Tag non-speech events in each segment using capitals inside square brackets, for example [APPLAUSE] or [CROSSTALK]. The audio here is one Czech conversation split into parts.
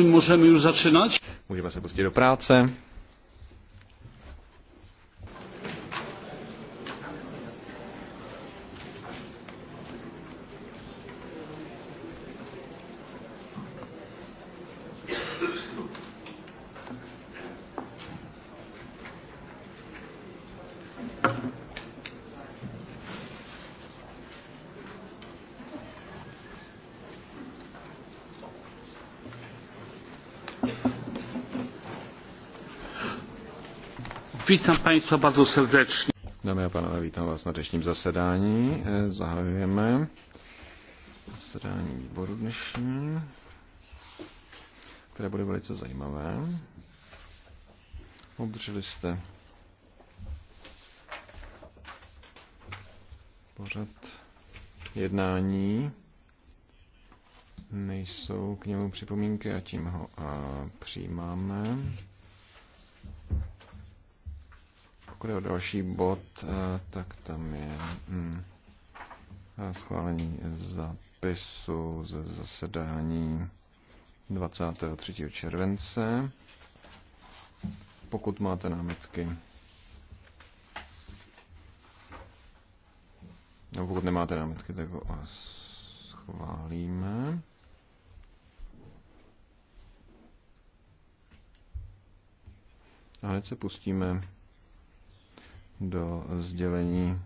Czy możemy już zaczynać? Můžeme se pustit do práce. Vítám Państwa bardzo serdecznie. Dámy a pánové, vítám vás na dnešním zasedání. Eh, zahajujeme zasedání výboru dnešní, které bude velice zajímavé. Obdrželi jste pořad jednání. Nejsou k němu připomínky a tím ho a eh, přijímáme. Pokud je o další bod, eh, tak tam je hmm, schválení zapisu ze zasedání 23. července. Pokud máte námitky, nebo pokud nemáte námitky, tak ho schválíme. A hned se pustíme do sdělení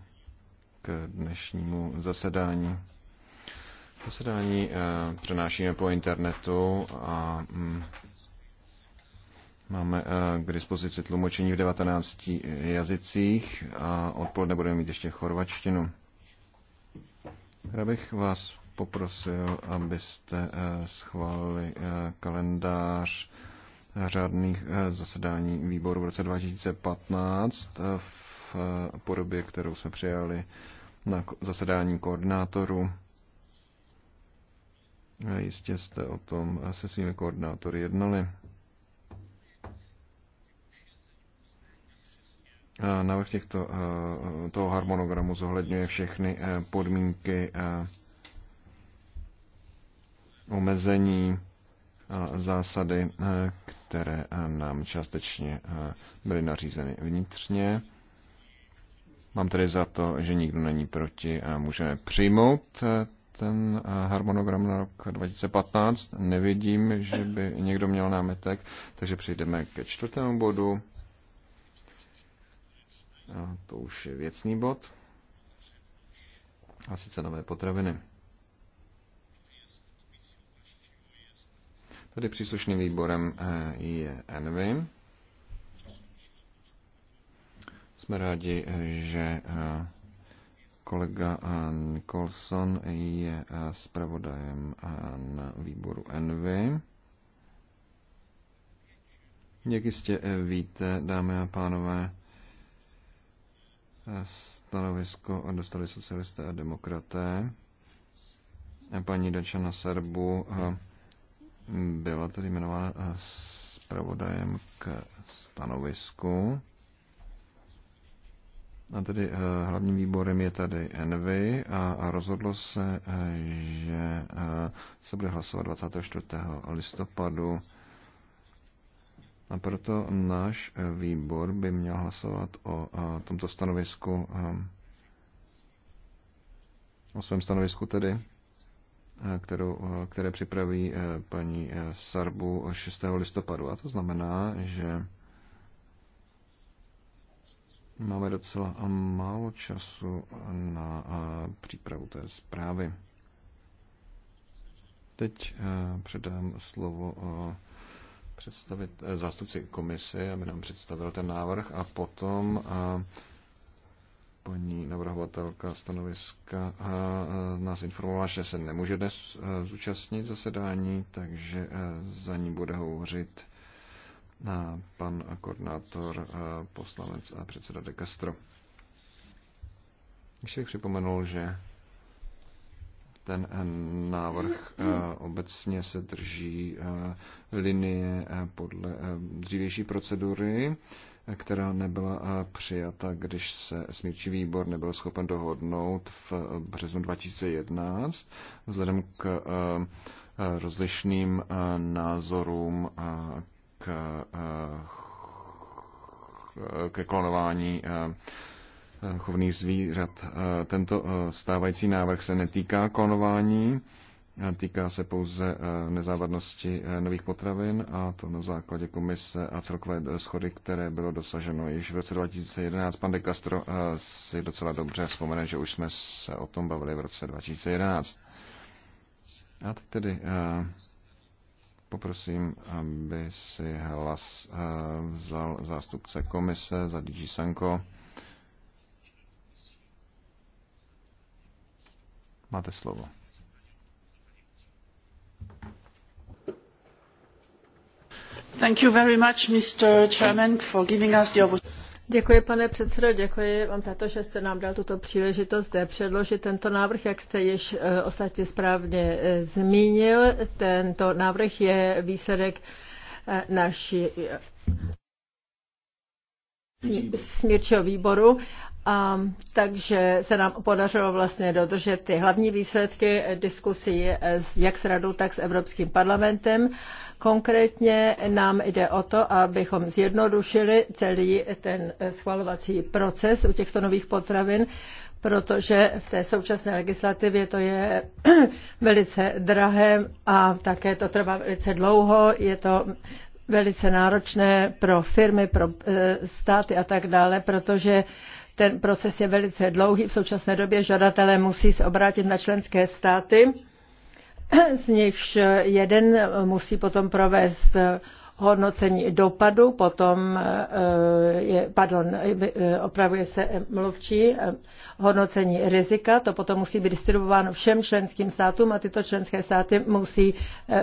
k dnešnímu zasedání. Zasedání eh, přenášíme po internetu a mm, máme eh, k dispozici tlumočení v 19 jazycích a odpoledne budeme mít ještě chorvačtinu. Já bych vás poprosil, abyste eh, schválili kalendář řádných zasedání výboru v roce 2015 v Eh, podobě, kterou jsme přijali na zasedání koordinátoru. A jistě jste o tom se svými koordinátory jednali. Návrh těchto, eh, toho harmonogramu zohledňuje všechny eh, podmínky omezení a zásady, které nám částečně byly nařízeny vnitřně. Mám tedy za to, že nikdo není proti a můžeme přijmout eh, ten eh, harmonogram na rok 2015. Nevidím, že by někdo měl námetek, takže přejdeme ke čtvrtému bodu. A to už je věcný bod. A sice nové potraviny. Tady příslušným výborem eh, je Envy. Jsme rádi, že eh, kolega eh, Nicholson je eh, zpravodajem na výboru Envy. Jak jistě víte, dámy a pánové, stanovisko dostali socialisté a demokraté. Paní Dačana Serbu byla tedy jmenována zpravodajem k stanovisku. A tedy eh, hlavním výborem je tady Envy a rozhodlo se, eh, že eh, se bude hlasovat 24. listopadu. A proto náš výbor by měl hlasovat o tomto stanovisku, o svém stanovisku tedy, kterou, které připraví paní Sarbu 6. listopadu. A to znamená, že Máme docela málo času na přípravu té zprávy. Teď předám slovo představit, e, zástupci komise, aby nám představil ten návrh a potom paní navrhovatelka stanoviska nás informovala, že se nemůže dnes e, zúčastnit zasedání, takže e, za ní bude hovořit pan koordinátor eh, poslanec a předseda de Castro. Ještě připomenul, že ten eh, návrh eh, obecně se drží linie podle dřívější procedury, která nebyla přijata, když se smírčí výbor nebyl schopen dohodnout v březnu 2011 vzhledem k rozlišným názorům Eh, ke klonování eh, chovných zvířat. Eh, tento stávající návrh se netýká klonování, týká se pouze nezávadnosti nových potravin a to na základě komise a celkové schody, které bylo dosaženo již v roce 2011. Pan de Castro si docela dobře vzpomene, že už jsme se o tom bavili v roce 2011. A teď tedy poprosím, aby si hlas eh, vzal zástupce komise za DG Sanko. Máte slovo. Thank you very much, Mr. Chairman, for giving us the opportunity. Děkuji, pane předsedo, děkuji vám za to, že jste nám dal tuto příležitost zde předložit tento návrh, jak jste již eh, ostatně správně eh, zmínil. Tento návrh je výsledek eh, naší smírčího výboru. A, takže se nám podařilo vlastně dodržet ty hlavní výsledky diskusí eh, jak s radou, tak s Evropským parlamentem. Konkrétně nám jde o to, abychom zjednodušili celý ten eh, schvalovací proces u těchto nových potravin, protože v té současné legislativě to je [CLEARS THROAT] velice drahé a také to trvá velice dlouho. Je to velice náročné pro firmy, pro eh, státy a tak dále, protože ten proces je velice dlouhý. V současné době žadatelé musí se obrátit na členské státy, z nichž jeden musí potom provést eh, hodnocení dopadu, potom eh, je, pardon, eh, eh, opravuje se mluvčí, hodnocení rizika, to potom musí být distribuováno všem členským státům a tyto členské státy musí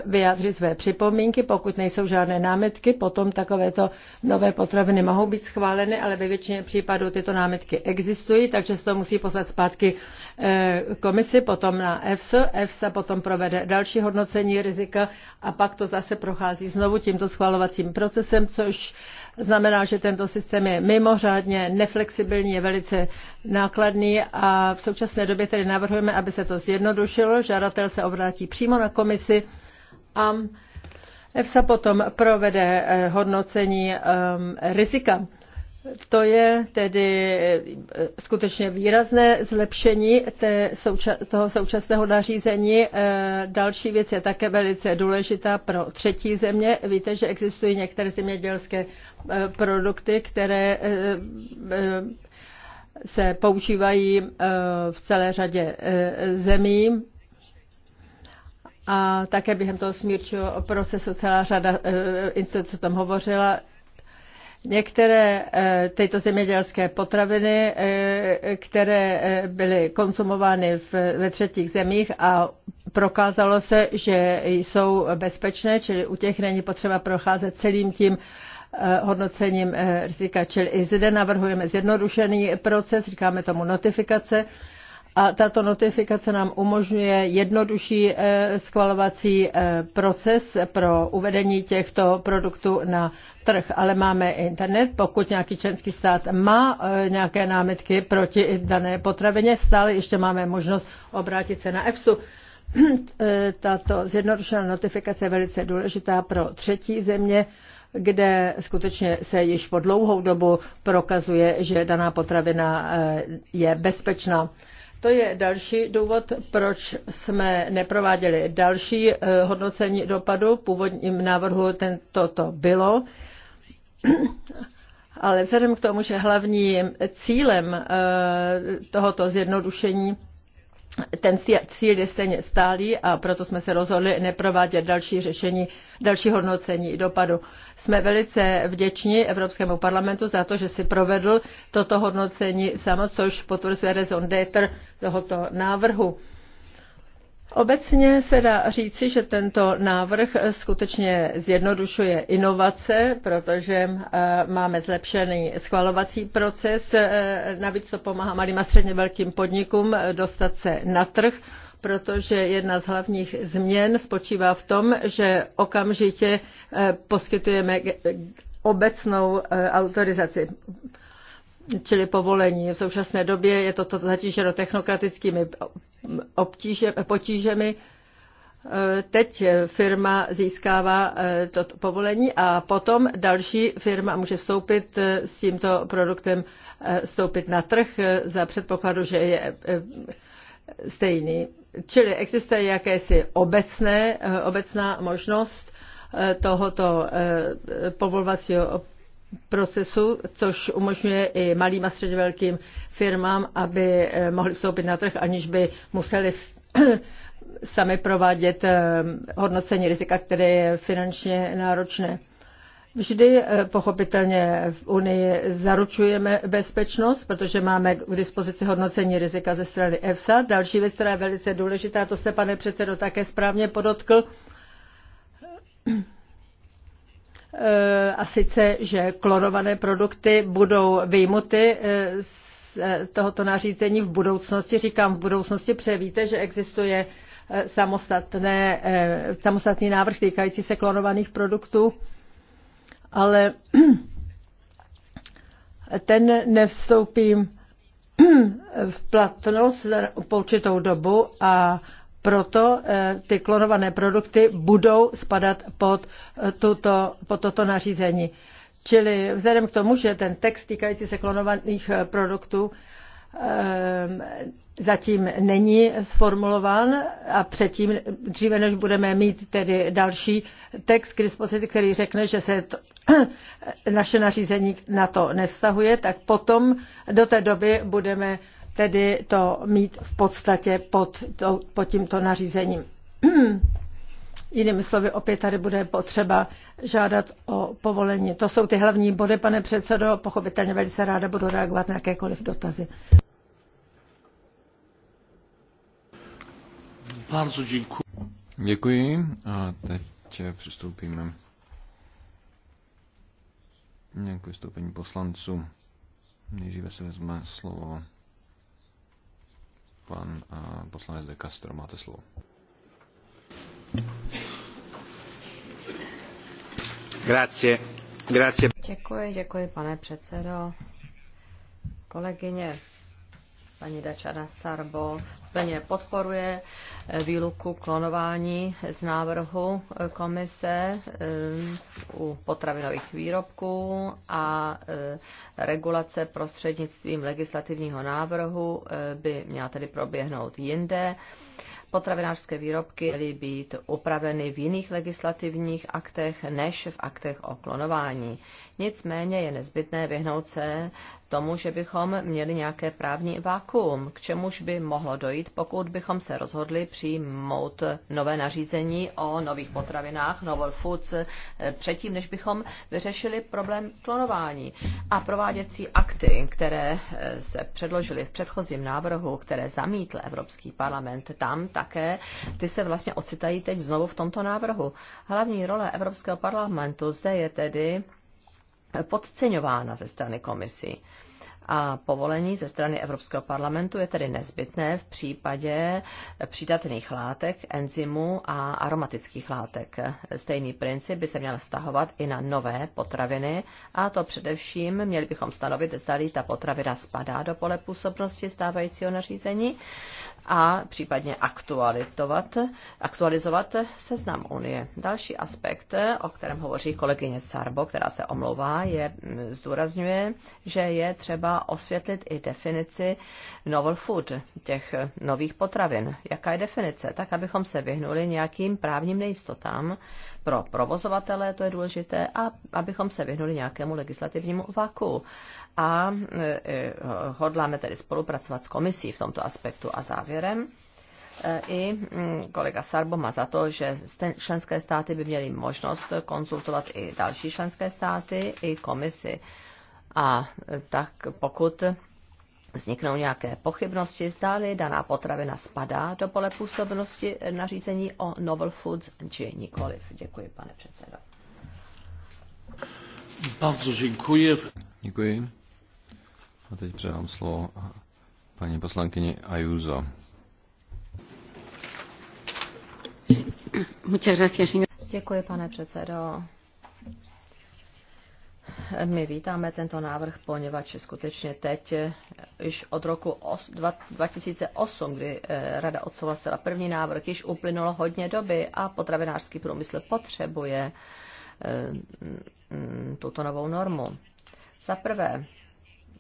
vyjádřit své připomínky. Pokud nejsou žádné námitky, potom takovéto nové potraviny mohou být schváleny, ale ve většině případů tyto námitky existují, takže se to musí poslat zpátky Eh, komisi, potom na EFS, EFS potom provede další hodnocení rizika a pak to zase prochází znovu tímto schvalovacím procesem, což znamená, že tento systém je mimořádně neflexibilní, je velice nákladný a v současné době tedy navrhujeme, aby se to zjednodušilo. Žádatel se obrátí přímo na komisi a EFSA potom provede eh, hodnocení eh, rizika to je tedy eh, skutečně výrazné zlepšení té souča- toho současného nařízení. Eh, další věc je také velice důležitá pro třetí země. Víte, že existují některé zemědělské eh, produkty, které se používají v celé řadě zemí. A také během toho smírčího procesu celá řada institucí o tom hovořila. Některé eh, tyto zemědělské potraviny, eh, které eh, byly konzumovány ve třetích zemích a prokázalo se, že jsou bezpečné, čili u těch není potřeba procházet celým tím hodnocením rizika. Čili i zde navrhujeme zjednodušený proces, říkáme tomu notifikace, a tato notifikace nám umožňuje jednodušší eh, schvalovací eh, proces pro uvedení těchto produktů na trh. Ale máme internet, pokud nějaký členský stát má eh, nějaké námitky proti dané potravině, stále ještě máme možnost obrátit se na EFSU. [CLEARS THROAT] Tato zjednodušená notifikace je velice důležitá pro třetí země, kde skutečně se již po dlouhou dobu prokazuje, že daná potravina je bezpečná. To je další důvod, proč jsme neprováděli další eh, hodnocení dopadu. V původním návrhu toto bylo. Ale vzhledem k tomu, že hlavním cílem eh, tohoto zjednodušení ten cíl je stejně stálý a proto jsme se rozhodli neprovádět další řešení, další hodnocení dopadu. Jsme velice vděční Evropskému parlamentu za to, že si provedl toto hodnocení samo, což potvrzuje raison d'être tohoto návrhu. Obecně se dá říci, že tento návrh skutečně zjednodušuje inovace, protože eh, máme zlepšený schvalovací proces. Eh, navíc to pomáhá malým a středně velkým podnikům eh, dostat se na trh, protože jedna z hlavních změn spočívá v tom, že okamžitě poskytujeme obecnou autorizaci čili povolení. V současné době je toto zatíženo technokratickými obtíže, potížemi. Teď firma získává toto eh, povolení a potom další firma může vstoupit eh, s tímto produktem, eh, vstoupit na trh za předpokladu, že je stejný. Čili existuje jakési obecné, obecná možnost tohoto povolovacího procesu, což umožňuje i malým a středně velkým firmám, aby eh, mohli vstoupit na trh, aniž by museli [CLEARS THROAT] sami provádět eh, hodnocení rizika, které je finančně náročné. Vždy eh, pochopitelně v Unii zaručujeme bezpečnost, protože máme k dispozici hodnocení rizika ze strany EFSA. Další věc, která je velice důležitá, to se, pane předsedo, také správně podotkl, Eh, a sice, že klonované produkty budou vyjmuty eh, z eh, tohoto nařízení v budoucnosti. Říkám v budoucnosti, protože víte, že existuje samostatné, samostatný návrh týkající se klonovaných produktů, ale [CLEARS THROAT] ten nevstoupí [CLEARS THROAT] v platnost po určitou dobu a proto eh, ty klonované produkty budou spadat pod, eh, tuto, pod toto nařízení. Čili vzhledem k tomu, že ten text týkající se klonovaných eh, produktů zatím není sformulován a předtím, dříve než budeme mít tedy další text k dispozici, který řekne, že se to, [CLEARS THROAT] naše nařízení na to nevztahuje, tak potom do té doby budeme tedy to mít v podstatě pod, to, pod tímto nařízením. [CLEARS THROAT] Jinými slovy, opět tady bude potřeba žádat o povolení. To jsou ty hlavní body, pane předsedo. Pochopitelně velice ráda budu reagovat na jakékoliv dotazy. Bardzo děkuji. Děkuji a teď přistoupíme k vystoupení poslanců. Nejdříve se vezme slovo Pan eh, poslanec De Castro, máte slovo. Grazie. Grazie. Děkuji, děkuji, pane předsedo. Kolegyně, paní Dačana Sarbo plně podporuje eh, výluku klonování z návrhu eh, komise eh, u potravinových výrobků a regulace prostřednictvím legislativního návrhu by měla tedy proběhnout jinde. Potravinářské výrobky měly být upraveny v jiných legislativních aktech než v aktech o klonování. Nicméně je nezbytné vyhnout se tomu, že bychom měli nějaké právní vákuum, k čemuž by mohlo dojít, pokud bychom se rozhodli přijmout nové nařízení o nových potravinách, novel foods, eh, předtím, než bychom vyřešili problém klonování. A prováděcí akty, které eh, se předložily v předchozím návrhu, které zamítl Evropský parlament, tam také ty se vlastně ocitají teď znovu v tomto návrhu. Hlavní role Evropského parlamentu zde je tedy podceňována ze strany komisí. A povolení ze strany Evropského parlamentu je tedy nezbytné v případě přidatných látek, enzymů a aromatických látek. Stejný princip by se měl stahovat i na nové potraviny, a to především měli bychom stanovit, zda ta potravina spadá do pole působnosti stávajícího nařízení a případně aktualizovat, aktualizovat seznam Unie. Další aspekt, o kterém hovoří kolegyně Sarbo, která se omlouvá, je, mm, zdůrazňuje, že je třeba osvětlit i definici novel food, těch nových potravin. Jaká je definice? Tak, abychom se vyhnuli nějakým právním nejistotám. Pro provozovatele to je důležité a abychom se vyhnuli nějakému legislativnímu vaku a e, e, hodláme tedy spolupracovat s komisí v tomto aspektu. A závěrem e, i mm, kolega Sarbo má za to, že členské státy by měly možnost konzultovat i další členské státy, i komisi. A tak pokud vzniknou nějaké pochybnosti, zdáli daná potravina spadá do pole působnosti nařízení o novel foods či nikoliv. Děkuji, pane předsedo. Bardzo dziękuję. Děkuji. A teď předám slovo paní poslankyni Ayuso. Děkuji, pane předsedo. My vítáme tento návrh, poněvadž skutečně teď, eh, již od roku 2008, kdy eh, Rada odsouhlasila první návrh, již uplynulo hodně doby a potravinářský průmysl potřebuje eh, mm, tuto novou normu. Za prvé,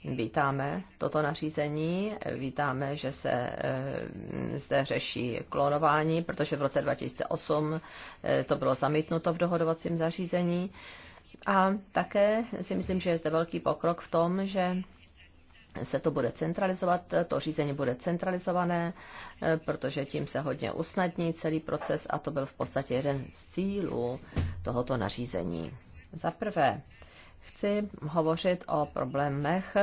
vítáme toto nařízení, vítáme, že se eh, zde řeší klonování, protože v roce 2008 eh, to bylo zamítnuto v dohodovacím zařízení. A také si myslím, že je zde velký pokrok v tom, že se to bude centralizovat, to řízení bude centralizované, eh, protože tím se hodně usnadní celý proces a to byl v podstatě jeden z cílů tohoto nařízení. Za prvé, Chci hovořit o problémech,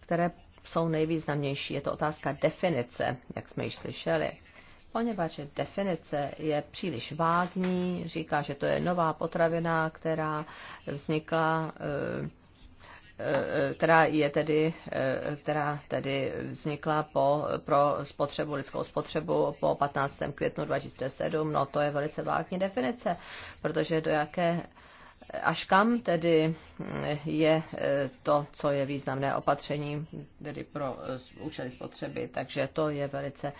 které jsou nejvýznamnější. Je to otázka definice, jak jsme již slyšeli. Poněvadž definice je příliš vágní, říká, že to je nová potravina, která vznikla eh, eh, která je tedy, eh, která tedy vznikla po, pro spotřebu, lidskou spotřebu po 15. květnu 2007, no to je velice vágní definice, protože do jaké až kam tedy eh, je eh, to, co je významné opatření tedy pro eh, účely spotřeby. Takže to je velice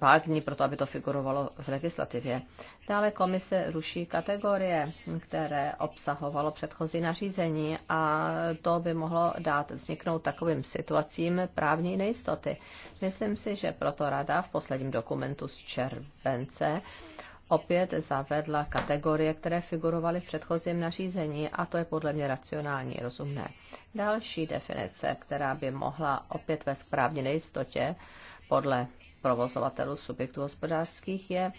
vágní proto, aby to figurovalo v legislativě. Dále komise ruší kategorie, které obsahovalo předchozí nařízení a to by mohlo dát vzniknout takovým situacím právní nejistoty. Myslím si, že proto rada v posledním dokumentu z července opět zavedla kategorie, které figurovaly v předchozím nařízení a to je podle mě racionální, rozumné. Další definice, která by mohla opět vést k právní nejistotě podle provozovatelů subjektů hospodářských, je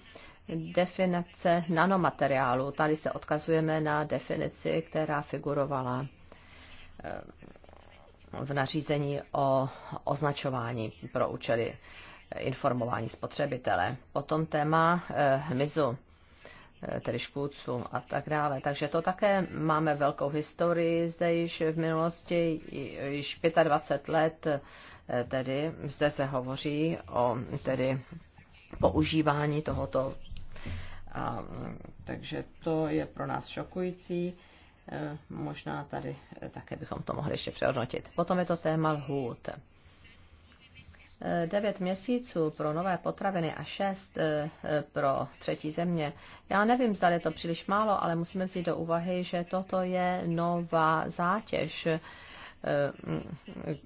definice nanomateriálu. Tady se odkazujeme na definici, která figurovala eh, v nařízení o označování pro účely informování spotřebitele. Potom téma eh, hmyzu, eh, tedy škůdců a tak dále. Takže to také máme velkou historii zde již v minulosti, již 25 let eh, tedy zde se hovoří o tedy používání tohoto. A, mm, takže to je pro nás šokující. Možná tady také bychom to mohli ještě přehodnotit. Potom je to téma lhůt. 9 měsíců pro nové potraviny a 6 eh, pro třetí země. Já nevím, zda je to příliš málo, ale musíme vzít do úvahy, že toto je nová zátěž eh,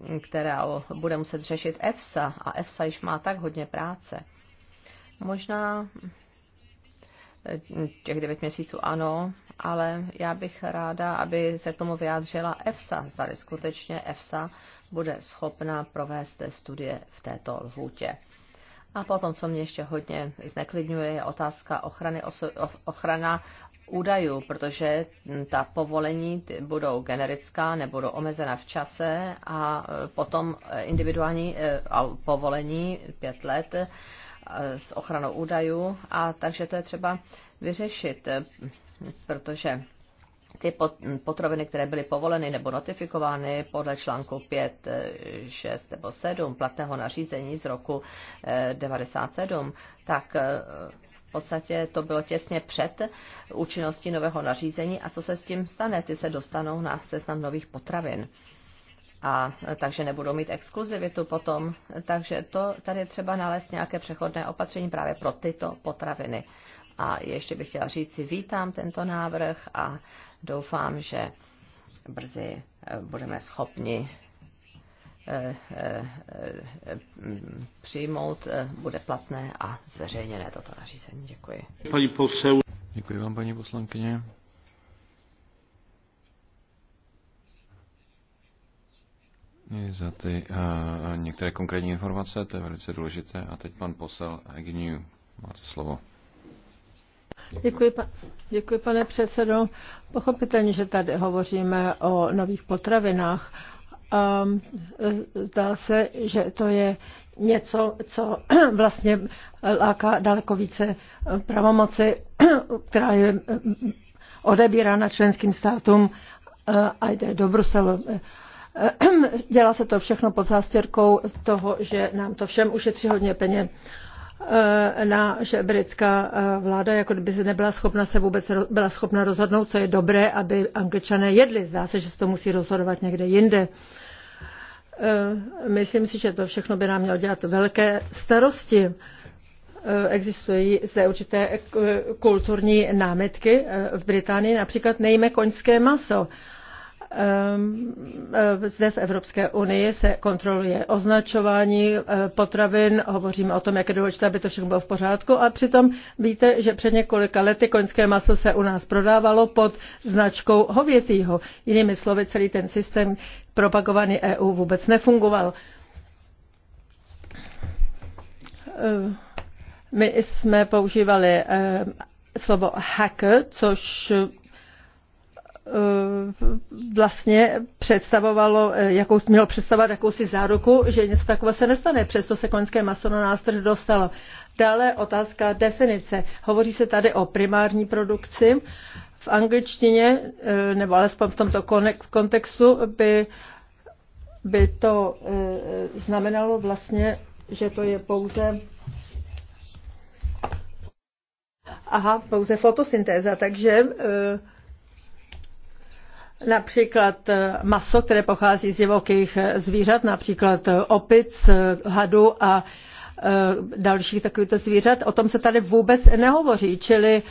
mm, která bude muset řešit EFSA a EFSA již má tak hodně práce. Možná eh, těch devět měsíců ano, ale já bych ráda, aby se k tomu vyjádřila EFSA. Zdali skutečně EFSA bude schopna provést studie v této lhůtě. A potom, co mě ještě hodně zneklidňuje, je otázka ochrany oso- ochrana údajů, protože ta povolení budou generická, nebudou omezena v čase a e, potom individuální e, povolení pět let e, s ochranou údajů a takže to je třeba vyřešit, protože ty potraviny, které byly povoleny nebo notifikovány podle článku 5, 6 eh, nebo 7 platného nařízení z roku 97, eh, tak eh, v podstatě to bylo těsně před účinností nového nařízení a co se s tím stane? Ty se dostanou na seznam nových potravin. A takže nebudou mít exkluzivitu potom. Takže to, tady je třeba nalézt nějaké přechodné opatření právě pro tyto potraviny. A ještě bych chtěla říct si, vítám tento návrh a doufám, že brzy eh, budeme schopni eh, eh, přijmout, bude platné a zveřejněné toto nařízení. Děkuji. Paní posel. Děkuji vám, paní poslankyně. I za ty uh, některé konkrétní informace, to je velice důležité. A teď pan posel Agnew, máte slovo. Děkuji, pa, děkuji, pane předsedo. Pochopitelně, že tady hovoříme o nových potravinách. A ehm, zdá se, že to je něco, co [CLEARS THROAT] vlastně láká daleko více pravomoci, [CLEARS THROAT] která je odebírána členským státům eh, a jde do Bruselu. Ehm, dělá se to všechno pod zástěrkou toho, že nám to všem ušetří hodně peněz. Eh, na, že britská eh, vláda jako kdyby se nebyla schopna se vůbec byla schopna rozhodnout, co je dobré, aby angličané jedli. Zdá se, že se to musí rozhodovat někde jinde. Eh, myslím si, že to všechno by nám mělo dělat velké starosti. Existují zde určité kulturní námitky. V Británii například nejme koňské maso. Ehm, ehm, zde v Evropské unii se kontroluje označování ehm, potravin, hovoříme o tom, jak je důležité, aby to všechno bylo v pořádku a přitom víte, že před několika lety koňské maso se u nás prodávalo pod značkou hovězího. Jinými slovy, celý ten systém propagovaný EU vůbec nefungoval. My jsme používali slovo hacker, což Eh, vlastně představovalo, eh, jakou, mělo představovat jakousi záruku, že něco takového se nestane. Přesto se koňské maso na nás trh dostalo. Dále otázka definice. Hovoří se tady o primární produkci. V angličtině, eh, nebo alespoň v tomto kontextu, by, by to znamenalo vlastně, že to je pouze Aha, pouze fotosyntéza, takže uh, Například eh, maso, které pochází z divokých eh, zvířat, například eh, opic, hadu a dalších takovýchto zvířat. O tom se tady vůbec nehovoří, čili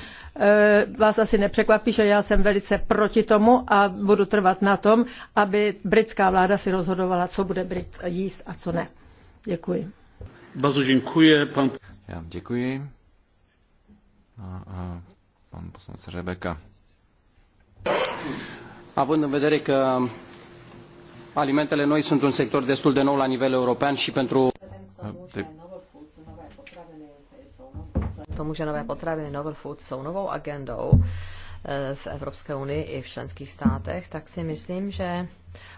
vás asi nepřekvapí, že já jsem velice proti tomu a budu trvat na tom, aby britská vláda si rozhodovala, co bude Brit jíst a co ne. Děkuji. Bardzo děkuji. Pan... Já děkuji. A, no a pan poslanec Rebeka având în vedere că alimentele noi sunt un sector destul de nou la nivel european și pentru tomu, že nové potraviny Novel Food jsou novou agendou eh, v Evropské unii i v členských státech, tak si myslím, že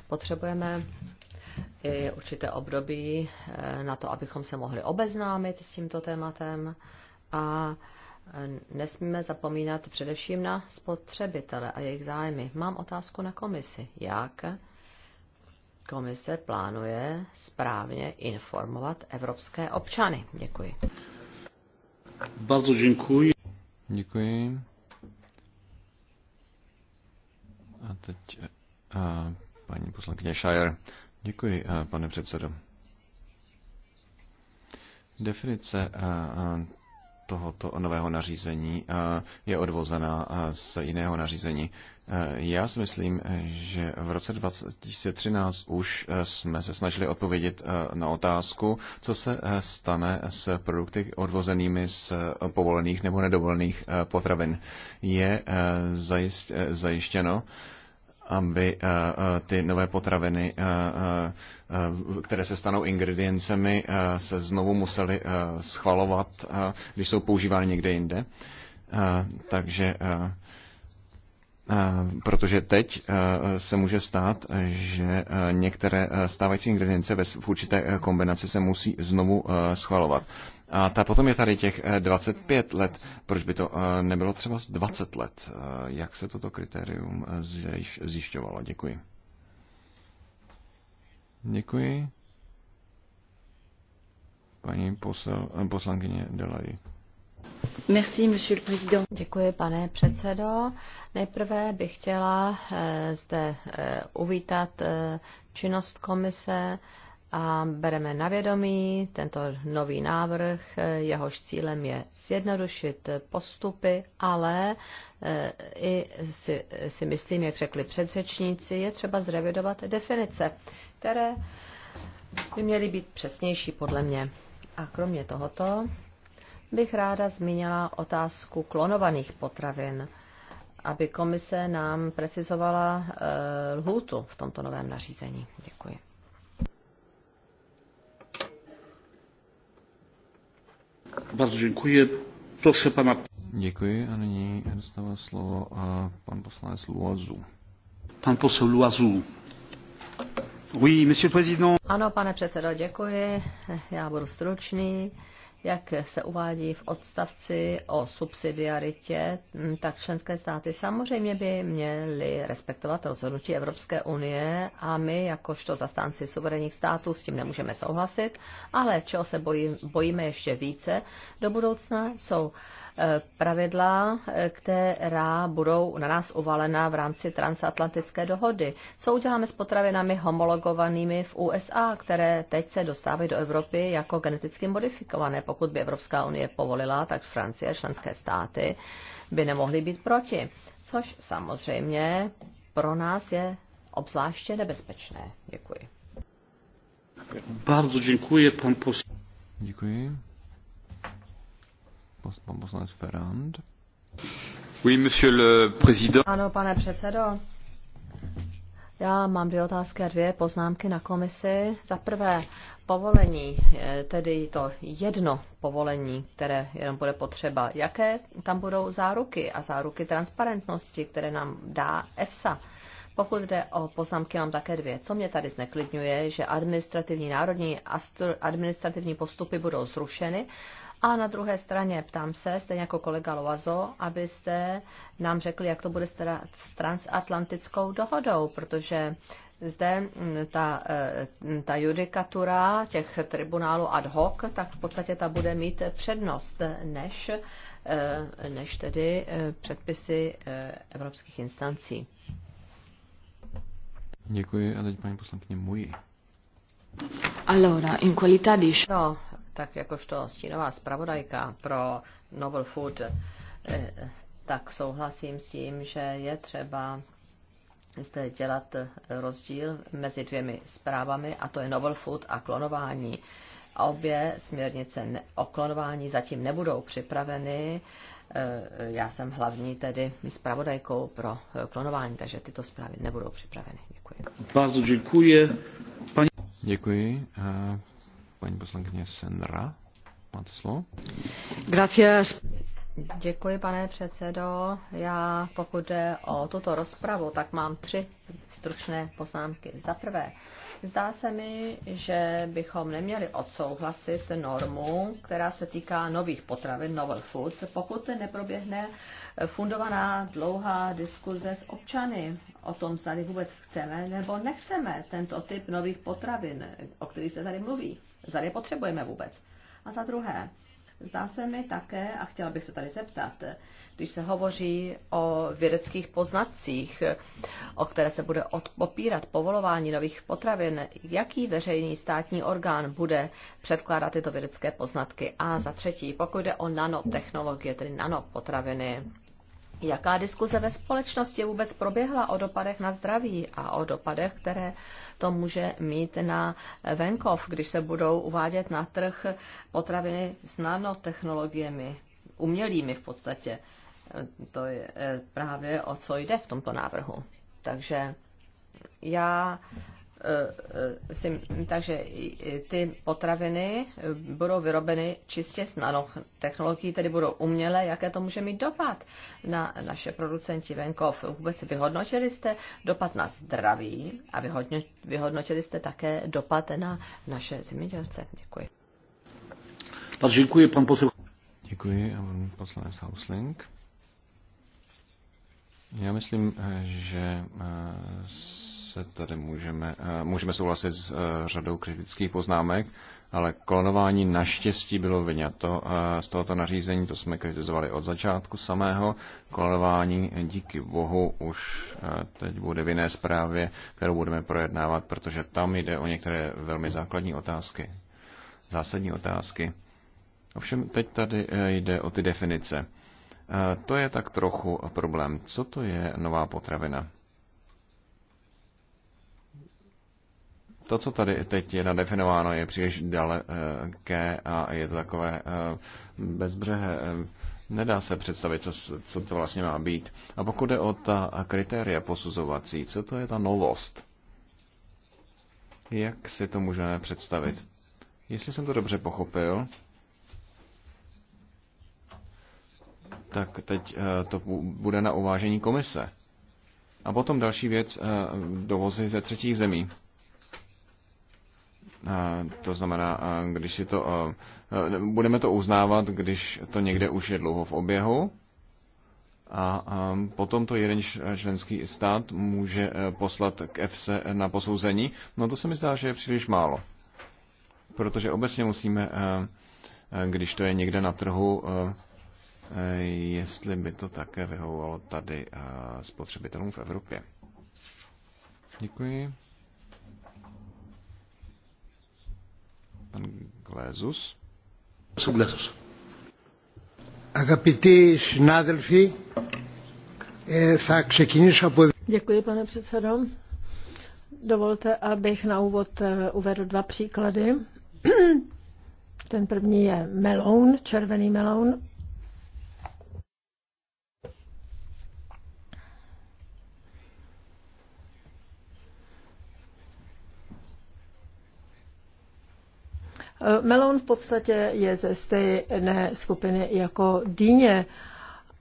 potřebujeme i určité období eh, na to, abychom se mohli obeznámit s tímto tématem a nesmíme zapomínat především na spotřebitele a jejich zájmy. Mám otázku na komisi. Jak komise plánuje správně informovat evropské občany? Děkuji. Bardzo děkuji. Děkuji. A teď a, eh, eh, paní poslankyně Šajer. Děkuji, a, eh, pane předsedo. Definice a, a, tohoto nového nařízení je odvozená z jiného nařízení. Já si myslím, že v roce 2013 už e, jsme se snažili odpovědět e, na otázku, co se e, stane s produkty odvozenými z povolených nebo nedovolených potravin. Je zajištěno, aby eh, eh, ty nové potraviny, eh, které se stanou ingrediencemi, se znovu musely schvalovat, když jsou používány někde jinde. Takže Eh, protože teď eh, se může stát, že eh, některé stávající ingredience v určité kombinaci se musí znovu schvalovat. A ta potom je tady těch 25 let. Proč by to nebylo třeba 20 let? Jak se toto kritérium zjišťovalo? Děkuji. Děkuji. Paní posel, poslankyně Delaji. Merci, monsieur le président. Děkuji, pane předsedo. Nejprve bych chtěla eh, zde eh, uvítat eh, činnost komise a bereme na vědomí tento nový návrh. Jehož cílem je zjednodušit postupy, ale i si, si myslím, jak řekli předřečníci, je třeba zrevidovat definice, které by měly být přesnější podle mě. A kromě tohoto bych ráda zmínila otázku klonovaných potravin, aby komise nám precizovala eh, lhůtu v tomto novém nařízení. Děkuji. Bardzo dziękuję. Proszę pana. Děkuji a nyní dostává slovo a pan poslanec Luazu. Pan poslanec Luazu. Oui, monsieur président. Ano, pane předsedo, děkuji. Já budu stručný. Jak se uvádí v odstavci o subsidiaritě, tak členské státy samozřejmě by měly respektovat rozhodnutí Evropské unie a my, jakožto zastánci suverénních států, s tím nemůžeme souhlasit, ale čeho se bojí, bojíme ještě více do budoucna, jsou uh, Eh, pravidla, eh, která budou na nás uvalená v rámci transatlantické dohody. Co uděláme s potravinami homologovanými v USA, které teď se dostávají do Evropy jako geneticky modifikované, pokud by Evropská unie povolila, tak Francie a členské státy by nemohly být proti. Což samozřejmě pro nás je obzvláště nebezpečné. Děkuji. Bardzo dziękuję pan poseł. Děkuji pan poslanec Ferrand. Oui, monsieur le président. Ano, pane předsedo. Já mám dvě otázky a dvě poznámky na komisi. Za prvé, povolení, eh, tedy to jedno povolení, které jenom bude potřeba. Jaké tam budou záruky a záruky transparentnosti, které nám dá EFSA? Pokud jde o poznámky, mám také dvě. Co mě tady zneklidňuje, že administrativní národní administrativní postupy budou zrušeny a na druhé straně ptám se, stejně jako kolega Loazo, abyste nám řekli, jak to bude s transatlantickou dohodou, protože zde mm, ta, eh, ta judikatura těch tribunálů ad hoc, tak v podstatě ta bude mít přednost než, eh, než tedy eh, předpisy evropských instancí. Děkuji a teď paní poslankyně Muji. Allora, in qualità di... No, tak jakožto stínová zpravodajka pro Novel Food, eh, tak souhlasím s tím, že je třeba zde dělat rozdíl mezi dvěmi zprávami, a to je Novel Food a klonování. A obě směrnice o klonování zatím nebudou připraveny. Eh, já jsem hlavní tedy zpravodajkou pro eh, klonování, takže tyto zprávy nebudou připraveny. Děkuji. Bardzo děkuji. Pani... Děkuji paní poslankyně Senra. Máte slovo? Gracias. Děkuji, pane předsedo. Já, pokud jde o tuto rozpravu, tak mám tři stručné poznámky. Za prvé, zdá se mi, že bychom neměli odsouhlasit normu, která se týká nových potravin, novel foods, pokud neproběhne uh, fundovaná dlouhá diskuze s občany o tom, zda vůbec chceme nebo nechceme tento typ nových potravin, o kterých se tady mluví. Zda je potřebujeme vůbec. A za druhé, Zdá se mi také, a chtěla bych se tady zeptat, když se hovoří o vědeckých poznatcích, o které se bude opírat povolování nových potravin, jaký veřejný státní orgán bude předkládat tyto vědecké poznatky? A za třetí, pokud jde o nanotechnologie, tedy nanopotraviny, Jaká diskuze ve společnosti vůbec proběhla o dopadech na zdraví a o dopadech, které to může mít na venkov, když se budou uvádět na trh potraviny s nanotechnologiemi, umělými v podstatě. To je eh, právě o co jde v tomto návrhu. Takže já E, e, takže ty potraviny e, budou vyrobeny čistě s nanotechnologií, tedy budou umělé, jaké to může mít dopad na naše producenti venkov. Vůbec vyhodnotili jste dopad na zdraví a vyhodnotili jste také dopad na naše zemědělce. Děkuji. Děkuji, pan poslanec. Děkuji, pan poslanec Hausling. Já myslím, že eh, se tady můžeme, eh, můžeme souhlasit s eh, řadou kritických poznámek, ale klonování naštěstí bylo vyňato z tohoto nařízení, to jsme kritizovali od začátku samého. Klonování díky bohu už teď bude v jiné zprávě, kterou budeme projednávat, protože tam jde o některé velmi základní otázky, zásadní otázky. Ovšem teď tady jde o ty definice. To je tak trochu problém. Co to je nová potravina? To, co tady teď je nadefinováno, je příliš daleké a je to takové eh, bezbřehé. Nedá se představit, co, co to vlastně má být. A pokud je o ta kritéria posuzovací, co to je ta novost? Jak si to můžeme představit? Jestli jsem to dobře pochopil, tak teď eh, to bude na uvážení komise. A potom další věc, eh, dovozy ze třetích zemí. Eh, to znamená, když si to, budeme to uznávat, když to někde už je dlouho v oběhu, a potom to jeden členský stát může poslat k EFSE na posouzení. No to se mi zdá, že je příliš málo. Protože obecně musíme, když to je někde na trhu, Eh, jestli by to také vyhovovalo tady eh, spotřebitelům v Evropě. Děkuji. Pan Glezus. Pan Glézus. Agapití eh, Děkuji, pane předsedo. Dovolte, abych na úvod uvedl dva příklady. [CLEARS THROAT] Ten první je meloun, červený meloun. Eh, Melon v podstatě je ze stejné skupiny jako dýně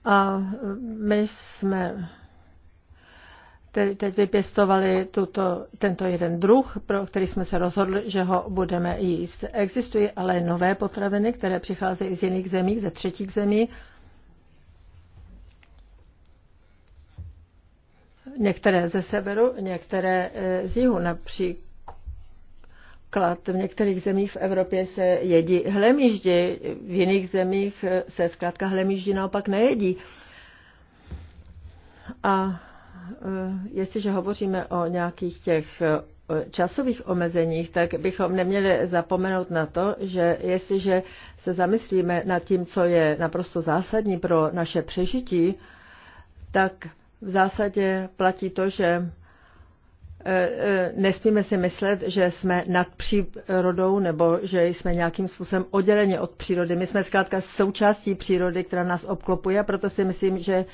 a eh, my jsme teď vypěstovali tuto, tento jeden druh, pro který jsme se rozhodli, že ho budeme jíst. Existují ale nové potraviny, které přicházejí z jiných zemí, ze třetích zemí. Některé ze severu, některé eh, z jihu, například Například v některých zemích v Evropě se jedí hlemiždi, v jiných zemích se zkrátka hlemiždi naopak nejedí. A e, jestliže hovoříme o nějakých těch e, časových omezeních, tak bychom neměli zapomenout na to, že jestliže se zamyslíme nad tím, co je naprosto zásadní pro naše přežití, tak v zásadě platí to, že Eh, eh, nesmíme si myslet, že jsme nad přírodou nebo že jsme nějakým způsobem odděleni od přírody. My jsme zkrátka součástí přírody, která nás obklopuje, proto si myslím, že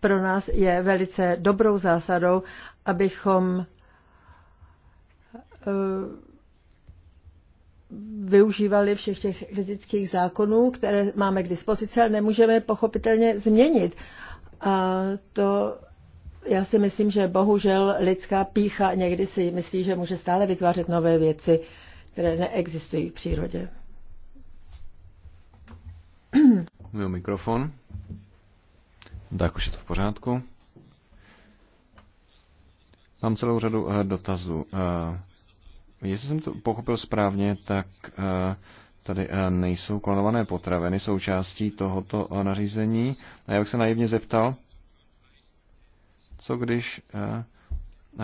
pro nás je velice dobrou zásadou, abychom eh, využívali všech těch fyzických zákonů, které máme k dispozici, ale nemůžeme pochopitelně změnit. A to já si myslím, že bohužel lidská pícha někdy si myslí, že může stále vytvářet nové věci, které neexistují v přírodě. Měl mikrofon. Tak už je to v pořádku. Mám celou řadu eh, dotazů. Eh, jestli jsem to pochopil správně, tak eh, tady nejsou klonované potraviny součástí tohoto nařízení. A já bych se naivně zeptal, co když eh, eh,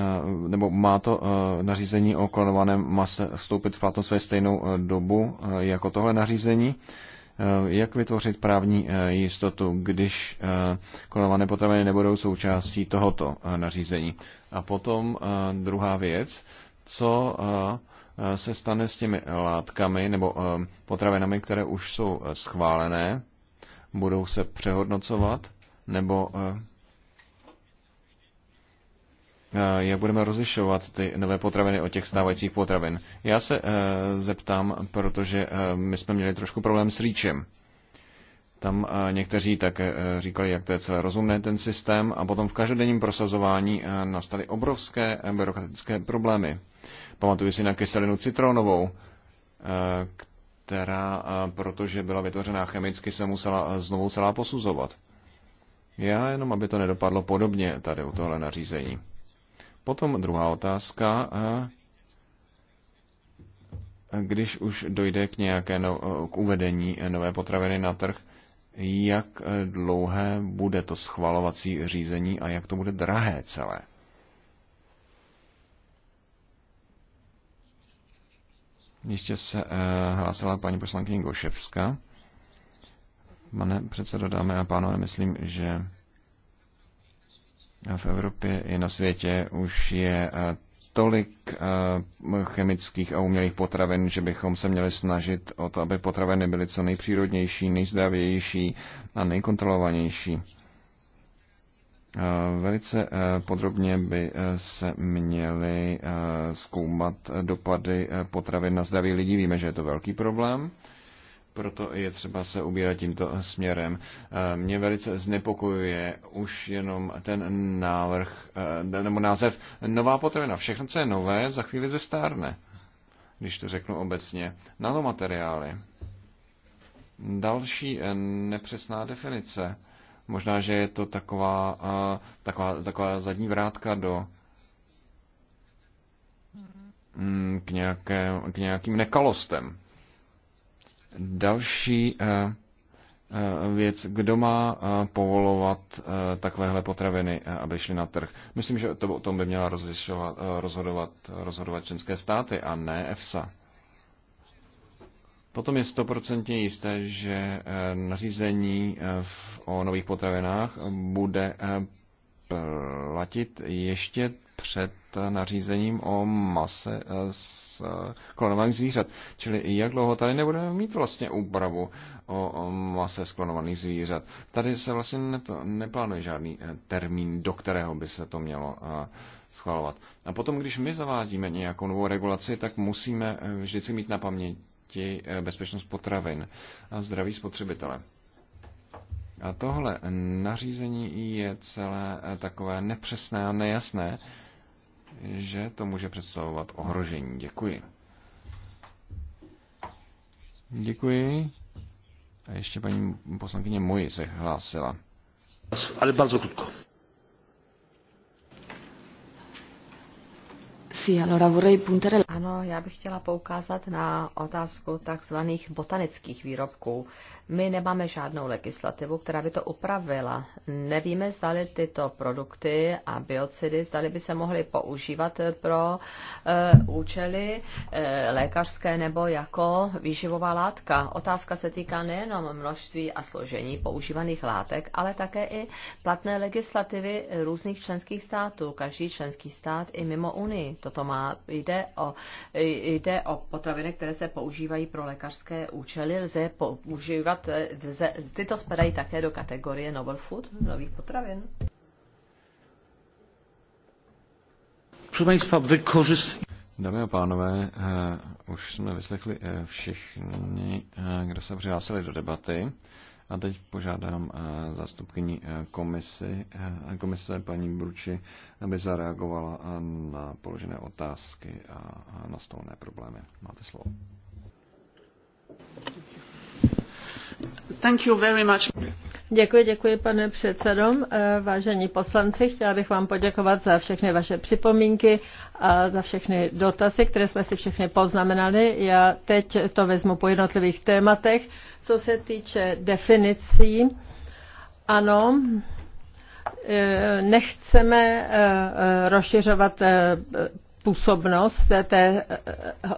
nebo má to eh, nařízení o klonovaném mase vstoupit v platnost ve stejnou dobu jako tohle nařízení. Jak vytvořit právní jistotu, když klonované potraviny nebudou součástí tohoto nařízení? A potom druhá věc, co se stane s těmi látkami nebo potravinami, které už jsou schválené, budou se přehodnocovat nebo Eh, jak budeme rozlišovat ty nové potraviny od těch stávajících potravin. Já se eh, zeptám, protože eh, my jsme měli trošku problém s rýčem. Tam někteří tak říkali, jak to je celé rozumné ten systém a potom v každodenním prosazování nastaly obrovské byrokratické problémy. Pamatuju si na kyselinu citronovou, která, protože byla vytvořena chemicky, se musela znovu celá posuzovat. Já jenom, aby to nedopadlo podobně tady u tohle nařízení. Potom druhá otázka. Eh, když už dojde k nějaké no, eh, k uvedení nové potraviny na trh, jak eh, dlouhé bude to schvalovací řízení a jak to bude drahé celé? Ještě se eh, hlásila paní poslankyně Goševska. Pane předsedo, dámy a pánové, myslím, že v Evropě i na světě už je eh, tolik eh, chemických a umělých potravin, že bychom se měli snažit o to, aby potraviny byly co nejpřírodnější, nejzdravější a nejkontrolovanější. Eh, velice podrobně by se měly zkoumat dopady potravin na zdraví lidí. Víme, že je to velký problém proto je třeba se ubírat tímto směrem. Eh, mě velice znepokojuje už jenom ten návrh, eh, nebo název Nová potravina. Všechno, co je nové, za chvíli zestárne, když to řeknu obecně. Nanomateriály. Další eh, nepřesná definice. Možná, že je to taková, taková, taková zadní vrátka do mm, k, nějaké, k nějakým nekalostem. Další eh, eh, věc, kdo má eh, povolovat takovéhle potraviny, aby šly na trh. Myslím, že to, o tom by měla rozhodovat, rozhodovat členské státy a ne EFSA. Potom je stoprocentně jisté, že nařízení o nových potravinách bude platit ještě před nařízením o mase z z eh, klonovaných zvířat. Čili jak dlouho tady nebudeme mít vlastně úpravu o, o mase z klonovaných zvířat. Tady se vlastně neto, neplánuje žádný eh, termín, do kterého by se to mělo eh, schvalovat. A potom, když my zavádíme nějakou novou regulaci, tak musíme vždycky mít na paměti bezpečnost potravin a zdraví spotřebitele. A tohle nařízení je celé takové nepřesné a nejasné že to může představovat ohrožení. Děkuji. Děkuji. A ještě paní poslankyně Moji se hlásila. Ale bardzo krótko. Sí, allora vorrei puntare... Ano, já bych chtěla poukázat na otázku takzvaných botanických výrobků. My nemáme žádnou legislativu, která by to upravila. Nevíme, zdali tyto produkty a biocidy, zdali by se mohly používat pro e, účely e, lékařské nebo jako výživová látka. Otázka se týká nejenom množství a složení používaných látek, ale také i platné legislativy různých členských států, každý členský stát i mimo Unii toto má. Jde o, jde o potraviny, které se používají pro lékařské účely. Lze používat, lze, tyto spadají také do kategorie novel food, nových potravin. Dámy a pánové, uh, už jsme vyslechli uh, všichni, uh, kdo se přihlásili do debaty. A teď požádám eh, zástupkyni eh, komisi, eh, komise paní Bruči, aby zareagovala na položené otázky a nastavené problémy. Máte slovo. Děkuji, děkuji pane předsedající eh, Vážení poslanci, chtěla bych vám poděkovat za všechny vaše připomínky a za všechny dotazy, které jsme si všechny poznamenali. Já teď to vezmu po jednotlivých tématech. Co se týče definicí, ano, eh, nechceme eh, rozšiřovat působnost té,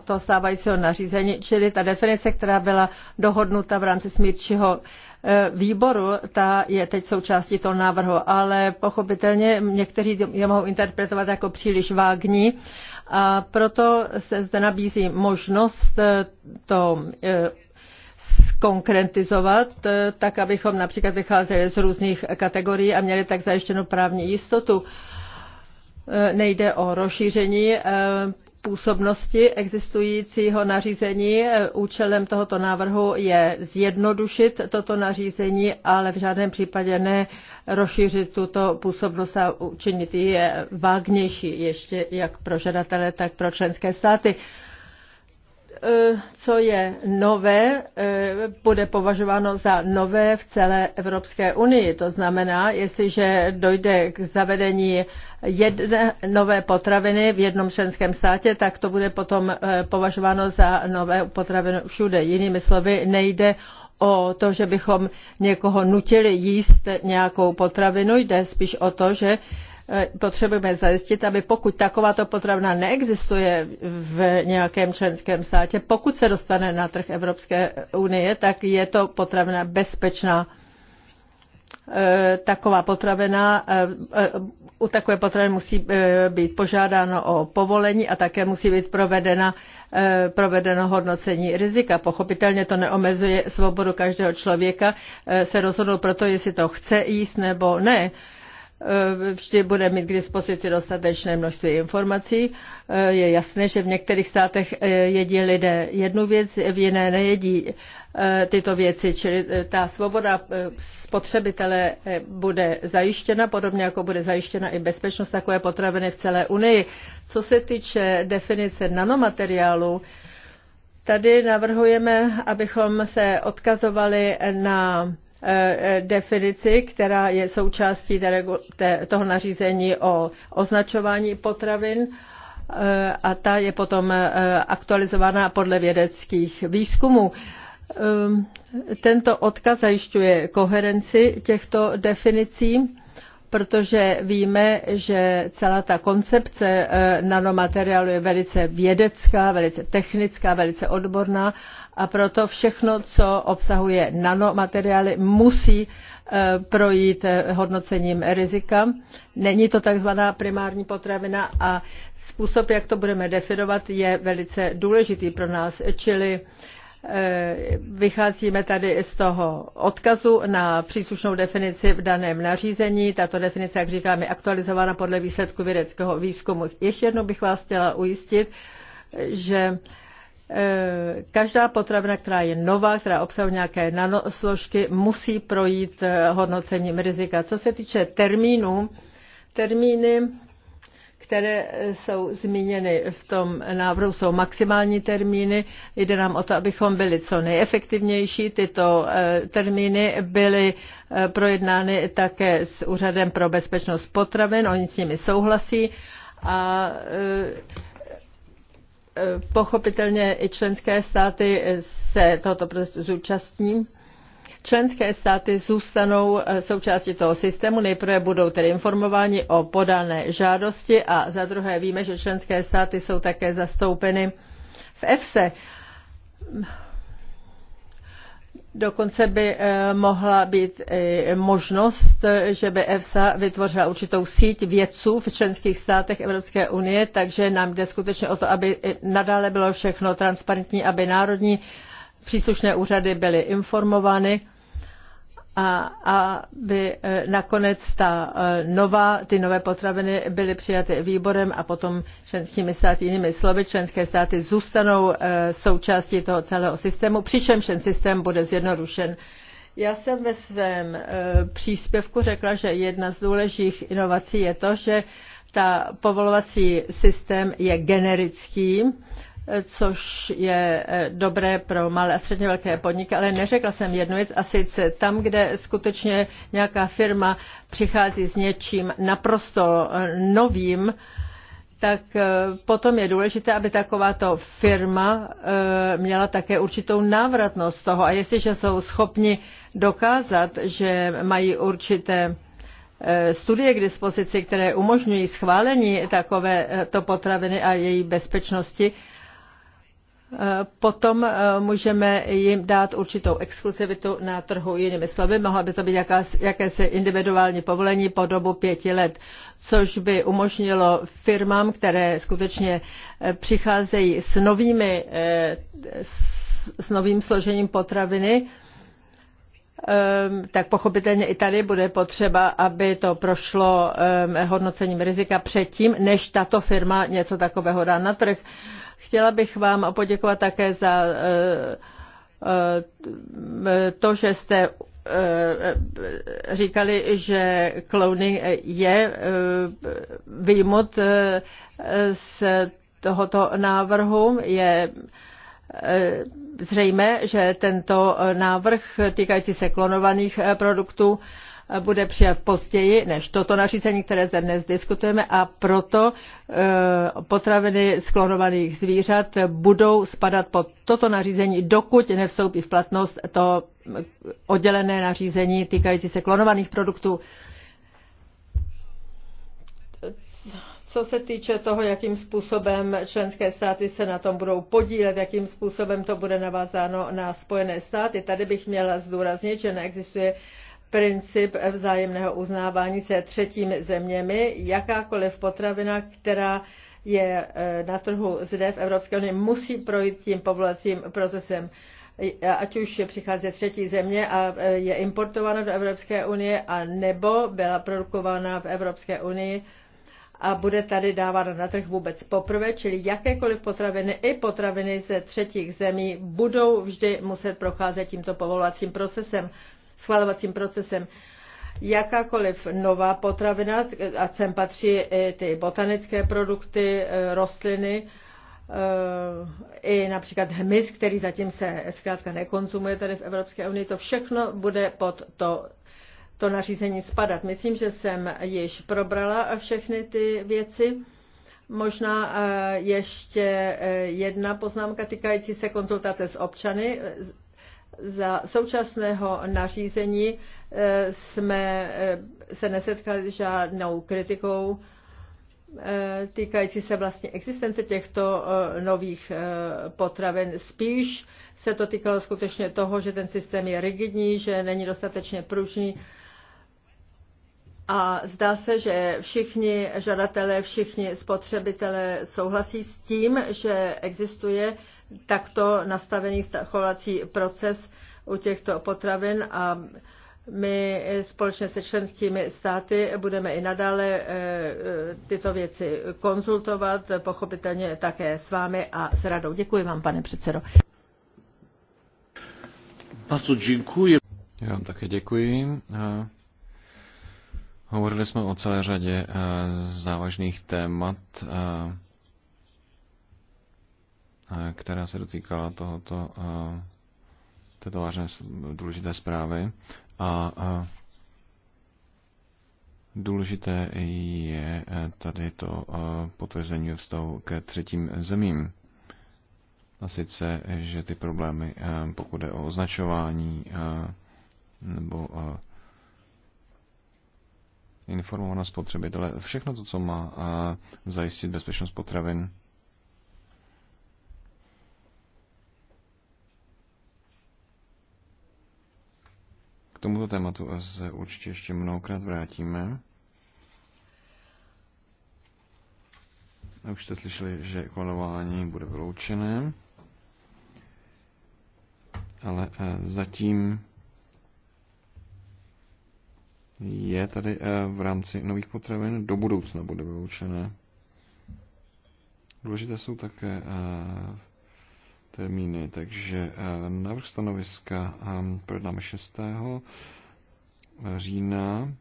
toho stávajícího nařízení, čili ta definice, která byla dohodnuta v rámci smírčího eh, výboru, ta je teď součástí toho návrhu, ale pochopitelně někteří je mohou interpretovat jako příliš vágní a proto se zde nabízí možnost eh, to eh, skonkretizovat, tak abychom například vycházeli z různých kategorií a měli tak zajištěnou právní jistotu nejde o rozšíření eh, působnosti existujícího nařízení. Eh, účelem tohoto návrhu je zjednodušit toto nařízení, ale v žádném případě ne rozšířit tuto působnost a učinit ji eh, vágnější ještě jak pro žadatele, tak pro členské státy. E, co je nové, e, bude považováno za nové v celé Evropské unii. To znamená, jestliže dojde k zavedení jedné nové potraviny v jednom členském státě, tak to bude potom e, považováno za nové potraviny všude. Jinými slovy, nejde o to, že bychom někoho nutili jíst nějakou potravinu, jde spíš o to, že Eh, potřebujeme zajistit, aby pokud takováto potravina neexistuje v nějakém členském státě, pokud se dostane na trh Evropské unie, tak je to potravina bezpečná. Eh, taková potravina, eh, u takové potraviny musí být požádáno o povolení a také musí být provedena, provedeno hodnocení rizika. Pochopitelně to neomezuje svobodu každého člověka se rozhodnout proto, jestli to chce jíst nebo ne. Eh, vždy bude mít k dispozici dostatečné množství informací. Eh, je jasné, že v některých státech eh, jedí lidé jednu věc, v jiné nejedí tyto věci, čili ta svoboda spotřebitele bude zajištěna, podobně jako bude zajištěna i bezpečnost takové potraviny v celé Unii. Co se týče definice nanomateriálu, Tady navrhujeme, abychom se odkazovali na Eh, eh, definici, která je součástí toho nařízení o označování potravin eh, a ta je potom aktualizována podle vědeckých výzkumů. Tento odkaz zajišťuje koherenci těchto definicí, protože víme, že celá ta koncepce nanomateriálu je velice vědecká, velice technická, velice odborná a proto všechno, co obsahuje nanomateriály, musí eh, projít eh, hodnocením rizika. Není to takzvaná primární potravina a způsob, jak to budeme definovat, je velice důležitý pro nás, čili eh, Vycházíme tady z toho odkazu na příslušnou definici v daném nařízení. Tato definice, jak říkám, je aktualizována podle výsledku vědeckého výzkumu. Ještě jednou bych vás chtěla ujistit, že Eh, každá potravina, která je nová, která obsahuje nějaké nanosložky, musí projít eh, hodnocením rizika. Co se týče termínů, termíny, které eh, jsou zmíněny v tom návrhu, jsou maximální termíny. Jde nám o to, abychom byli co nejefektivnější. Tyto termíny byly projednány také s Úřadem pro bezpečnost potravin. Oni s nimi souhlasí. A Eh, pochopitelně i členské státy eh, se tohoto procesu zúčastní. Členské státy zůstanou eh, součástí toho systému. Nejprve budou tedy informováni o podané žádosti a za druhé víme, že členské státy jsou také zastoupeny v EFSE. Dokonce by eh, mohla být možnost, že by EFSA vytvořila určitou síť vědců v členských státech Evropské unie, takže nám jde skutečně o to, aby nadále bylo všechno transparentní, aby národní příslušné úřady byly informovány a aby e, nakonec ta e, nová, ty nové potraviny byly přijaty výborem a potom členskými státy, jinými slovy, členské státy zůstanou e, součástí toho celého systému, přičemž ten systém bude zjednodušen. Já jsem ve svém příspěvku řekla, že jedna z důležitých inovací je to, že ta povolovací systém je generický, což je eh, dobré pro malé a středně velké podniky, ale neřekla jsem jednu věc a sice tam, kde skutečně nějaká firma přichází s něčím naprosto eh, novým, tak eh, potom je důležité, aby takováto firma měla také určitou návratnost toho. A jestliže jsou schopni dokázat, že mají určité studie k dispozici, které umožňují schválení takovéto potraviny a její bezpečnosti, Eh, potom eh, můžeme jim dát určitou exkluzivitu na trhu. Jinými slovy, mohla by to být jakési individuální povolení po dobu pěti let, což by umožnilo firmám, které skutečně eh, přicházejí s, novými, s novým složením potraviny, tak pochopitelně i tady bude potřeba, aby to prošlo hodnocením rizika předtím, než tato firma něco takového dá na trh. Chtěla bych vám poděkovat také za eh, eh, to, že jste eh, říkali, že cloning je výjimut z tohoto návrhu. Je zřejmé, že tento návrh týkající se klonovaných produktů bude přijat později než toto nařízení, které zde dnes diskutujeme a proto e, potraviny sklonovaných zvířat budou spadat pod toto nařízení, dokud nevstoupí v platnost to oddělené nařízení týkající se klonovaných produktů. Co se týče toho, jakým způsobem členské státy se na tom budou podílet, jakým způsobem to bude navázáno na Spojené státy, tady bych měla zdůraznit, že neexistuje princip vzájemného uznávání se třetími zeměmi. Jakákoliv potravina, která je e, na trhu zde v Evropské unii, musí projít tím povolacím procesem e, ať už přichází třetí země a e, je importována do Evropské unie, a nebo byla produkována v Evropské unii a bude tady dávána na trh vůbec poprvé, čili jakékoliv potraviny i potraviny ze třetích zemí budou vždy muset procházet tímto povolovacím procesem schvalovacím procesem. Jakákoliv nová potravina, a sem patří i ty botanické produkty, e, rostliny, e, i například hmyz, který zatím se zkrátka nekonzumuje tady v Evropské unii, to všechno bude pod to, to nařízení spadat. Myslím, že jsem již probrala všechny ty věci. Možná e, ještě jedna poznámka týkající se konzultace s občany za současného nařízení eh, jsme eh, se nesetkali s žádnou kritikou eh, týkající se vlastně existence těchto nových potravin. Spíš se to týkalo skutečně toho, že ten systém je rigidní, že není dostatečně pružný a zdá se, že všichni žadatelé, všichni spotřebitelé souhlasí s tím, že existuje takto nastavený chovací proces u těchto potravin a my společně se členskými státy budeme i nadále eh, eh, tyto věci konzultovat, pochopitelně také s vámi a s radou. Děkuji vám, pane předsedo. Já vám také děkuji. Eh, Hovorili jsme o celé řadě eh, závažných témat, eh, eh, která se dotýkala tohoto, této vážné důležité zprávy. A důležité je tady to potvrzení vztahu ke třetím zemím. A sice, že ty problémy, pokud je o označování nebo informovanost spotřebitele, všechno to, co má a eh, zajistit bezpečnost potravin. K tomuto tématu se určitě ještě mnohokrát vrátíme. Už jste slyšeli, že klonování bude vyloučené, ale eh, zatím je tady eh, v rámci nových potravin do budoucna bude vyloučené. Důležité jsou také eh, termíny, takže eh, návrh stanoviska projednáme 6. října,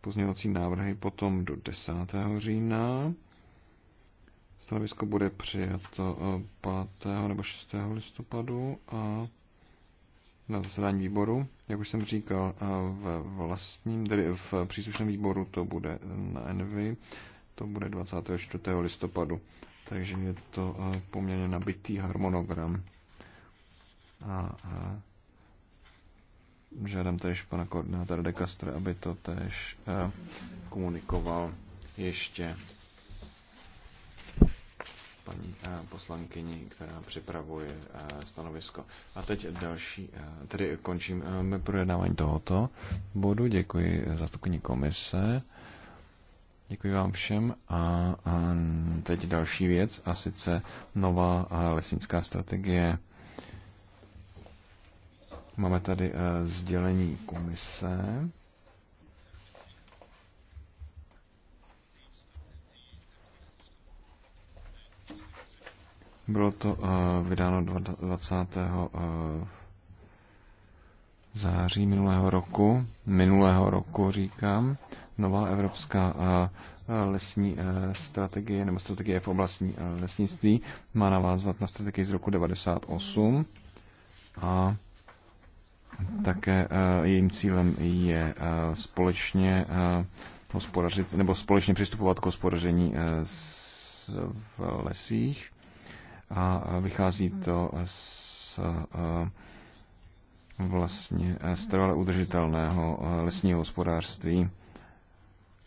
pozměňovací návrhy potom do 10. října. Stanovisko bude přijato 5. nebo 6. listopadu a na zasedání výboru. Jak už jsem říkal, eh, v vlastním, tedy v příslušném výboru to bude na Envy, to bude 24. listopadu, takže je to eh, poměrně nabitý harmonogram. A, a eh, žádám též pana koordinátora de Castra, aby to též komunikoval ještě paní eh, poslankyni, která připravuje eh, stanovisko. A teď další, eh, tedy končím projednávání tohoto bodu. Děkuji zastupkyni komise. Děkuji vám všem a, a teď další věc a sice nová lesnická strategie. Máme tady sdělení komise. Bylo to eh, vydáno 20. Eh, září minulého roku. Minulého roku říkám. Nová evropská eh, lesní strategie nebo strategie v oblastní lesnictví má navázat na strategii z roku 98 a také jejím cílem je společně hospodařit, nebo společně přistupovat k hospodaření v lesích a vychází to z eh, vlastně eh, z trvale udržitelného eh, lesního hospodářství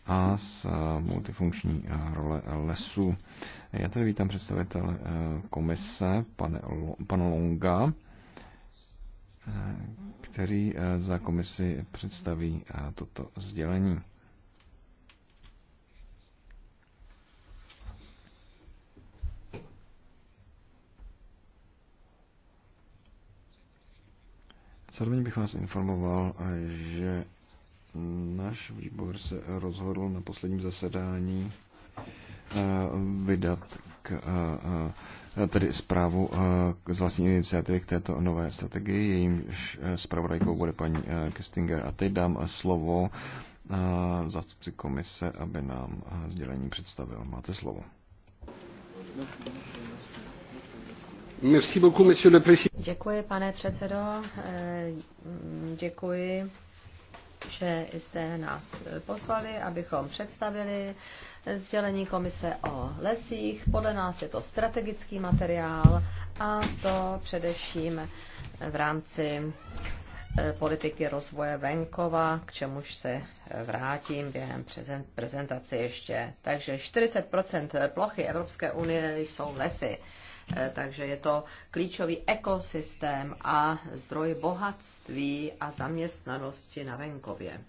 a z multifunkční role lesů. Já tady vítám představitele komise, pane, pana Longa, který za komisi představí toto sdělení. Zároveň bych vás informoval, eh, že náš výbor se rozhodl na posledním zasedání eh, vydat k, eh, tedy zprávu z vlastní iniciativy k této nové strategii. Jejím zpravodajkou bude paní Kestinger. A teď dám slovo zástupci komise, aby nám sdělení představil. Máte slovo. Děkuji, pane předsedo. Eh, děkuji, že jste nás pozvali, abychom představili sdělení komise o lesích. Podle nás je to strategický materiál a to především v rámci eh, politiky rozvoje venkova, k čemuž se vrátím během prezentace ještě. Takže 40 plochy Evropské unie jsou lesy. Eh, takže je to klíčový ekosystém a zdroj bohatství a zaměstnanosti na venkově.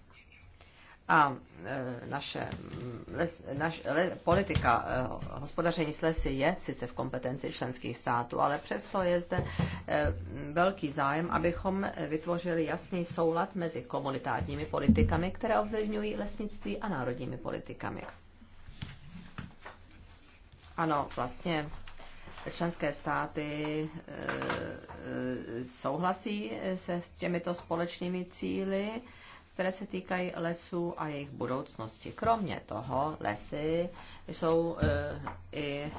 A eh, naše mm, les, naš, le, politika eh, hospodaření s lesy je sice v kompetenci členských států, ale přesto je zde velký zájem, abychom vytvořili jasný soulad mezi komunitárními politikami, které ovlivňují lesnictví a národními politikami. Ano, vlastně členské státy eh, eh, souhlasí se s těmito společnými cíly, které se týkají lesů a jejich budoucnosti. Kromě toho lesy jsou eh, i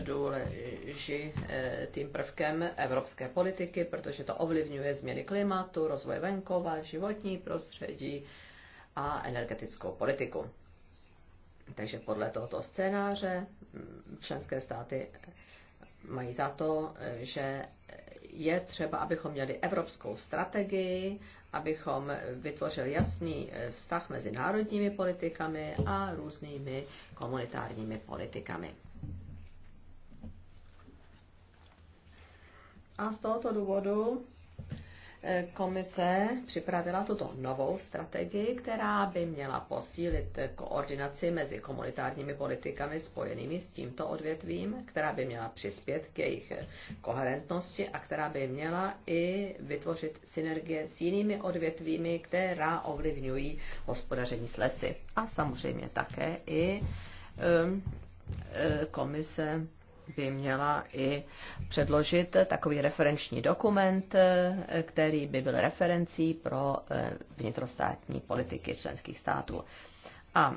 důležitým prvkem evropské politiky, protože to ovlivňuje změny klimatu, rozvoj venkova, životní prostředí a energetickou politiku. Takže podle tohoto scénáře mm, členské státy mají za to, že je třeba, abychom měli evropskou strategii, abychom vytvořili jasný eh, vztah mezi národními politikami a různými komunitárními politikami. A z tohoto důvodu E, komise připravila tuto novou strategii, která by měla posílit koordinaci mezi komunitárními politikami spojenými s tímto odvětvím, která by měla přispět k jejich koherentnosti a která by měla i vytvořit synergie s jinými odvětvími, která ovlivňují hospodaření s lesy. A samozřejmě také i e, e, komise by měla i předložit takový referenční dokument, eh, který by byl referencí pro eh, vnitrostátní politiky členských států. A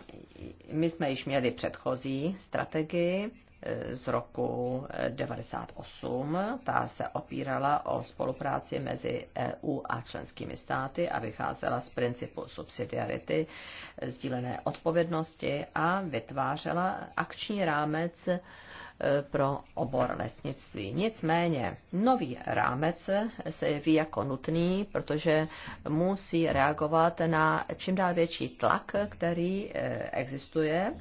my jsme již měli předchozí strategii eh, z roku 98. Ta se opírala o spolupráci mezi EU a členskými státy a vycházela z principu subsidiarity, sdílené odpovědnosti a vytvářela akční rámec pro obor lesnictví. Nicméně nový rámec se jeví jako nutný, protože musí reagovat na čím dál větší tlak, který eh, existuje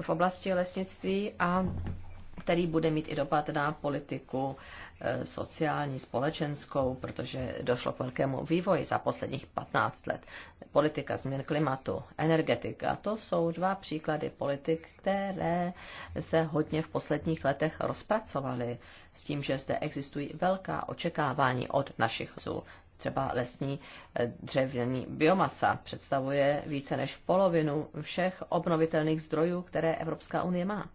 v oblasti lesnictví a který bude mít i dopad na politiku Eh, sociální, společenskou, protože došlo k velkému vývoji za posledních 15 let. Politika změn klimatu, energetika, to jsou dva příklady politik, které se hodně v posledních letech rozpracovaly s tím, že zde existují velká očekávání od našich zů. Třeba lesní eh, dřevěný biomasa představuje více než polovinu všech obnovitelných zdrojů, které Evropská unie má.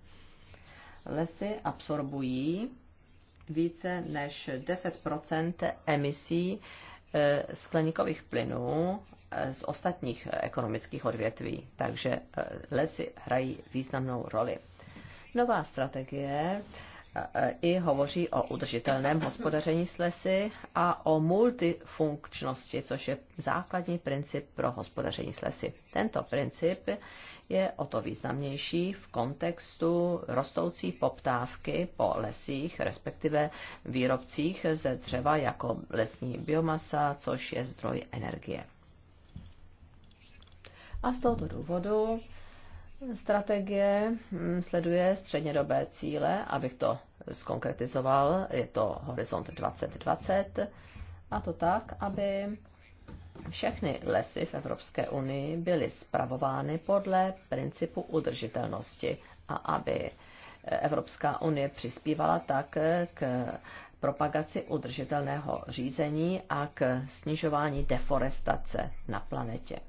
Lesy absorbují více než 10 emisí eh, skleníkových plynů eh, z ostatních eh, ekonomických odvětví, takže lesy hrají významnou roli. Nová strategie i hovoří o udržitelném hospodaření s lesy a o multifunkčnosti, což je základní princip pro hospodaření s lesy. Tento princip je o to významnější v kontextu rostoucí poptávky po lesích, respektive výrobcích ze dřeva jako lesní biomasa, což je zdroj energie. A z tohoto důvodu strategie hm, sleduje střednědobé cíle, abych to zkonkretizoval, je to horizont 2020, a to tak, aby všechny lesy v Evropské unii byly spravovány podle principu udržitelnosti a aby Evropská unie přispívala tak k propagaci udržitelného řízení a k snižování deforestace na planetě.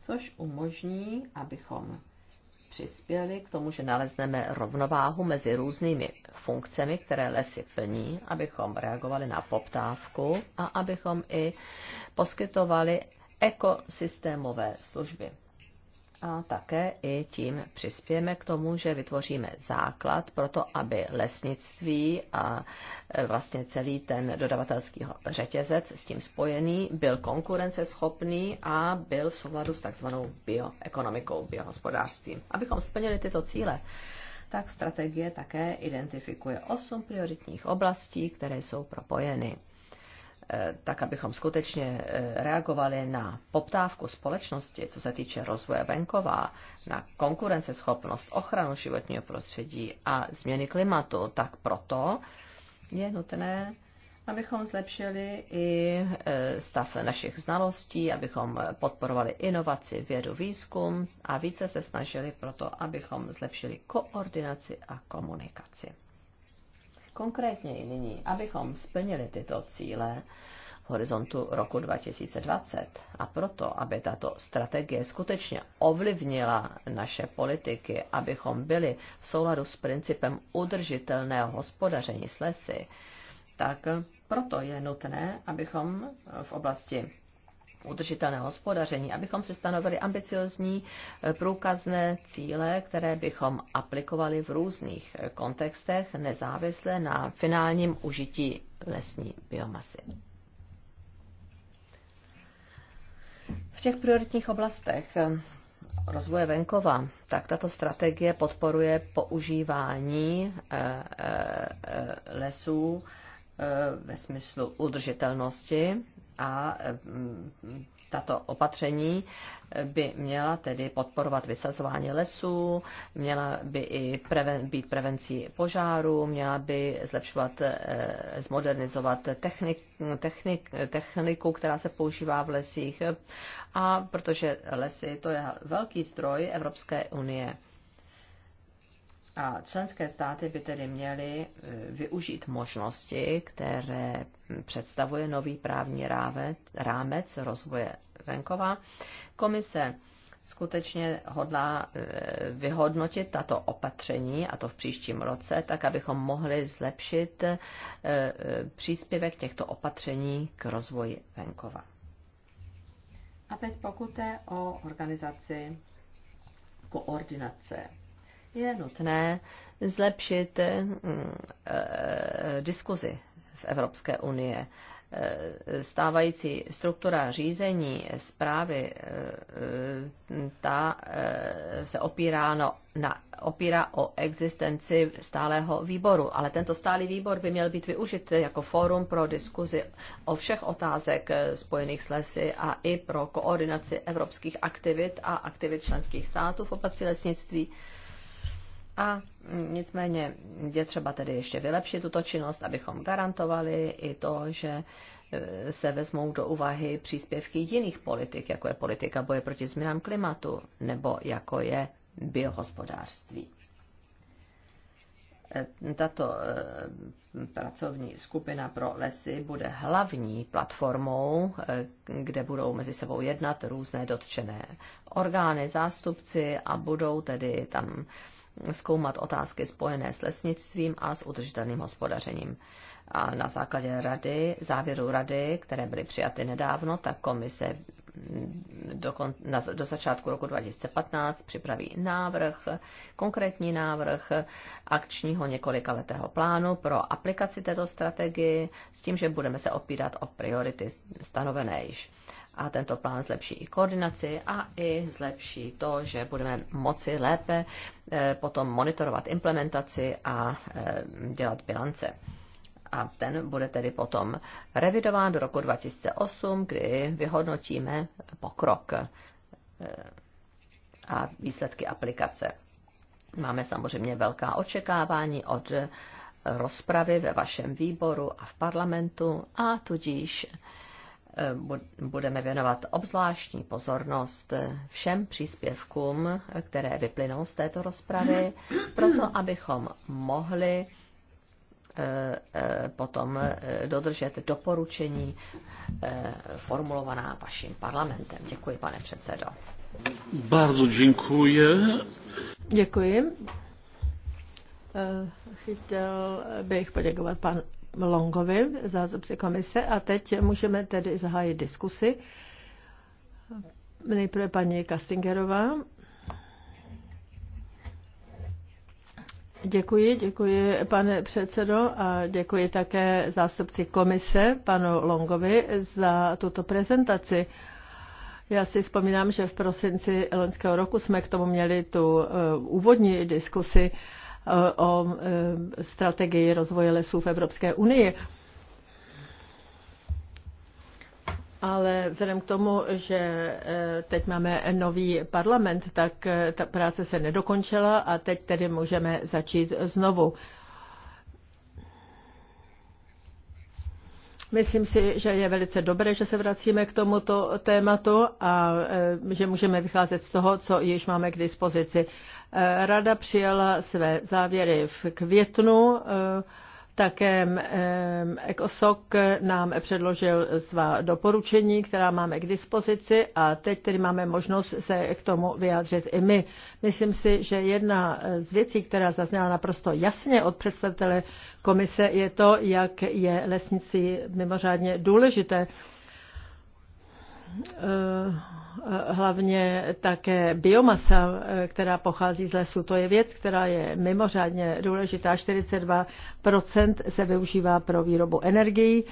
Což umožní, abychom přispěli k tomu, že nalezneme rovnováhu mezi různými funkcemi, které lesy plní, abychom reagovali na poptávku a abychom i poskytovali ekosystémové služby a také i tím přispějeme k tomu, že vytvoříme základ pro to, aby lesnictví a e, vlastně celý ten dodavatelský řetězec s tím spojený byl konkurenceschopný a byl v souladu s takzvanou bioekonomikou, biohospodářstvím. Abychom splnili tyto cíle, tak strategie také identifikuje osm prioritních oblastí, které jsou propojeny. Eh, tak abychom skutečně eh, reagovali na poptávku společnosti, co se týče rozvoje venkova, na konkurenceschopnost, ochranu životního prostředí a změny klimatu, tak proto je nutné, abychom zlepšili i eh, stav našich znalostí, abychom podporovali inovaci, vědu, výzkum a více se snažili proto, abychom zlepšili koordinaci a komunikaci. Konkrétně i nyní, abychom splnili tyto cíle v horizontu roku 2020 a proto, aby tato strategie skutečně ovlivnila naše politiky, abychom byli v souladu s principem udržitelného hospodaření s lesy, tak proto je nutné, abychom v oblasti udržitelného hospodaření, abychom si stanovili ambiciozní eh, průkazné cíle, které bychom aplikovali v různých eh, kontextech nezávisle na finálním užití lesní biomasy. V těch prioritních oblastech eh, rozvoje venkova, tak tato strategie podporuje používání lesů ve smyslu udržitelnosti a mm, tato opatření by měla tedy podporovat vysazování lesů, měla by i preven, být prevencí požáru, měla by zlepšovat, e, zmodernizovat technik, technik, techniku, která se používá v lesích. A protože lesy to je velký zdroj Evropské unie a členské státy by tedy měly e, využít možnosti, které představuje nový právní rámec, rámec rozvoje venkova. Komise skutečně hodlá e, vyhodnotit tato opatření, a to v příštím roce, tak abychom mohli zlepšit e, příspěvek těchto opatření k rozvoji venkova. A teď pokud je o organizaci koordinace je nutné zlepšit eh, eh, diskuzi v Evropské unie. Eh, stávající struktura řízení zprávy ta se opírá, no, na, opírá o existenci stálého výboru, ale tento stálý výbor by měl být využit jako fórum pro diskuzi o všech otázek spojených s lesy a i pro koordinaci evropských aktivit a aktivit členských států v oblasti lesnictví. A nicméně je třeba tedy ještě vylepšit tuto činnost, abychom garantovali i to, že e, se vezmou do úvahy příspěvky jiných politik, jako je politika boje proti změnám klimatu nebo jako je biohospodářství. E, tato e, pracovní skupina pro lesy bude hlavní platformou, kde budou mezi sebou jednat různé dotčené orgány, zástupci a budou tedy tam zkoumat otázky spojené s lesnictvím a s udržitelným hospodařením. A na základě rady, závěru rady, které byly přijaty nedávno, tak komise do, na, do začátku roku 2015 připraví návrh, konkrétní návrh akčního několikaletého plánu pro aplikaci této strategii s tím, že budeme se opírat o priority stanovené již a tento plán zlepší i koordinaci a i zlepší to, že budeme moci lépe eh, potom monitorovat implementaci a eh, dělat bilance a ten bude tedy potom revidován do roku 2008, kdy vyhodnotíme pokrok eh, a výsledky aplikace. Máme samozřejmě velká očekávání od rozpravy ve vašem výboru a v parlamentu a tudíž Eh, budeme věnovat obzvláštní pozornost eh, všem příspěvkům, eh, které vyplynou z této rozpravy, proto abychom mohli potom dodržet doporučení formulovaná vaším parlamentem. Děkuji, pane předsedo. Bardzo děkuji. Děkuji. Chtěl bych poděkovat pan, Longovi, zástupci komise, a teď můžeme tedy zahájit diskusi. Nejprve paní Kastingerová. Děkuji, děkuji pane předsedo a děkuji také zástupci komise panu Longovi za tuto prezentaci. Já si vzpomínám, že v prosinci loňského roku jsme k tomu měli tu eh, úvodní diskusi. Uh, Eh, o eh, strategii rozvoje lesů v Evropské unii. Ale vzhledem k tomu, že eh, teď máme nový parlament, tak ta práce se nedokončila a teď tedy můžeme začít znovu. Myslím si, že je velice dobré, že se vracíme k tomuto tématu a e, že můžeme vycházet z toho, co již máme k dispozici. E, Rada přijala své závěry v květnu e, také ECOSOC nám předložil svá doporučení, která máme k dispozici a teď tedy máme možnost se k tomu vyjádřit i my. Myslím si, že jedna z věcí, která zazněla naprosto jasně od představitele komise, je to, jak je lesnictví mimořádně důležité. Eh, hlavně také biomasa, eh, která pochází z lesů. To je věc, která je mimořádně důležitá. 42% se využívá pro výrobu energií.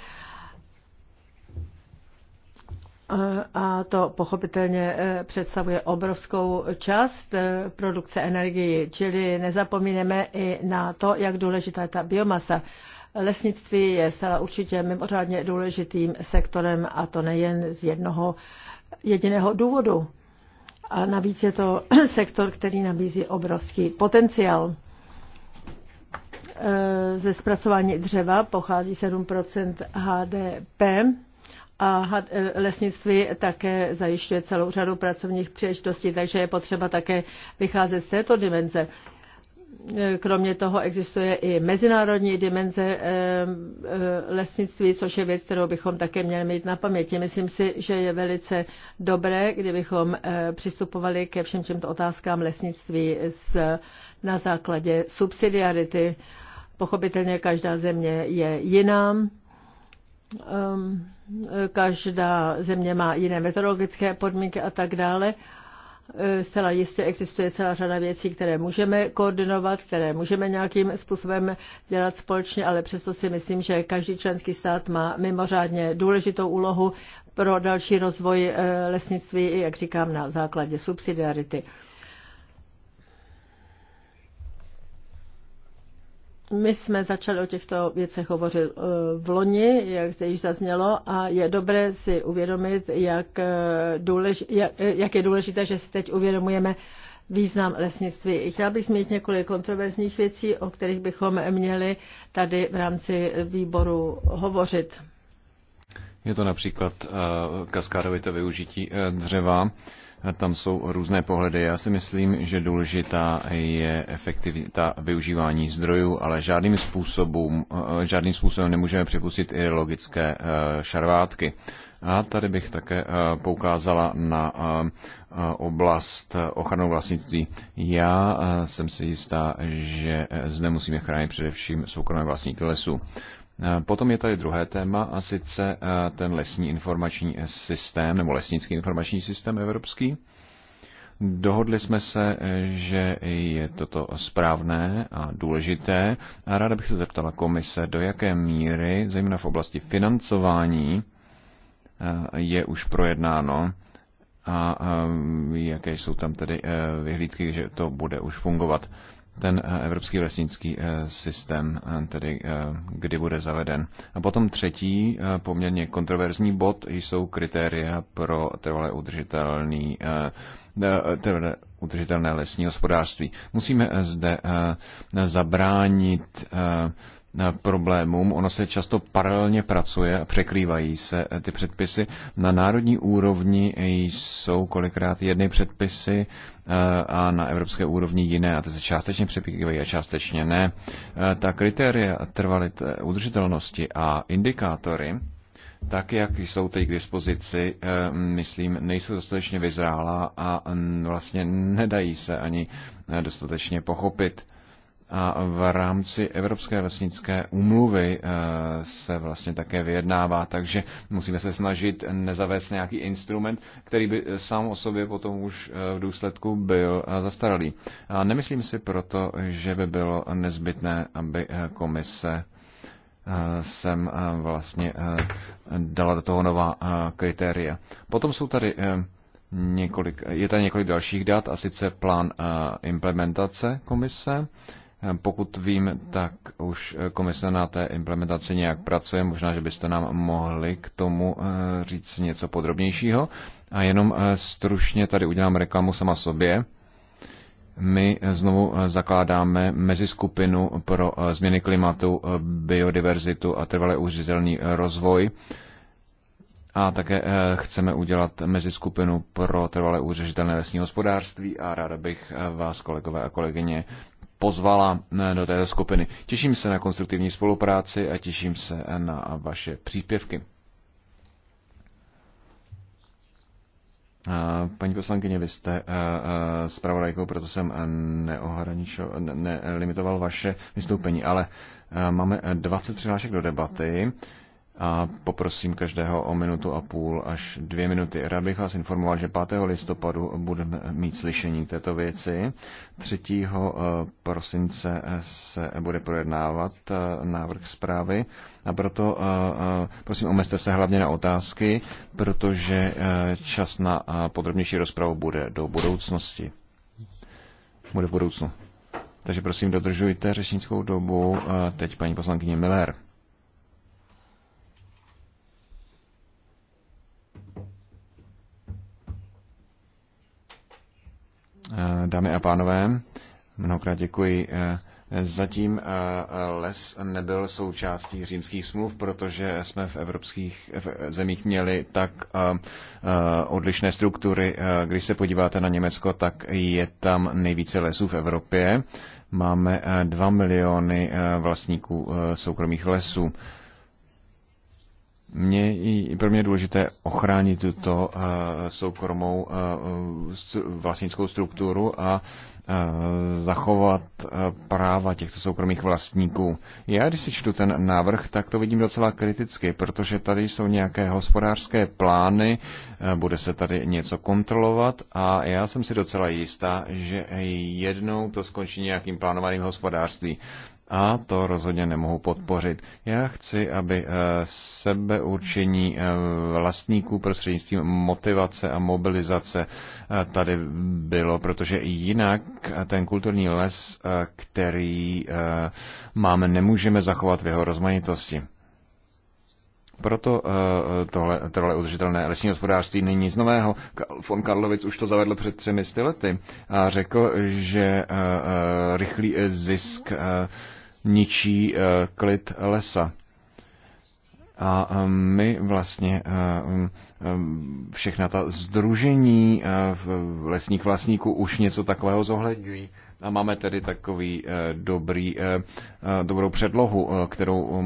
Eh, a to pochopitelně představuje obrovskou část produkce energii, čili nezapomínáme i na to, jak důležitá je ta biomasa. Lesnictví je zcela určitě mimořádně důležitým sektorem a to nejen z jednoho jediného důvodu. A navíc je to [CLEARS THROAT] sektor, který nabízí obrovský potenciál. E, ze zpracování dřeva pochází 7 HDP a e, lesnictví také zajišťuje celou řadu pracovních příležitostí, takže je potřeba také vycházet z této dimenze. Kromě toho existuje i mezinárodní dimenze eh, eh, lesnictví, což je věc, kterou bychom také měli mít na paměti. Myslím si, že je velice dobré, kdybychom eh, přistupovali ke všem těmto otázkám lesnictví z, na základě subsidiarity. Pochopitelně každá země je jiná. Ehm, každá země má jiné meteorologické podmínky a tak dále. Eh, zcela jistě existuje celá řada věcí, které můžeme koordinovat, které můžeme nějakým způsobem dělat společně, ale přesto si myslím, že každý členský stát má mimořádně důležitou úlohu pro další rozvoj eh, lesnictví, jak říkám, na základě subsidiarity. My jsme začali o těchto věcech hovořit eh, v loni, jak zde již zaznělo, a je dobré si uvědomit, jak, eh, důlež, jak, eh, jak je důležité, že si teď uvědomujeme význam lesnictví. Chtěla bych zmínit několik kontroverzních věcí, o kterých bychom měli tady v rámci výboru hovořit. Je to například kaskádovité využití dřeva tam jsou různé pohledy. Já si myslím, že důležitá je efektivita využívání zdrojů, ale žádným způsobem, eh, žádným způsobem nemůžeme připustit i logické eh, šarvátky. A tady bych také eh, poukázala na oblast ochranou vlastnictví. Já jsem si jistá, že zde musíme chránit především soukromé vlastníky lesů. Eh, potom je tady druhé téma a sice eh, ten lesní informační systém nebo lesnický informační systém evropský. Dohodli jsme se, eh, že je toto správné a důležité a ráda bych se zeptala komise, do jaké míry, zejména v oblasti financování, je už projednáno a jaké jsou tam tedy vyhlídky, že to bude už fungovat ten eh, evropský lesnický eh, systém, eh, tedy kdy bude zaveden. A potom třetí poměrně kontroverzní bod jsou kritéria pro trvalé udržitelný trvalé udržitelné lesní hospodářství. Musíme zde zabránit Eh, problémům. Ono se často paralelně pracuje a překrývají se eh, ty předpisy. Na národní úrovni jsou kolikrát jedny předpisy eh, a na evropské úrovni jiné a ty se částečně překrývají a částečně ne. Ta kritéria trvalit udržitelnosti a indikátory tak, jak jsou teď k dispozici, myslím, nejsou dostatečně vyzrálá a mm, vlastně nedají se ani dostatečně pochopit. A v rámci Evropské lesnické úmluvy eh, se vlastně také vyjednává, takže musíme se snažit nezavést nějaký instrument, který by sám o sobě potom už eh, v důsledku byl eh, zastaralý. A nemyslím si proto, že by bylo nezbytné, aby komise jsem vlastně dala do toho nová kritéria. Potom jsou tady několik, je tady několik dalších dat, a sice plán implementace komise, pokud vím, tak už komise na té implementaci nějak pracuje. Možná, že byste nám mohli k tomu eh, říct něco podrobnějšího. A jenom eh, stručně tady udělám reklamu sama sobě. My eh, znovu zakládáme meziskupinu pro změny klimatu, biodiverzitu a trvalé užitelný rozvoj. A také chceme udělat meziskupinu pro trvalé udržitelné lesní hospodářství a ráda bych vás, kolegové a kolegyně, pozvala eh, do této skupiny. Těším se na konstruktivní spolupráci a těším se eh, na vaše příspěvky. Eh, paní poslankyně, vy jste zpravodajkou, proto jsem nelimitoval vaše vystoupení, ale máme 20 přihlášek do debaty a poprosím každého o minutu a půl až dvě minuty. Rád bych vás informoval, že 5. listopadu budeme mít slyšení této věci. 3. Eh, prosince se bude projednávat eh, návrh zprávy a proto eh, prosím omezte se hlavně na otázky, protože čas na podrobnější rozpravu bude do budoucnosti. Bude v budoucnu. Takže prosím, dodržujte řečnickou dobu. Teď paní poslankyně Miller. Eh, dámy a pánové, mnohokrát děkuji. Eh, zatím eh, les nebyl součástí římských smluv, protože jsme v evropských zemích měli tak odlišné struktury. Když se podíváte na Německo, tak je tam nejvíce lesů v Evropě. Máme 2 miliony vlastníků soukromých lesů mě, pro mě je důležité ochránit tuto eh, soukromou eh, vlastnickou strukturu a eh, zachovat práva těchto soukromých vlastníků. Já, když si čtu ten návrh, tak to vidím docela kriticky, protože tady jsou nějaké hospodářské plány, bude se tady něco kontrolovat a já jsem si docela jistá, že jednou to skončí nějakým plánovaným hospodářství a to rozhodně nemohu podpořit. Já chci, aby eh, sebeurčení eh, vlastníků prostřednictvím motivace a mobilizace eh, tady bylo, protože jinak ten kulturní les, který máme, nemůžeme zachovat v jeho rozmanitosti. Proto tohle, tohle udržitelné lesní hospodářství není nic nového. Von Karlovic už to zavedl před třemi lety a řekl, že rychlý zisk ničí eh, klid lesa. A eh, my vlastně eh, všechna ta združení lesních vlastníků už něco takového zohledňují. A máme tedy takový dobrý, dobrou předlohu, kterou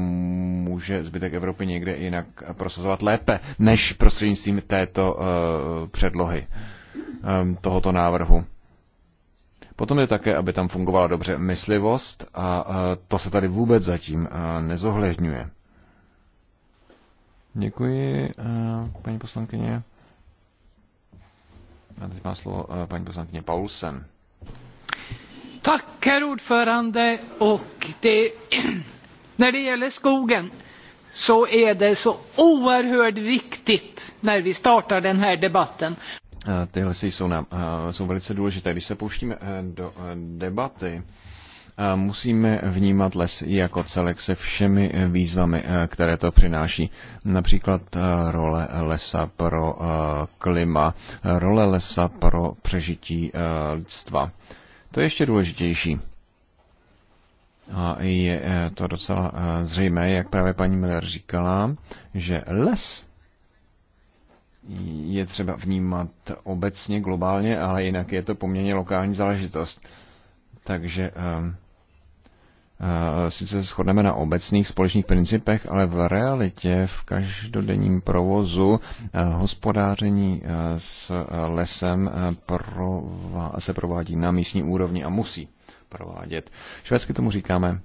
může zbytek Evropy někde jinak prosazovat lépe, než prostřednictvím této předlohy tohoto návrhu. Potom je také, aby tam fungovala dobře myslivost a to se tady vůbec zatím nezohledňuje. Děkuji, paní poslankyně. A teď má slovo paní poslankyně Paulsen. Tak, herr ordförande, och det, när det gäller skogen så är det så oerhört viktigt när vi startar den här debatten Eh, ty lesy jsou, nám, eh, jsou velice důležité. Když se pouštíme eh, do debaty, musíme vnímat les jako celek se všemi výzvami, které to přináší. Například role lesa pro klima, role lesa pro přežití lidstva. To je ještě důležitější. A je to docela zřejmé, jak právě paní Miller říkala, že les je třeba vnímat obecně, globálně, ale jinak je to poměrně lokální záležitost. Takže ehm, eh, sice shodneme na obecných společných principech, ale v realitě, v každodenním provozu eh, hospodáření eh, s lesem se provádí na místní úrovni a musí provádět. Švédsky tomu říkáme,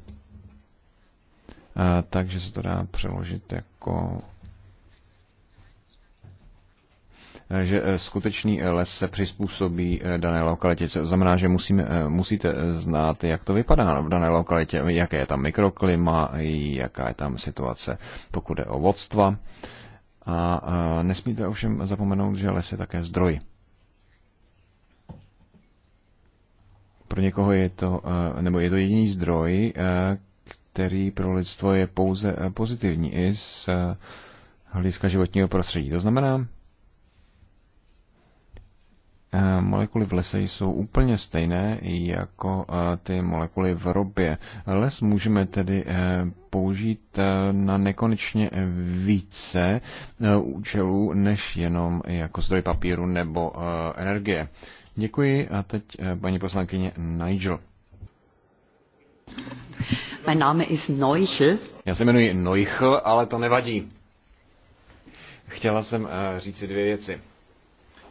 takže se to dá přeložit jako že eh, skutečný eh, les se přizpůsobí eh, dané lokalitě. To znamená, že musíme, musíte znát, jak to vypadá v dané lokalitě, jaké je tam mikroklima, jaká je tam situace, pokud je o vodstva. A nesmíte ovšem zapomenout, že les je také zdroj. Pro někoho je to, nebo je to jediný zdroj, který pro lidstvo je pouze pozitivní i z hlediska životního prostředí. To znamená, Eh, molekuly v lese jsou úplně stejné jako eh, ty molekuly v ropě. Les můžeme tedy eh, použít na nekonečně více účelů než jenom jako zdroj papíru nebo energie. Děkuji a teď paní poslankyně Nigel. Mein Name ist Neuchel. Já se jmenuji Neuchel, ale to nevadí. Chtěla jsem říci dvě věci.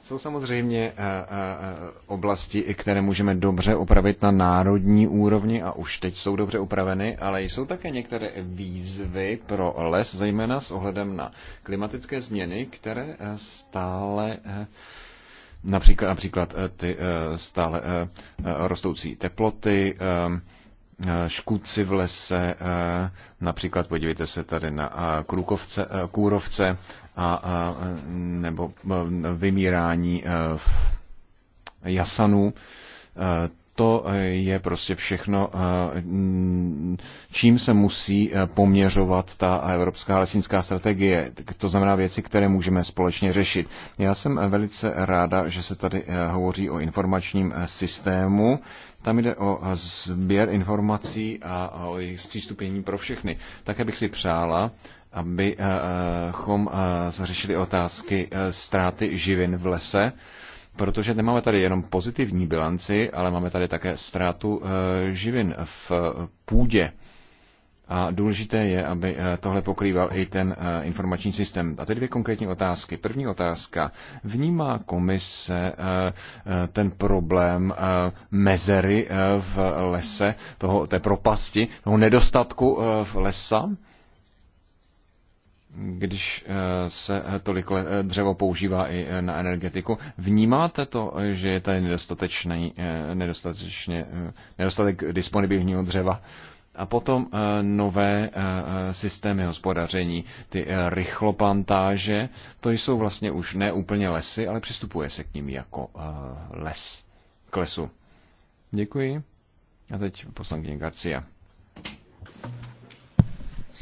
Jsou samozřejmě eh, eh, oblasti, které můžeme dobře upravit na národní úrovni a už teď jsou dobře upraveny, ale jsou také některé výzvy pro les, zejména s ohledem na klimatické změny, které eh, stále například, například ty stále rostoucí teploty, škůdci v lese, například podívejte se tady na kůrovce a, a nebo e, vymírání e, jasanů. E, to je prostě všechno, čím se musí poměřovat ta evropská lesnická strategie. To znamená věci, které můžeme společně řešit. Já jsem velice ráda, že se tady hovoří o informačním systému, tam jde o sběr informací a o jejich zpřístupnění pro všechny. Také bych si přála, abychom eh, zařešili otázky eh, ztráty živin v lese, protože nemáme tady jenom pozitivní bilanci, ale máme tady také ztrátu eh, živin v půdě. A důležité je, aby tohle pokrýval i ten informační systém. A ty dvě konkrétní otázky. První otázka. Vnímá komise ten problém mezery v lese, toho, té propasti, toho nedostatku v lesa? když eh, se tolik eh, dřevo používá i eh, na energetiku. Vnímáte to, že je tady nedostatečný, nedostatečně, nedostatek disponibilního dřeva? A potom nové systémy hospodaření, ty rychlopantáže, to jsou vlastně už ne úplně lesy, ale přistupuje se k ním jako les, k lesu. Děkuji. A teď poslankyně Garcia.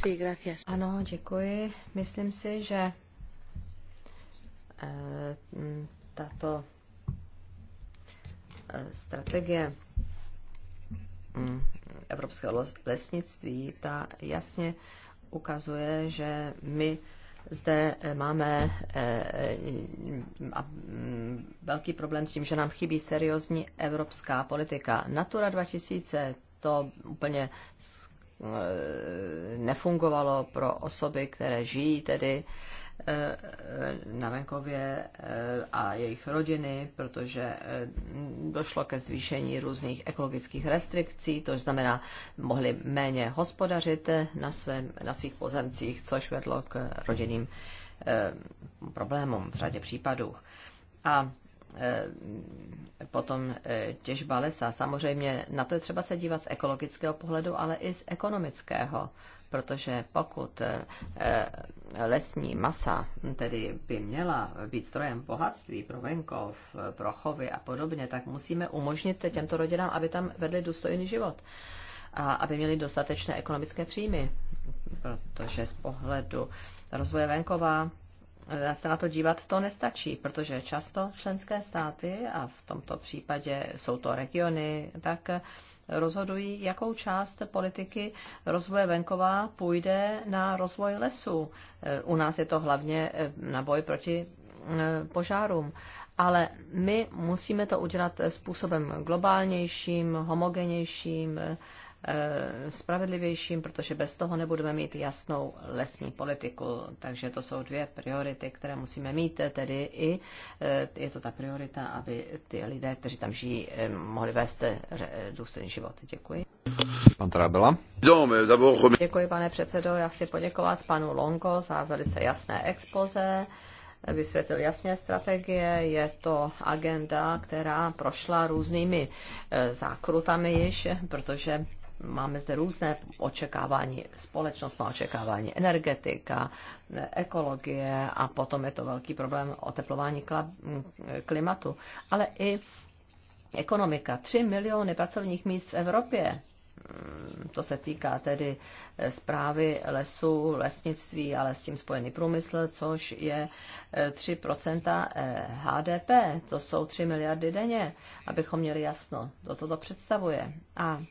Sí, gracias. Ano, děkuji. Myslím si, že eh, tato eh, strategie mm, evropského lesnictví, ta jasně ukazuje, že my zde eh, máme mm, velký problém s tím, že nám chybí seriózní evropská politika. Natura 2000 to úplně Eh, nefungovalo pro osoby, které žijí tedy eh, na venkově eh, a jejich rodiny, protože došlo ke zvýšení různých ekologických restrikcí, to znamená, mohli méně hospodařit na, svém, na svých pozemcích, což vedlo k rodinným problémům v řadě případů. A Eh, potom eh, těžba lesa. Samozřejmě na to je třeba se dívat z ekologického pohledu, ale i z ekonomického, protože pokud eh, lesní masa tedy by měla být strojem bohatství pro venkov, pro chovy a podobně, tak musíme umožnit těmto rodinám, aby tam vedli důstojný život a aby měli dostatečné ekonomické příjmy, protože z pohledu rozvoje venkova se na to dívat, to nestačí, protože často členské státy, a v tomto případě jsou to regiony, tak rozhodují, jakou část politiky rozvoje venková půjde na rozvoj lesů. U nás je to hlavně eh, na boj proti eh, požárům. Ale my musíme to udělat způsobem globálnějším, homogenějším, Eh, spravedlivějším, protože bez toho nebudeme mít jasnou lesní politiku. Takže to jsou dvě priority, které musíme mít, eh, tedy i eh, je to ta priorita, aby ty lidé, kteří tam žijí, mohli vést důstojný život. Děkuji. Pan Trábela. Děkuji, pane předsedo. Já chci poděkovat panu Longo za velice jasné expoze vysvětlil jasně strategie, je to agenda, která prošla různými zákrutami již, protože Máme zde různé očekávání, společnost má očekávání, energetika, ekologie a potom je to velký problém oteplování klimatu. Ale i ekonomika. 3 miliony pracovních míst v Evropě. Mm, to se týká tedy zprávy lesů, lesnictví, ale s tím spojený průmysl, což je 3 eh, eh, HDP. To jsou 3 miliardy denně, abychom měli jasno. To toto představuje. A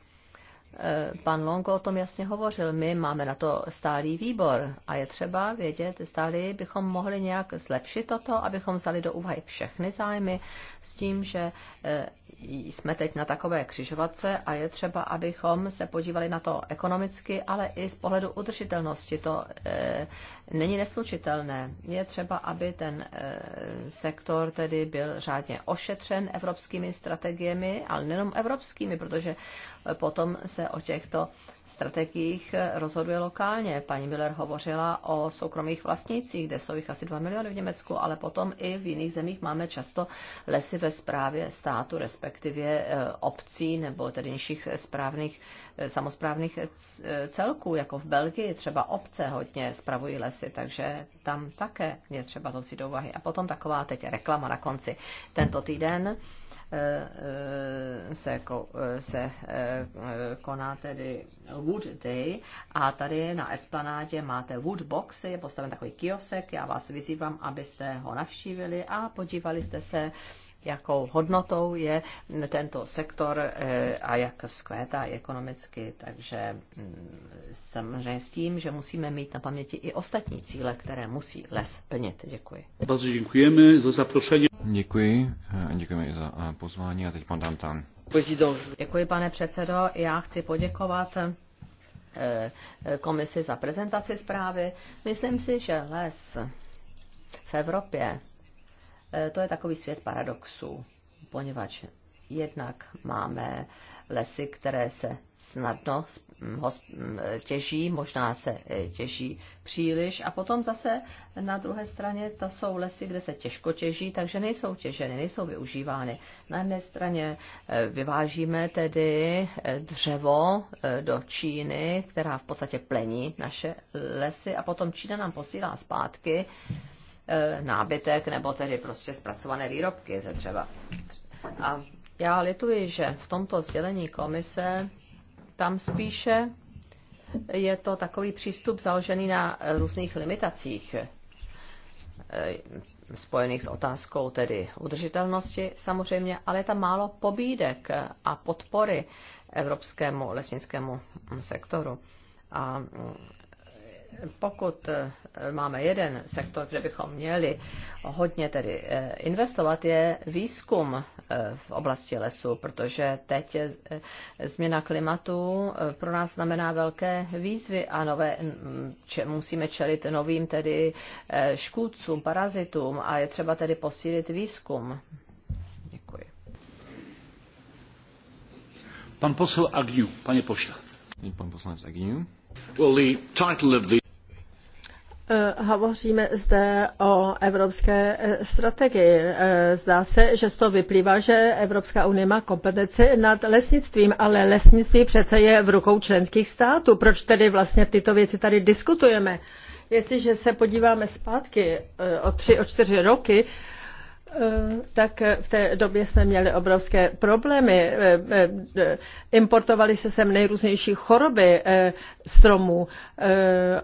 Eh, pan Longo o tom jasně hovořil. My máme na to stálý výbor a je třeba vědět, zdali bychom mohli nějak zlepšit toto, abychom vzali do úvahy všechny zájmy s tím, že eh, jsme teď na takové křižovatce a je třeba, abychom se podívali na to ekonomicky, ale i z pohledu udržitelnosti. To eh, není neslučitelné. Je třeba, aby ten sektor tedy byl řádně ošetřen evropskými strategiemi, ale nejenom evropskými, protože potom se o těchto strategiích rozhoduje lokálně. Paní Miller hovořila o soukromých vlastnících, kde jsou jich asi 2 miliony v Německu, ale potom i v jiných zemích máme často lesy ve správě státu, respektive eh, obcí nebo tedy nižších správných, eh, samozprávných eh, celků, jako v Belgii třeba obce hodně spravují lesy, takže tam také je třeba to si do uvahy. A potom taková teď reklama na konci. Tento týden Eh, se, eh, se eh, koná tedy Wood Day a tady na esplanádě máte Wood Box, je postaven takový kiosek, já vás vyzývám, abyste ho navštívili a podívali jste se jakou hodnotou je tento sektor eh, a jak vzkvétá ekonomicky. Takže mm, samozřejmě s tím, že musíme mít na paměti i ostatní cíle, které musí les plnit. Děkuji. Bardzo děkujeme za zaprošení. Děkuji. Eh, děkujeme i za eh, pozvání. A teď pan Dantan. Děkuji, pane předsedo. Já chci poděkovat komisi za prezentaci zprávy. Myslím si, že les v Evropě Eh, to je takový svět paradoxů, poněvadž jednak máme lesy, které se snadno hm, hm, těží, možná se eh, těží příliš. A potom zase na druhé straně to jsou lesy, kde se těžko těží, takže nejsou těženy, nejsou využívány. Na jedné straně eh, vyvážíme tedy dřevo do Číny, která v podstatě plení naše lesy a potom Čína nám posílá zpátky. Hmm E, nábytek nebo tedy prostě zpracované výrobky ze třeba. A já lituji, že v tomto sdělení komise tam spíše je to takový přístup založený na různých limitacích e, spojených s otázkou tedy udržitelnosti samozřejmě, ale je tam málo pobídek a podpory evropskému lesnickému sektoru. A pokud eh, máme jeden sektor, kde bychom měli hodně tedy eh, investovat, je výzkum eh, v oblasti lesů, protože teď změna klimatu pro nás znamená velké výzvy a nové, če, musíme čelit novým tedy škůdcům, parazitům a je třeba tedy posílit výzkum. Děkuji. Pan posel Agniu, pane pošle. Pan poslanec Agniu. Well, the title of the Eh, hovoříme zde o evropské eh, strategii. Eh, zdá se, že z toho vyplývá, že Evropská unie má kompetenci nad lesnictvím, ale lesnictví přece je v rukou členských států. Proč tedy vlastně tyto věci tady diskutujeme? Jestliže se podíváme zpátky o tři, o čtyři roky, Eh, tak eh, v té době jsme měli obrovské problémy. Eh, importovaly se sem nejrůznější choroby stromů.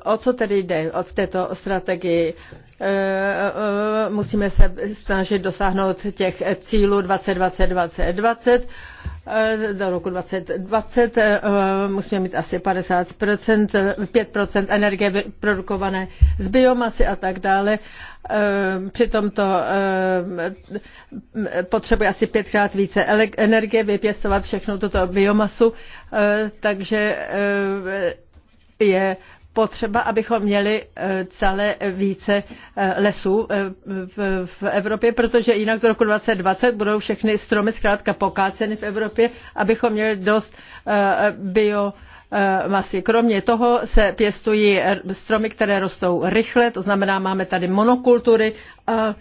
O co tedy jde v této strategii? Eh, eh, musíme se snažit dosáhnout těch cílů 2020 20, eh, do roku 2020 musíme mít asi 50%, 5% energie produkované z biomasy a tak dále. Přitom to potřebuje asi pětkrát více energie vypěstovat všechno tuto biomasu, takže je potřeba, abychom měli eh, celé více eh, lesů eh, v Evropě, protože jinak do roku 2020 budou všechny stromy zkrátka pokáceny v Evropě, abychom měli dost bio masy. Kromě toho se pěstují stromy, které rostou rychle, to znamená, máme tady monokultury a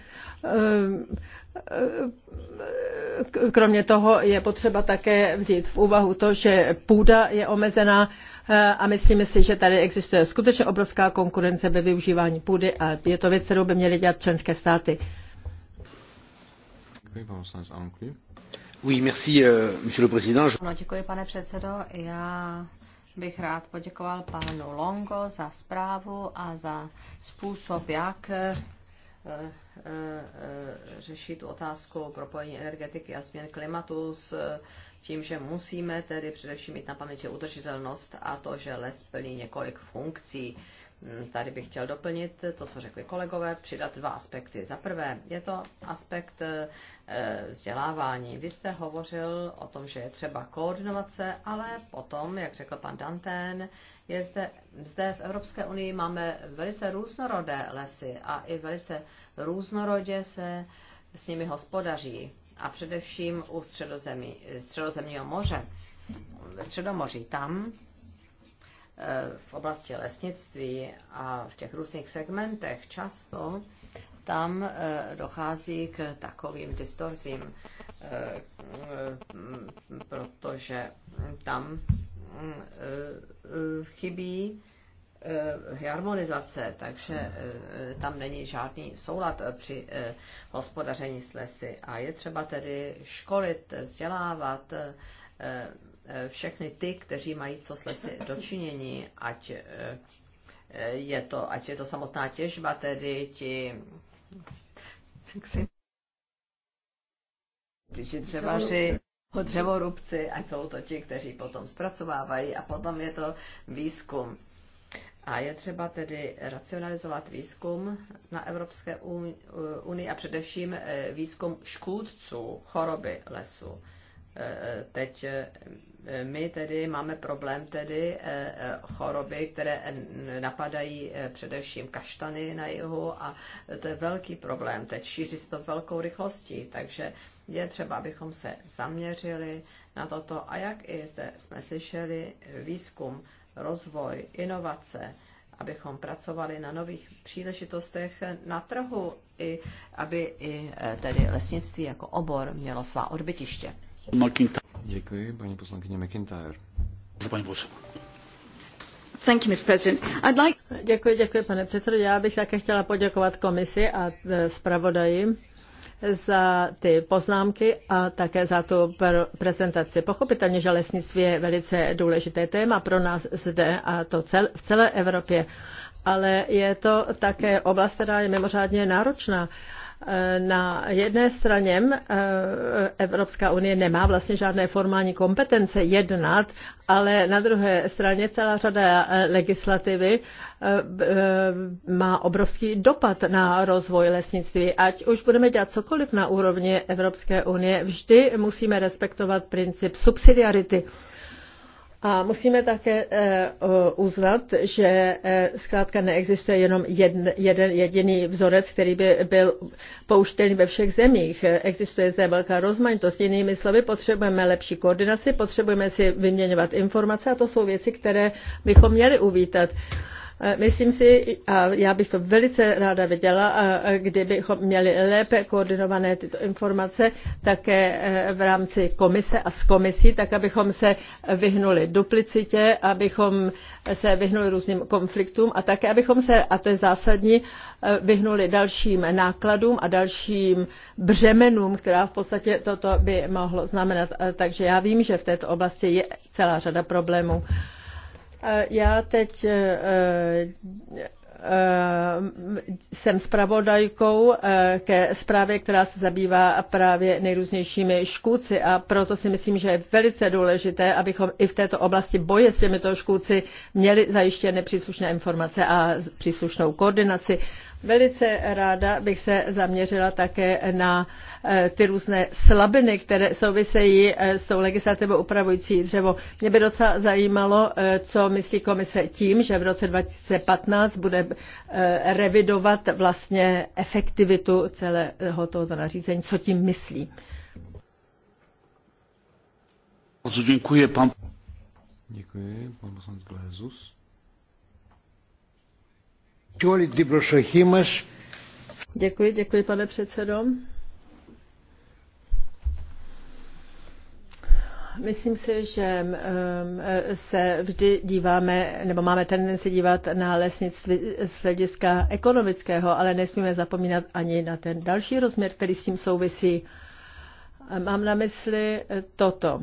Kromě toho je potřeba také vzít v úvahu to, že půda je omezená Eh, a myslíme si, že tady existuje skutečně obrovská konkurence ve využívání půdy a je to věc, kterou by měly dělat členské státy. Děkuji, Oui, merci, eh, le président. No, děkuji, pane předsedo. Já bych rád poděkoval panu Longo za zprávu a za způsob, jak eh, řešit otázku propojení energetiky a změn klimatu s tím, že musíme tedy především mít na paměti udržitelnost a to, že les plní několik funkcí. Mm, Tady bych chtěl doplnit to, co řekli kolegové, přidat dva aspekty. Za prvé je to aspekt e, vzdělávání. Vy jste hovořil o tom, že je třeba koordinovat se, ale potom, jak řekl pan Dantén, je zde, zde v Evropské unii máme velice různorodé lesy a i velice různorodě se s nimi hospodaří a především u středozemí, středozemního moře, ve středomoří tam, e, v oblasti lesnictví a v těch různých segmentech často tam e, dochází k takovým distorzím, e, protože tam chybí Eh, harmonizace, takže eh, tam není žádný soulad eh, při hospodaření s lesy. A je třeba tedy školit, vzdělávat všechny ty, kteří mají co s lesy dočinění, ať je to, ať je to samotná těžba, tedy ti ti dřevaři, dřevorubci, ať jsou to ti, kteří potom zpracovávají a potom je to výzkum a je třeba tedy racionalizovat výzkum na Evropské eh, unii a především eh, výzkum škůdců choroby lesu. Eh, teď my tedy máme problém tedy choroby, které napadají především kaštany na jihu a to je velký problém. Teď šíří se to velkou rychlostí, takže je třeba, abychom se zaměřili na toto a jak i zde jsme slyšeli, výzkum rozvoj, inovace, abychom pracovali na nových příležitostech na trhu, i, aby i eh, tedy lesnictví jako obor mělo svá odbytiště. Děkuji, paní poslankyně McIntyre. Paní Thank you, Mr. President. I'd like... Děkuji, děkuji, pane předsedo. Já bych také chtěla poděkovat komisi a eh, zpravodaji za ty poznámky a také za tu prezentaci. Pochopitelně, že lesnictví je velice důležité téma pro nás zde a to cel, v celé Evropě, ale je to také oblast, která je mimořádně náročná Eh, na jedné straně eh, Evropská unie nemá vlastně žádné formální kompetence jednat, ale na druhé straně celá řada eh, legislativy má obrovský dopad na rozvoj lesnictví. Ať už budeme dělat cokoliv na úrovni Evropské unie, vždy musíme respektovat princip subsidiarity. A musíme také eh, eh, uznat, že eh, zkrátka neexistuje jenom jeden, jeden jediný vzorec, který by byl pouštěný ve všech zemích. Existuje zde velká rozmanitost. Jinými slovy, potřebujeme lepší koordinaci, potřebujeme si vyměňovat informace a to jsou věci, které bychom měli uvítat. Eh, myslím si, a já bych to velice ráda viděla, eh, kdybychom měli lépe koordinované tyto informace také eh, v rámci komise a s komisí, tak abychom se vyhnuli duplicitě, abychom se vyhnuli různým konfliktům a také abychom se, a to je zásadní, vyhnuli dalším nákladům a dalším břemenům, která v podstatě toto by mohlo znamenat. Takže já vím, že v této oblasti je celá řada problémů. Já teď eh, eh, jsem zpravodajkou eh, ke zprávě, která se zabývá právě nejrůznějšími škůdci a proto si myslím, že je velice důležité, abychom i v této oblasti boje s těmito škůdci měli zajištěné příslušné informace a příslušnou koordinaci. Velice ráda bych se zaměřila také na uh, Eh, ty různé slabiny, které souvisejí eh, s tou legislativou upravující dřevo. Mě by docela zajímalo, eh, co myslí komise tím, že v roce 2015 bude revidovat vlastně efektivitu celého toho zařízení. Co tím myslí? Bardzo dziękuję pan. Děkuji, pan poslanec Glezus. Děkuji, děkuji, pane předsedo. Myslím si, že um, eh, se vždy díváme, nebo máme tendenci dívat na lesnictví z hlediska ekonomického, ale nesmíme zapomínat ani na ten další rozměr, který s tím souvisí. Mám na mysli toto.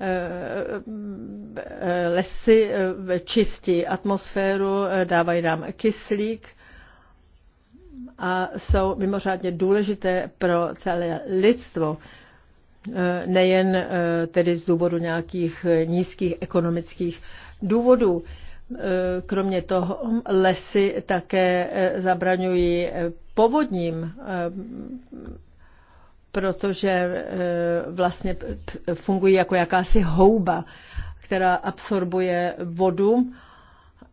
Eh, lesy eh, čistí atmosféru, dávají nám kyslík a jsou mimořádně důležité pro celé lidstvo. Eh, nejen eh, tedy z důvodu nějakých eh, nízkých ekonomických důvodů. Kromě toho lesy také zabraňují povodním, protože vlastně fungují jako jakási houba, která absorbuje vodu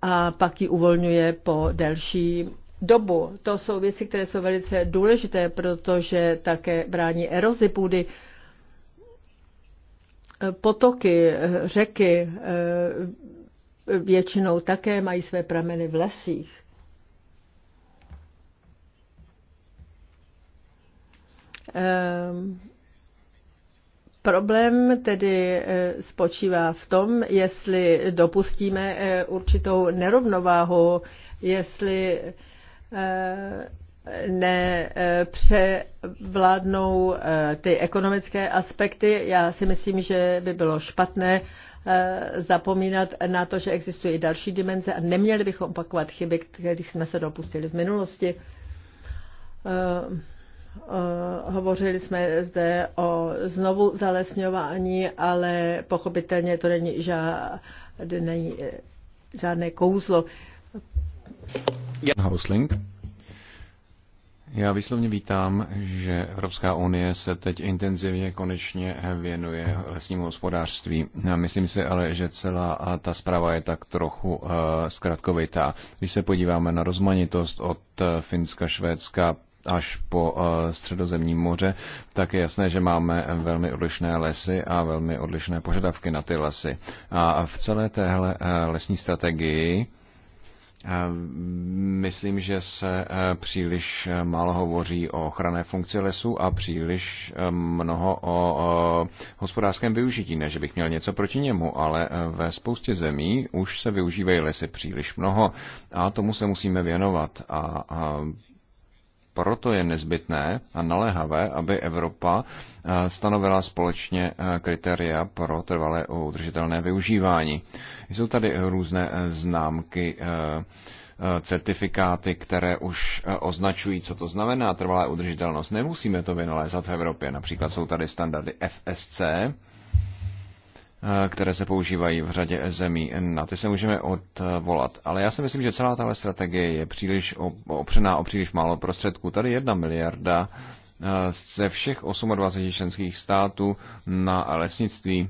a pak ji uvolňuje po delší dobu. To jsou věci, které jsou velice důležité, protože také brání erozi půdy. Potoky, řeky eh, většinou také mají své prameny v lesích. Um, Problém tedy eh, spočívá v tom, jestli dopustíme určitou nerovnováhu, jestli nepřevládnou eh, ty ekonomické aspekty. Já si myslím, že by bylo špatné eh, zapomínat na to, že existují i další dimenze a neměli bychom opakovat chyby, kterých jsme se dopustili v minulosti. Eh, hovořili jsme zde o znovu zalesňování, ale pochopitelně to není žádné, kouzlo. Jan já výslovně vítám, že Evropská unie se teď intenzivně konečně věnuje lesnímu hospodářství. Myslím si ale, že celá ta zpráva je tak trochu uh, zkratkovitá. Když se podíváme na rozmanitost od eh, Finska, Švédska, až po eh, středozemní moře, tak je jasné, že máme velmi odlišné lesy a velmi odlišné požadavky na ty lesy. A v celé téhle lesní strategii Myslím, že se e, příliš e, málo hovoří o ochranné funkci lesů a příliš e, mnoho o hospodářském využití. Ne, že bych měl něco proti němu, ale ve spoustě zemí už se využívají lesy příliš mnoho a tomu se musíme věnovat. A proto je nezbytné a naléhavé, aby Evropa eh, stanovila společně eh, kritéria pro trvalé udržitelné využívání. Jsou tady různé eh, známky certifikáty, které už označují, co to znamená trvalá udržitelnost. Nemusíme to vynalézat v Evropě. Například jsou tady standardy FSC, Eh, které se používají v řadě zemí. Na ty se můžeme odvolat. Ale já si myslím, že celá tahle strategie je příliš opřená o příliš málo prostředků. Tady jedna miliarda eh, ze všech 28 členských států na lesnictví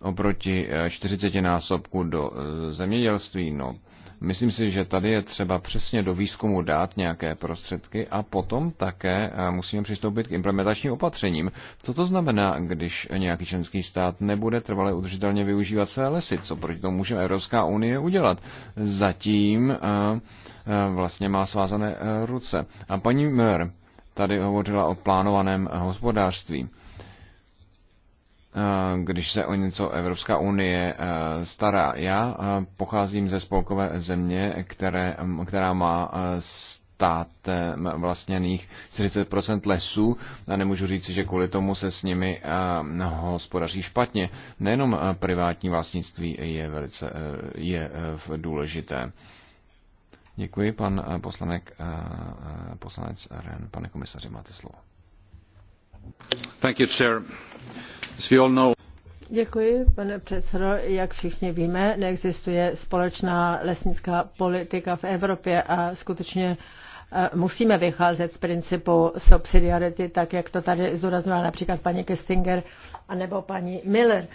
oproti 40 eh, násobku do zemědělství. No, Myslím si, že tady je třeba přesně do výzkumu dát nějaké prostředky a potom také eh, musíme přistoupit k implementačním opatřením. Co to znamená, když nějaký členský stát nebude trvale udržitelně využívat své lesy? Co proti tomu může Evropská unie udělat? Zatím eh, eh, vlastně má svázané ruce. A paní Mör tady hovořila o plánovaném hospodářství. Eh, když se o něco Evropská unie eh, stará. Já eh, pocházím ze spolkové země, které, která má stát vlastněných 40% lesů a nemůžu říct, že kvůli tomu se s nimi hospodaří špatně. Nejenom privátní vlastnictví je velice je důležité. Děkuji, pan poslanek, poslanec Ren. Pane komisaři, máte slovo. Thank you, chair. Děkuji, pane předsedo. Jak všichni víme, neexistuje společná lesnická politika v Evropě a skutečně eh, musíme vycházet z principu subsidiarity, tak jak to tady zdůraznila například paní kstinger anebo paní Miller.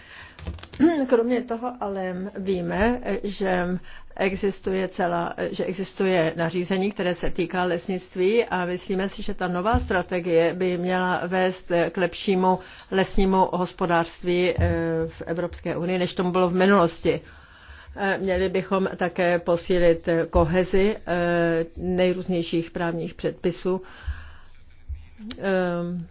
Kromě toho ale víme, že existuje celá, že existuje nařízení, které se týká lesnictví a myslíme si, že ta nová strategie by měla vést k lepšímu lesnímu hospodářství eh, v Evropské unii, než tomu bylo v minulosti. Eh, měli bychom také posílit kohezi eh, nejrůznějších právních předpisů ehm,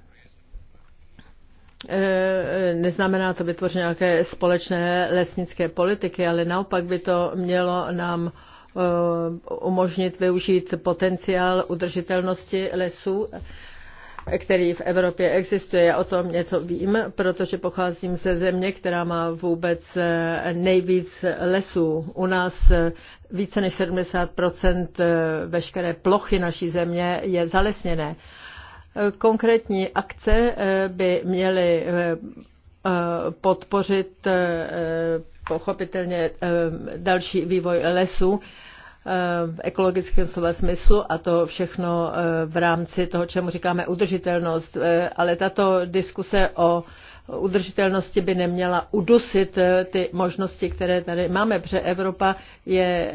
Eh, neznamená to vytvořit nějaké společné lesnické politiky, ale naopak by to mělo nám eh, umožnit využít potenciál udržitelnosti lesů, který v Evropě existuje. Já o tom něco vím, protože pocházím ze země, která má vůbec eh, nejvíc lesů. U nás více než 70 veškeré plochy naší země je zalesněné. Konkrétní akce eh, by měly eh, eh, podpořit pochopitelně další vývoj lesů v ekologickém slova smyslu a to všechno v rámci toho, čemu říkáme udržitelnost. Ale tato diskuse o udržitelnosti by neměla udusit ty možnosti, které tady máme, protože Evropa je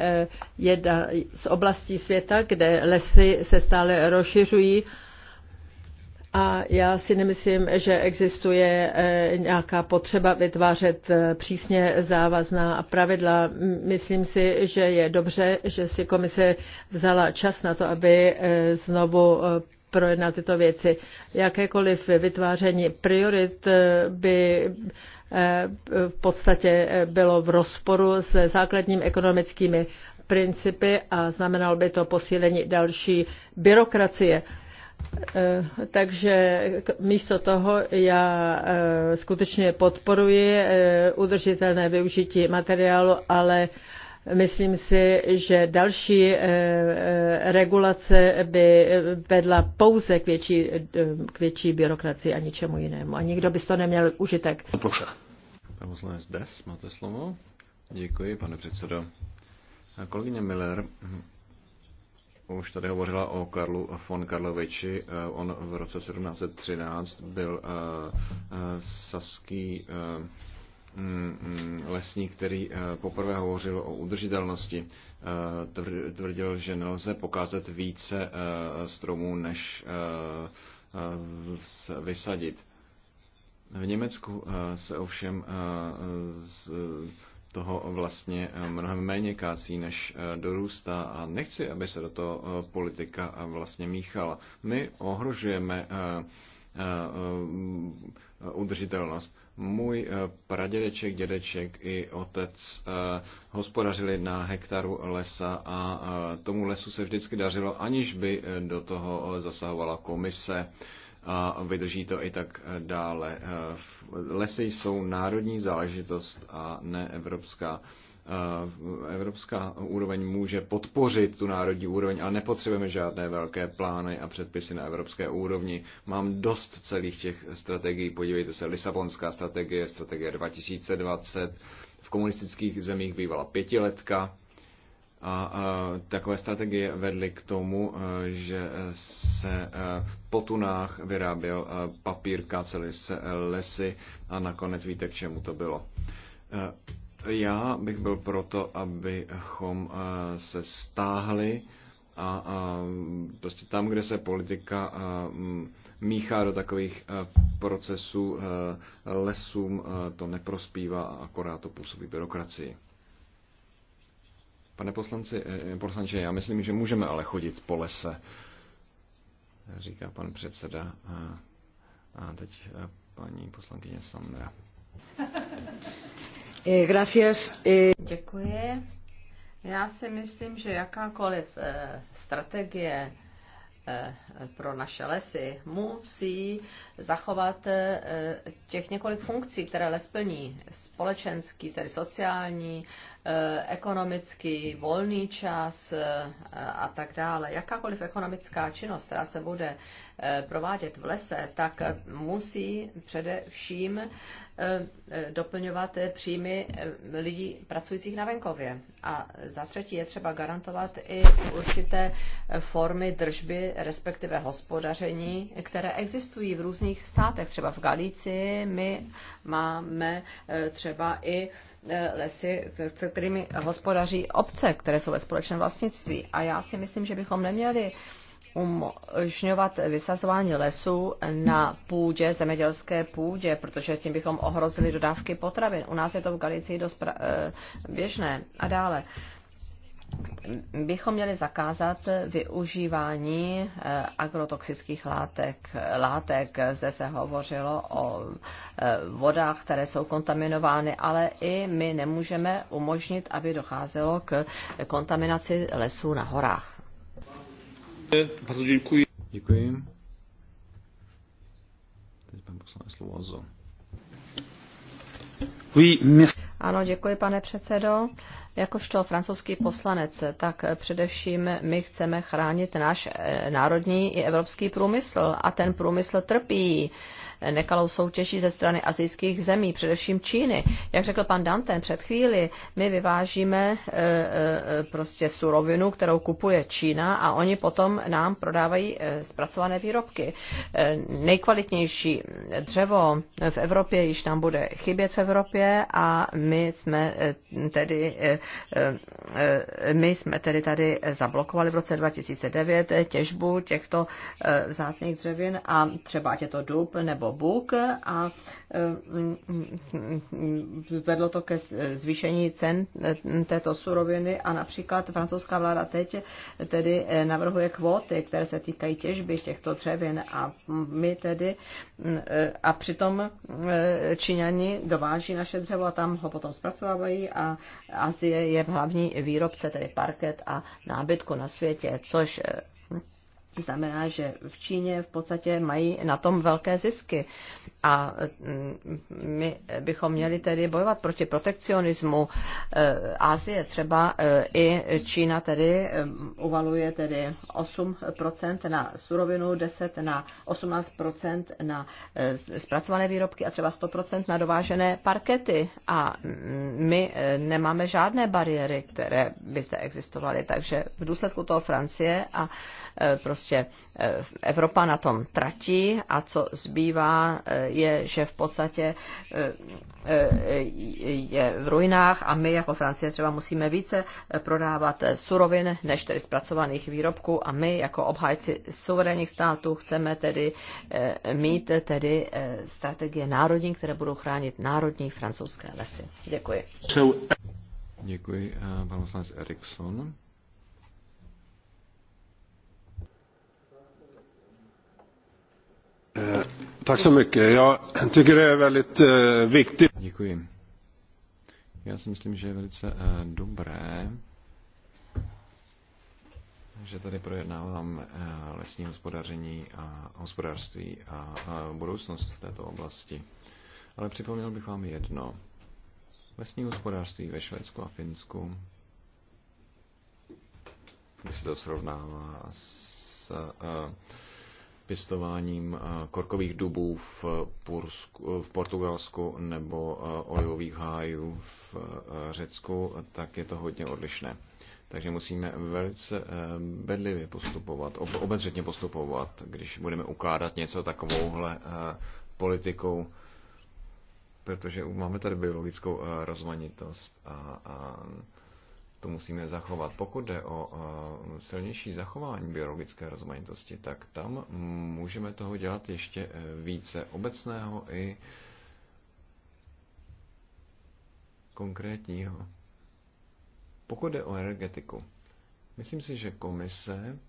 jedna z oblastí světa, kde lesy se stále rozšiřují a já si nemyslím, že existuje eh, nějaká potřeba vytvářet eh, přísně závazná pravidla. Myslím si, že je dobře, že si komise vzala čas na to, aby eh, znovu projedná tyto věci. Jakékoliv vytváření priorit by v podstatě bylo v rozporu s základními ekonomickými principy a znamenalo by to posílení další byrokracie. Eh, takže místo toho já eh, skutečně podporuji eh, udržitelné využití materiálu, ale myslím si, že další regulace by vedla pouze k větší, k větší byrokracii a ničemu jinému. A nikdo by to neměl užitek. Proszę. Pan poslanec Des, máte slovo. Děkuji, pane předsedo. kolegyně Miller už tady hovořila o Karlu von Karloviči. Eh, on v roce 1713 byl eh, eh, saský mm, mm, lesník, který poprvé hovořil o udržitelnosti, tvrdil, že nelze pokázat více stromů, než vysadit. V Německu se ovšem toho vlastně eh, mnohem méně kácí, než eh, dorůstá a nechci, aby se do toho eh, politika vlastně míchala. My ohrožujeme udržitelnost. Můj pradědeček, dědeček i otec hospodařili na hektaru lesa a tomu lesu se vždycky dařilo, aniž by do toho zasahovala komise a vydrží to i tak eh, dále. Eh, lesy jsou národní záležitost a ne evropská. Eh, evropská úroveň může podpořit tu národní úroveň, ale nepotřebujeme žádné velké plány a předpisy na evropské úrovni. Mám dost celých těch strategií. Podívejte se, Lisabonská strategie, strategie 2020. V komunistických zemích bývala pětiletka a takové strategie vedly k tomu, e, že se e, po tunách vyráběl e, papír, kácely se lesy a nakonec víte, k čemu to bylo. Já bych byl proto, abychom se stáhli a, prostě tam, kde se politika míchá do takových procesů, lesům to neprospívá a akorát to působí byrokracii. Pane poslanci, eh, eh, poslanče, já myslím, že můžeme ale chodit po lese, říká pan předseda. A, a teď eh, paní poslankyně Sandra. [LAUGHS] Gracias. Děkuji. Já si myslím, že jakákoliv strategie pro naše lesy musí zachovat těch několik funkcí, které les plní. Společenský, tedy sociální, Eh, ekonomický volný čas eh, a tak dále. Jakákoliv ekonomická činnost, která se bude eh, provádět v lese, tak musí především doplňovat příjmy lidí pracujících na venkově. A za třetí je třeba garantovat i určité formy držby, respektive hospodaření, které existují v různých státech. Třeba v Galicii my máme třeba i Eh, lesy, se kterými hospodaří obce, které jsou ve společném vlastnictví. A já si myslím, že bychom neměli umožňovat vysazování lesů na půdě, zemědělské půdě, protože tím bychom ohrozili dodávky potravin. U nás je to v Galicii dost pra- eh, běžné. A dále bychom měli zakázat využívání eh, agrotoxických látek. látek. Zde se hovořilo o eh, vodách, které jsou kontaminovány, ale i my nemůžeme umožnit, aby docházelo k kontaminaci lesů na horách. Děkuji. Děkuji. Teď pan poslanec Loazo. Oui, merci. Ano, děkuji, pane předsedo. Jakožto francouzský poslanec, tak především my chceme chránit náš eh, národní i evropský průmysl a ten průmysl trpí nekalou soutěží ze strany azijských zemí, především Číny. Jak řekl pan Dante před chvíli, my vyvážíme eh, eh, prostě surovinu, kterou kupuje Čína a oni potom nám prodávají eh, zpracované výrobky. Nejkvalitnější dřevo v Evropě již nám bude chybět v Evropě a my jsme tedy, my jsme tedy tady zablokovali v roce 2009 těžbu těchto zácných dřevin a třeba ať je to dub nebo klobuk a e, vedlo to ke zvýšení cen této suroviny a například francouzská vláda teď tedy e, navrhuje kvóty, které se týkají těžby těchto dřevin a my tedy e, a přitom Číňani dováží naše dřevo a tam ho potom zpracovávají a Azie je hlavní výrobce, tedy parket a nábytku na světě, což znamená, že v Číně v podstatě mají na tom velké zisky. A mm, my bychom měli tedy bojovat proti protekcionismu. E, Asie třeba e, i Čína tedy e, uvaluje tedy 8% na surovinu, 10 na 18% na zpracované výrobky a třeba 100% na dovážené parkety. A mm, my nemáme žádné bariéry, které by zde existovaly. Takže v důsledku toho Francie a prostě Prostě eh, Evropa na tom tratí a co zbývá eh, je, že v podstatě eh, je v ruinách a my jako Francie třeba musíme více prodávat surovin než tedy zpracovaných výrobků a my jako obhájci suverénních států chceme tedy mít tedy strategie národní, které budou chránit národní francouzské lesy. Děkuji. Děkuji, pan poslanec Erikson. Eh, tak eh, Děkuji. Já si myslím, že je velice eh, dobré, že tady projednávám lesní hospodaření a hospodářství a budoucnost v této oblasti. Ale připomněl bych vám jedno. Lesní hospodářství ve Švédsku a Finsku, když se to srovnává s pěstováním eh, korkových dubů v, eh, Pursku, eh, v Portugalsku nebo olivových hájů v Řecku, tak je to hodně odlišné. Takže musíme velice bedlivě postupovat, obezřetně postupovat, když budeme ukládat něco takovouhle politikou, protože máme tady biologickou rozmanitost a, a to musíme zachovat. Pokud jde o eh, silnější zachování biologické rozmanitosti, tak tam můžeme toho dělat ještě eh, více obecného i konkrétního. Pokud jde o energetiku, myslím si, že komise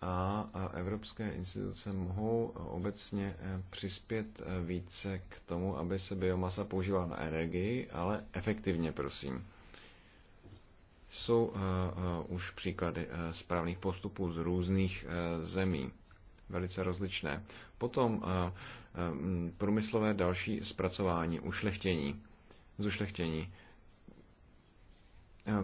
a evropské instituce mohou obecně eh, přispět více k tomu, aby se biomasa používala na energii, ale efektivně, prosím. Jsou eh, eh, už příklady eh, správných postupů z různých zemí, velice rozličné. Potom průmyslové další zpracování, ušlechtění, zušlechtění.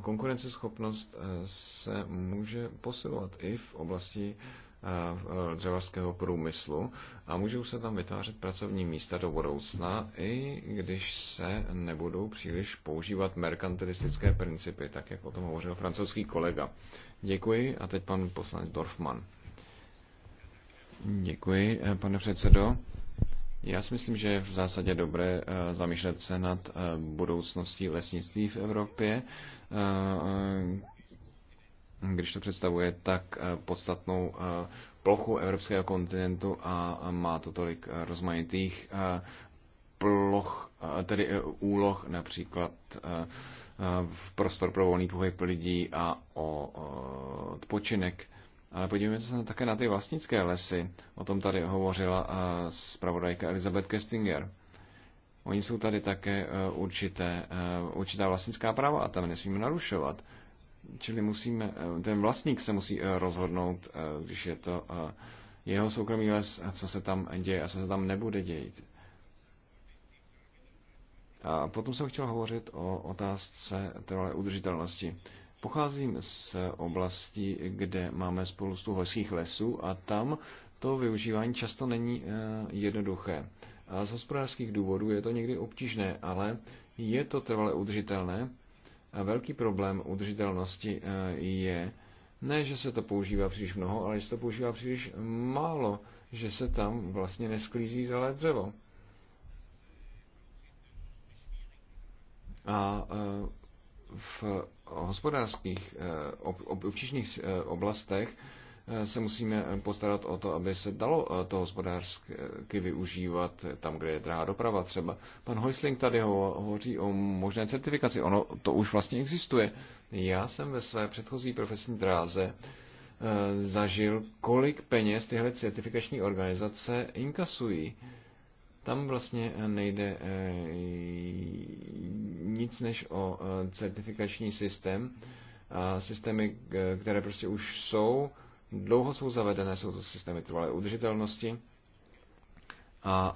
Konkurenceschopnost se může posilovat i v oblasti Eh, eh, dřevařského průmyslu a můžou se tam vytvářet pracovní místa do budoucna, i když se nebudou příliš používat merkantilistické principy, tak jak o tom hovořil francouzský kolega. Děkuji a teď pan poslanec Dorfman. Děkuji, eh, pane předsedo. Já si myslím, že je v zásadě dobré zamýšlet se nad budoucností lesnictví v Evropě, když to představuje tak eh, podstatnou eh, plochu evropského kontinentu a má to tolik eh, rozmanitých ploch, tedy úloh, například v prostor pro volný pohyb lidí a o odpočinek. Ale podívejme se také na ty vlastnické lesy. O tom tady hovořila zpravodajka Elizabeth Kestinger. Oni jsou tady také určité, určitá vlastnická práva a tam nesmíme narušovat. Čili musíme, eh, ten vlastník se musí eh, rozhodnout, eh, když je to jeho soukromý les, co se tam děje a co se tam nebude dějit. A potom jsem chtěl hovořit o otázce trvalé udržitelnosti. Pocházím z oblasti, kde máme spoustu horských lesů a tam to využívání často není jednoduché. A z hospodářských důvodů je to někdy obtížné, ale je to trvale udržitelné velký problém udržitelnosti eh, je, ne, že se to používá příliš mnoho, ale že se to používá příliš málo, že se tam vlastně nesklízí zelé dřevo. A eh, v hospodářských eh, občičných oblastech se musíme postarat o to, aby se dalo eh, to hospodářsky využívat tam, kde je drahá doprava. Třeba pan Hoisling tady hovoří o možné certifikaci. Ono to už vlastně existuje. Já jsem ve své předchozí profesní dráze eh, zažil, kolik peněz tyhle certifikační organizace inkasují. Tam vlastně nejde eh, nic než o certifikační systém, a systémy, které prostě už jsou dlouho jsou zavedené, jsou to systémy trvalé udržitelnosti a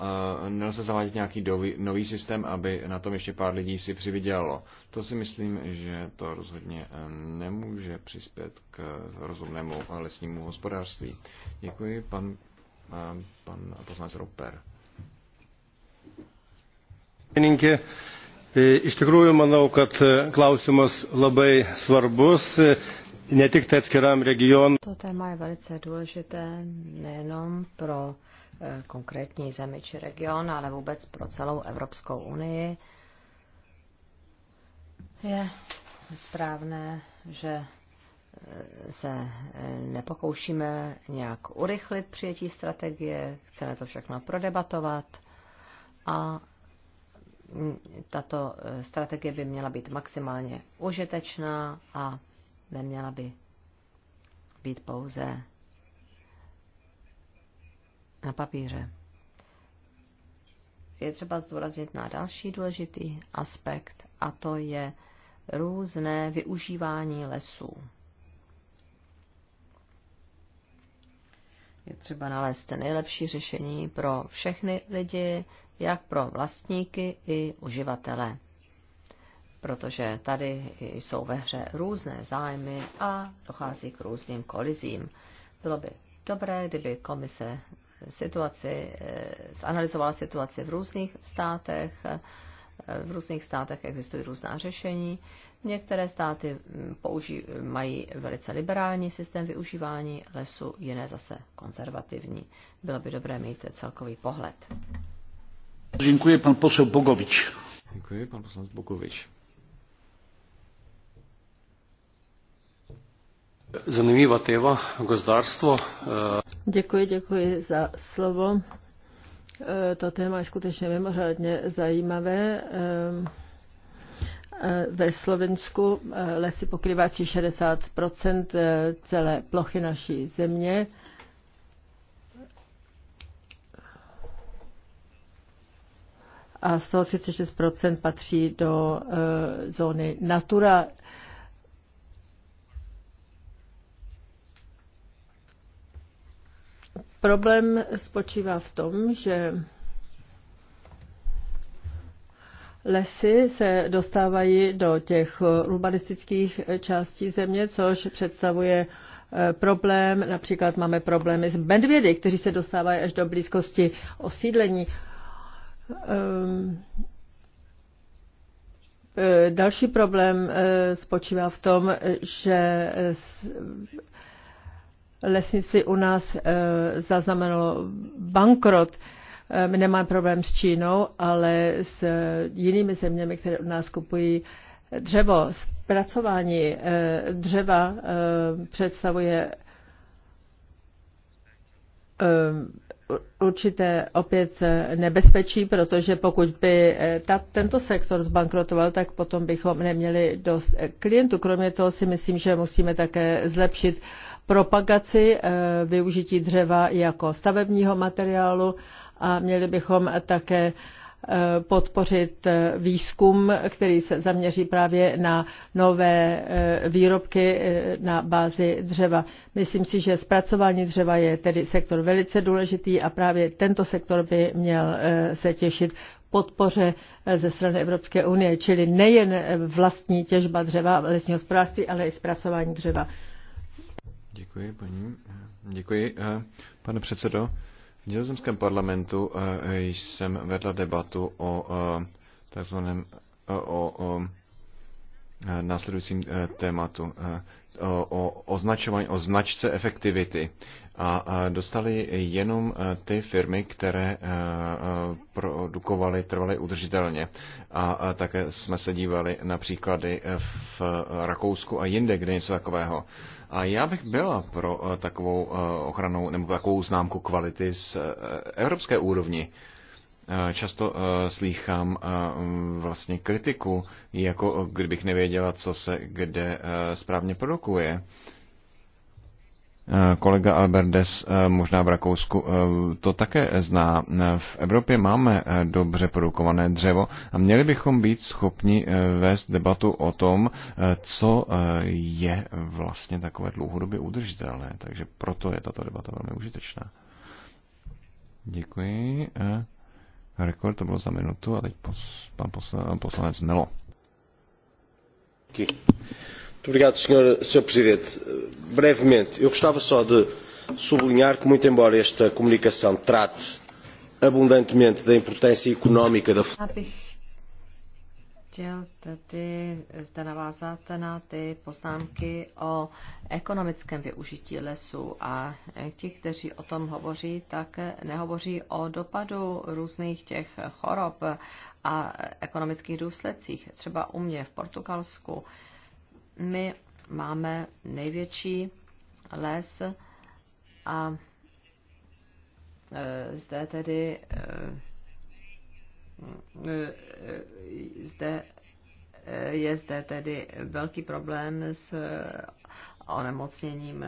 nelze zavádět nějaký nový, nový systém, aby na tom ještě pár lidí si přivydělalo. To si myslím, že to rozhodně eh, nemůže přispět k rozumnému lesnímu hospodářství. Děkuji, pan, eh, pan poslanec Roper. Děkuji. Eh, iš tikrųjų, manau, kad klausimas labai svarbus to téma je velice důležité nejenom pro eh, konkrétní zemi či region, ale vůbec pro celou Evropskou unii. Je správné, že eh, se eh, nepokoušíme nějak urychlit přijetí strategie, chceme to všechno prodebatovat a mm, tato strategie by měla být maximálně užitečná a neměla by být pouze na papíře. Je třeba zdůraznit na další důležitý aspekt, a to je různé využívání lesů. Je třeba nalézt nejlepší řešení pro všechny lidi, jak pro vlastníky i uživatele protože tady jsou ve hře různé zájmy a dochází k různým kolizím. Bylo by dobré, kdyby komise situaci, eh, zanalizovala situaci v různých státech, eh, v různých státech existují různá řešení. Některé státy hm, použí, mají velice liberální systém využívání lesu, jiné zase konzervativní. Bylo by dobré mít celkový pohled. Děkuji, pan poslanec Bogovič. Děkuji, pan poslanec Bogovič. Zanimivá téma, gozdarstvo. Eh, děkuji, děkuji za slovo. Eh, to téma je skutečně mimořádně zajímavé. Eh, ve Slovensku lesy pokrývají 60 celé plochy naší země. A 136 patří do zóny Natura Problém spočívá v tom, že lesy se dostávají do těch urbanistických částí země, což představuje eh, problém. Například máme problémy s medvědy, kteří se dostávají až do blízkosti osídlení. Ehm, eh, další problém eh, spočívá v tom, že lesnictví u nás eh, zaznamenalo bankrot. Eh, my nemáme problém s Čínou, ale s eh, jinými zeměmi, které od nás kupují dřevo. Zpracování dřeva představuje určité opět nebezpečí, protože pokud by ta, tento sektor zbankrotoval, tak potom bychom neměli dost klientů. Kromě toho si myslím, že musíme také zlepšit uh, propagaci eh, využití dřeva jako stavebního materiálu a měli bychom také eh, podpořit eh, výzkum, který se zaměří právě na nové výrobky na bázi dřeva. Myslím si, že zpracování dřeva je tedy sektor velice důležitý a právě tento sektor by měl se těšit podpoře ze strany Evropské unie, čili nejen vlastní těžba dřeva, lesního hospodářství, ale i zpracování dřeva. Děkuji, paní. Děkuji, eh, pane předsedo. V Nizozemském parlamentu eh, jsem vedla debatu o eh, takzvaném o, o následujícím tématu o, o označování, o značce efektivity. A dostali jenom ty firmy, které produkovaly trvaly udržitelně. A také jsme se dívali na příklady v Rakousku a jinde, kde něco takového. A já bych byla pro eh, takovou eh, ochranu nebo takovou známku kvality z eh, evropské úrovni. Často slýchám mm, vlastně kritiku, jako kdybych nevěděla, co se kde správně produkuje. Eh, kolega Alberdes eh, možná v Rakousku eh, to také zná. V Evropě máme dobře produkované dřevo a měli bychom být schopni vést debatu o tom, co je vlastně takové dlouhodobě udržitelné. Takže proto je tato debata velmi užitečná. Děkuji. Rekord to bylo za minutu a teď pan poslanec Melo. Děkuji. Muito obrigado, Sr. Sr. Presidente. Brevemente, eu gostava só de sublinhar que, muito embora esta comunicação trate abundantemente da importância económica da chtěl tedy zde navázat na ty poznámky o ekonomickém využití lesů a ti, kteří o tom hovoří, tak nehovoří o dopadu různých těch chorob a ekonomických důsledcích. Třeba u mě v Portugalsku my máme největší les a e, zde tedy e, e, zde je zde tedy velký problém s onemocněním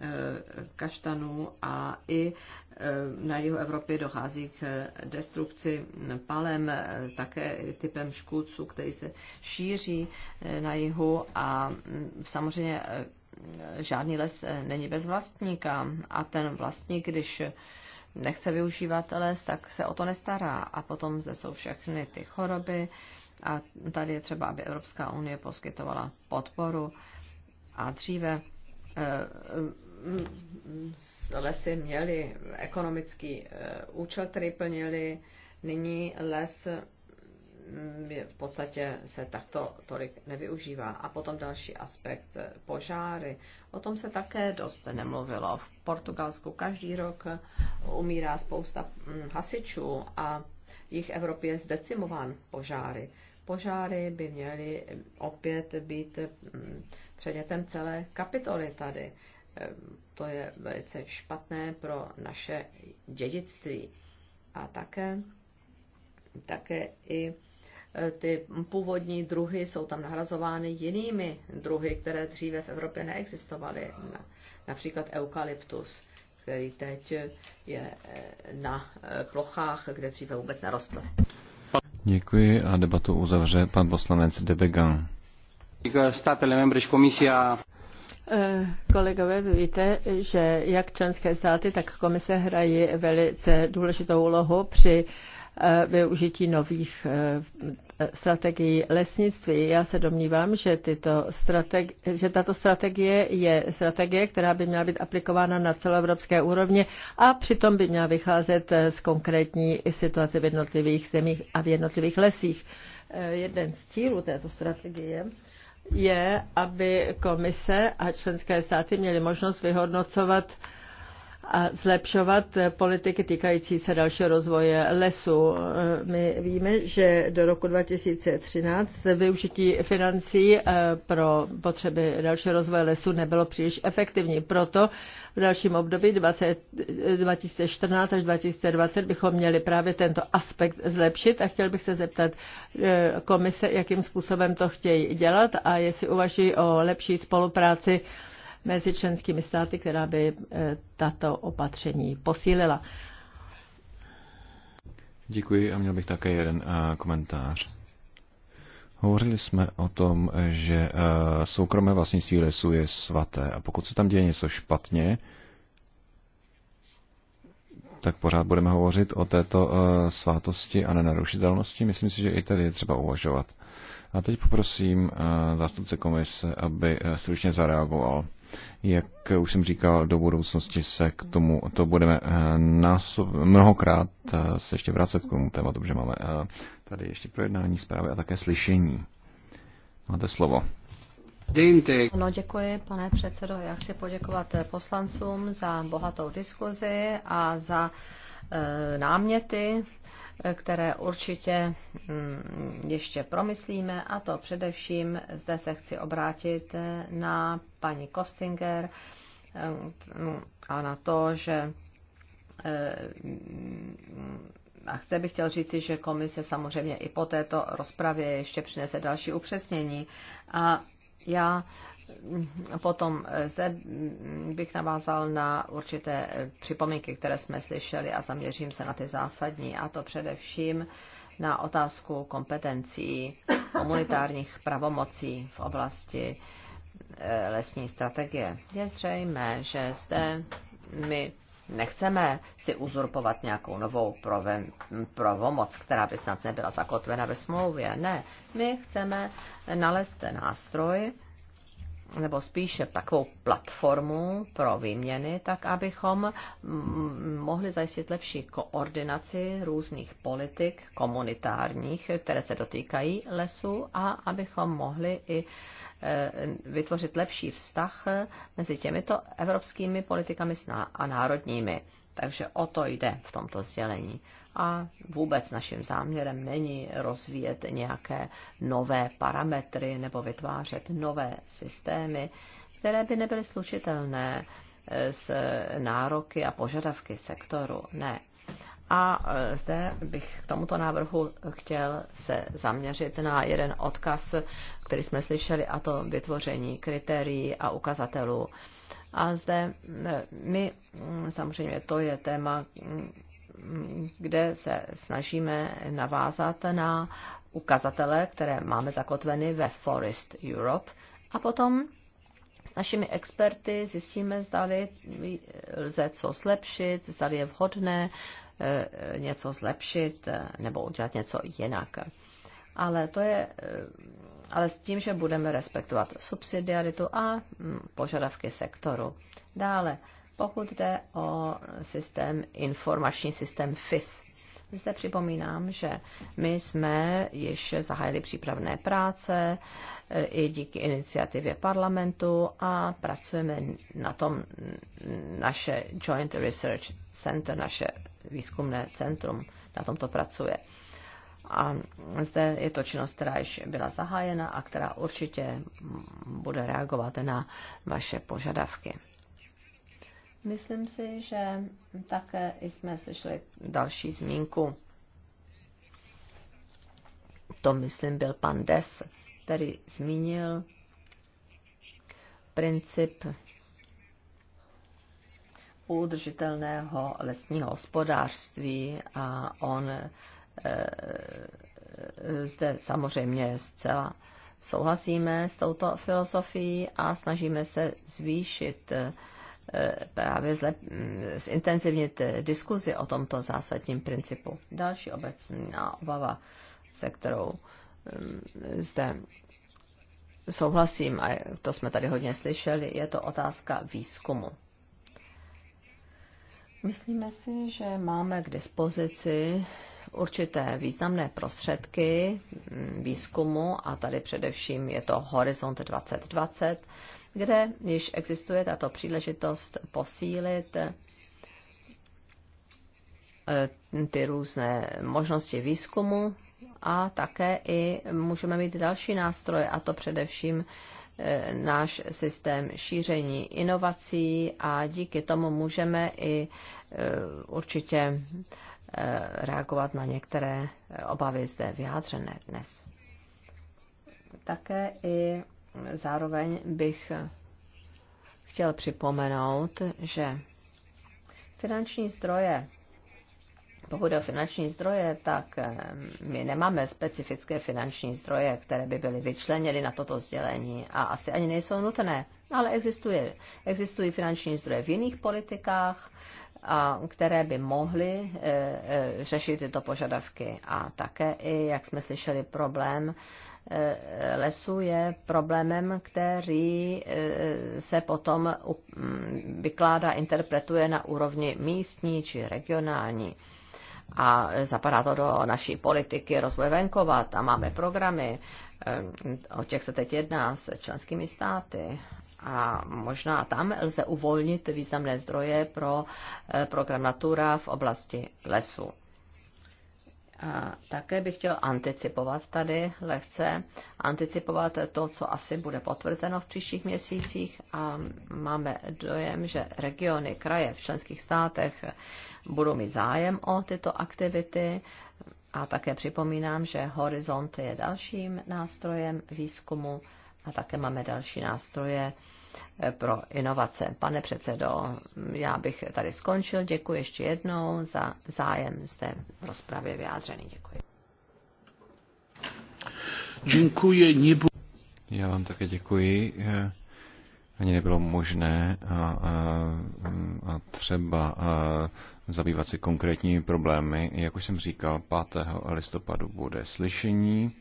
Eh, kaštanů a i eh, na jihu Evropy dochází k eh, destrukci palem, také typem škůdců, který se šíří na jihu a mm, samozřejmě žádný les není bez vlastníka a ten vlastník, když nechce využívat les, tak se o to nestará a potom zde jsou všechny ty choroby a tady je třeba, aby Evropská unie poskytovala podporu a dříve lesy měly ekonomický eh, účel, který plnili, nyní les mm, v podstatě se takto tolik nevyužívá. A potom další aspekt eh, požáry. O tom se také dost nemluvilo. V Portugalsku každý rok eh, umírá spousta mm, hasičů a jich Evropě je zdecimován požáry. Požáry by měly mm, opět být předmětem celé kapitoly tady to je velice špatné pro naše dědictví. A také, také i e, ty původní druhy jsou tam nahrazovány jinými druhy, které dříve v Evropě neexistovaly. Například eukalyptus, který teď je e, na e, plochách, kde dříve vůbec nerostl. Děkuji a debatu uzavře pan poslanec Debegan. Statele membre și Eh, kolegové, vy víte, že jak členské státy, tak komise hrají velice důležitou úlohu při eh, využití nových eh, strategií lesnictví. Já se domnívám, že, tyto strategi- že tato strategie je strategie, která by měla být aplikována na celoevropské úrovni a přitom by měla vycházet z konkrétní situace v jednotlivých zemích a v jednotlivých lesích. Jeden z cílů této strategie je, aby komise a členské státy měly možnost vyhodnocovat a zlepšovat politiky týkající se dalšího rozvoje lesu. My víme, že do roku 2013 využití financí eh, pro potřeby dalšího rozvoje lesu nebylo příliš efektivní. Proto v dalším období 20, 2014 až 2020 bychom měli právě tento aspekt zlepšit a chtěl bych se zeptat eh, komise, jakým způsobem to chtějí dělat a jestli uvažují o lepší spolupráci mezi členskými státy, která by eh, tato opatření posílila. Děkuji a měl bych také jeden eh, komentář. Hovořili jsme o tom, že eh, soukromé vlastnictví lesů je svaté a pokud se tam děje něco špatně, tak pořád budeme hovořit o této svátosti a nenarušitelnosti. Myslím si, že i tady je třeba uvažovat. A teď poprosím zástupce komise, aby stručně zareagoval. Jak už jsem říkal, do budoucnosti se k tomu, to budeme eh, násob, mnohokrát eh, se ještě vracet k tomu tématu, protože máme eh, tady ještě projednání zprávy a také slyšení. Máte slovo. No, děkuji, pane předsedo. Já chci poděkovat poslancům za bohatou diskuzi a za náměty které určitě mm, ještě promyslíme, a to především zde se chci obrátit na paní Kostinger eh, a na to, že eh, a chce bych chtěl říci, že komise samozřejmě i po této rozpravě ještě přinese další upřesnění. A já Potom eh, zde bych navázal na určité eh, připomínky, které jsme slyšeli a zaměřím se na ty zásadní, a to především na otázku kompetencí, komunitárních pravomocí v oblasti eh, lesní strategie. Je zřejmé, že zde my nechceme si uzurpovat nějakou novou pravomoc, která by snad nebyla zakotvena ve smlouvě. Ne, my chceme nalézt nástroj, nebo spíše takovou platformu pro výměny, tak abychom mm, mohli zajistit lepší koordinaci různých politik komunitárních, které se dotýkají lesů a abychom mohli i e, vytvořit lepší vztah mezi těmito evropskými politikami a národními. Takže o to jde v tomto sdělení a vůbec naším záměrem není rozvíjet nějaké nové parametry nebo vytvářet nové systémy, které by nebyly slučitelné eh, s nároky a požadavky sektoru. Ne. A eh, zde bych k tomuto návrhu chtěl se zaměřit na jeden odkaz, který jsme slyšeli, a to vytvoření kritérií a ukazatelů. A zde eh, my, mm, samozřejmě to je téma, kde se snažíme navázat na ukazatele, které máme zakotveny ve Forest Europe. A potom s našimi experty zjistíme, zda lze co zlepšit, zda je vhodné eh, něco zlepšit eh, nebo udělat něco jinak. Ale to je, eh, ale s tím, že budeme respektovat subsidiaritu a mm, požadavky sektoru. Dále, pokud jde o systém, informační systém FIS, zde připomínám, že my jsme již zahájili přípravné práce eh, i díky iniciativě parlamentu a pracujeme na tom naše Joint Research Center, naše výzkumné centrum, na tomto pracuje. A zde je to činnost, která již byla zahájena a která určitě bude reagovat na vaše požadavky. Myslím si, že také jsme slyšeli další zmínku. To, myslím, byl pan Des, který zmínil princip udržitelného lesního hospodářství a on e, e zde samozřejmě zcela souhlasíme s touto filozofií a snažíme se zvýšit e, Eh, právě zlep, eh, zintenzivnit eh, diskuzi o tomto zásadním principu. Další obecná obava, se kterou zde souhlasím, a to jsme tady hodně slyšeli, je to otázka výzkumu. Myslíme si, že máme k dispozici určité významné prostředky mm, výzkumu a tady především je to Horizont 2020, kde již existuje tato příležitost posílit eh, ty různé možnosti výzkumu a také i můžeme mít další nástroje, a to především eh, náš systém šíření inovací a díky tomu můžeme i eh, určitě reagovat na některé obavy zde vyjádřené dnes. Také i zároveň bych chtěl připomenout, že finanční zdroje, pokud o finanční zdroje, tak eh, my nemáme specifické finanční zdroje, které by byly vyčleněny na toto sdělení a asi ani nejsou nutné, ale existuje, existují finanční zdroje v jiných politikách, a které by mohly e, e, řešit tyto požadavky. A také i, jak jsme slyšeli, problém e, lesu je problémem, který se potom mm, vykládá, interpretuje na úrovni místní či regionální. A zapadá to do naší politiky rozvoje venkova. Tam máme programy, o těch se teď jedná s členskými státy a možná tam lze uvolnit významné zdroje pro eh, program Natura v oblasti lesu. A také bych chtěl anticipovat tady lehce, anticipovat to, co asi bude potvrzeno v příštích měsících a máme dojem, že regiony, kraje v členských státech budou mít zájem o tyto aktivity a také připomínám, že Horizont je dalším nástrojem výzkumu a také máme další nástroje eh, pro inovace. Pane předsedo, já bych tady skončil. Děkuji ještě jednou za zájem zde v rozpravě vyjádřený. Děkuji. Děkuji. Já vám také děkuji eh, ani nebylo možné a, a, a třeba a, zabývat se konkrétními problémy. Jak už jsem říkal, 5. listopadu bude slyšení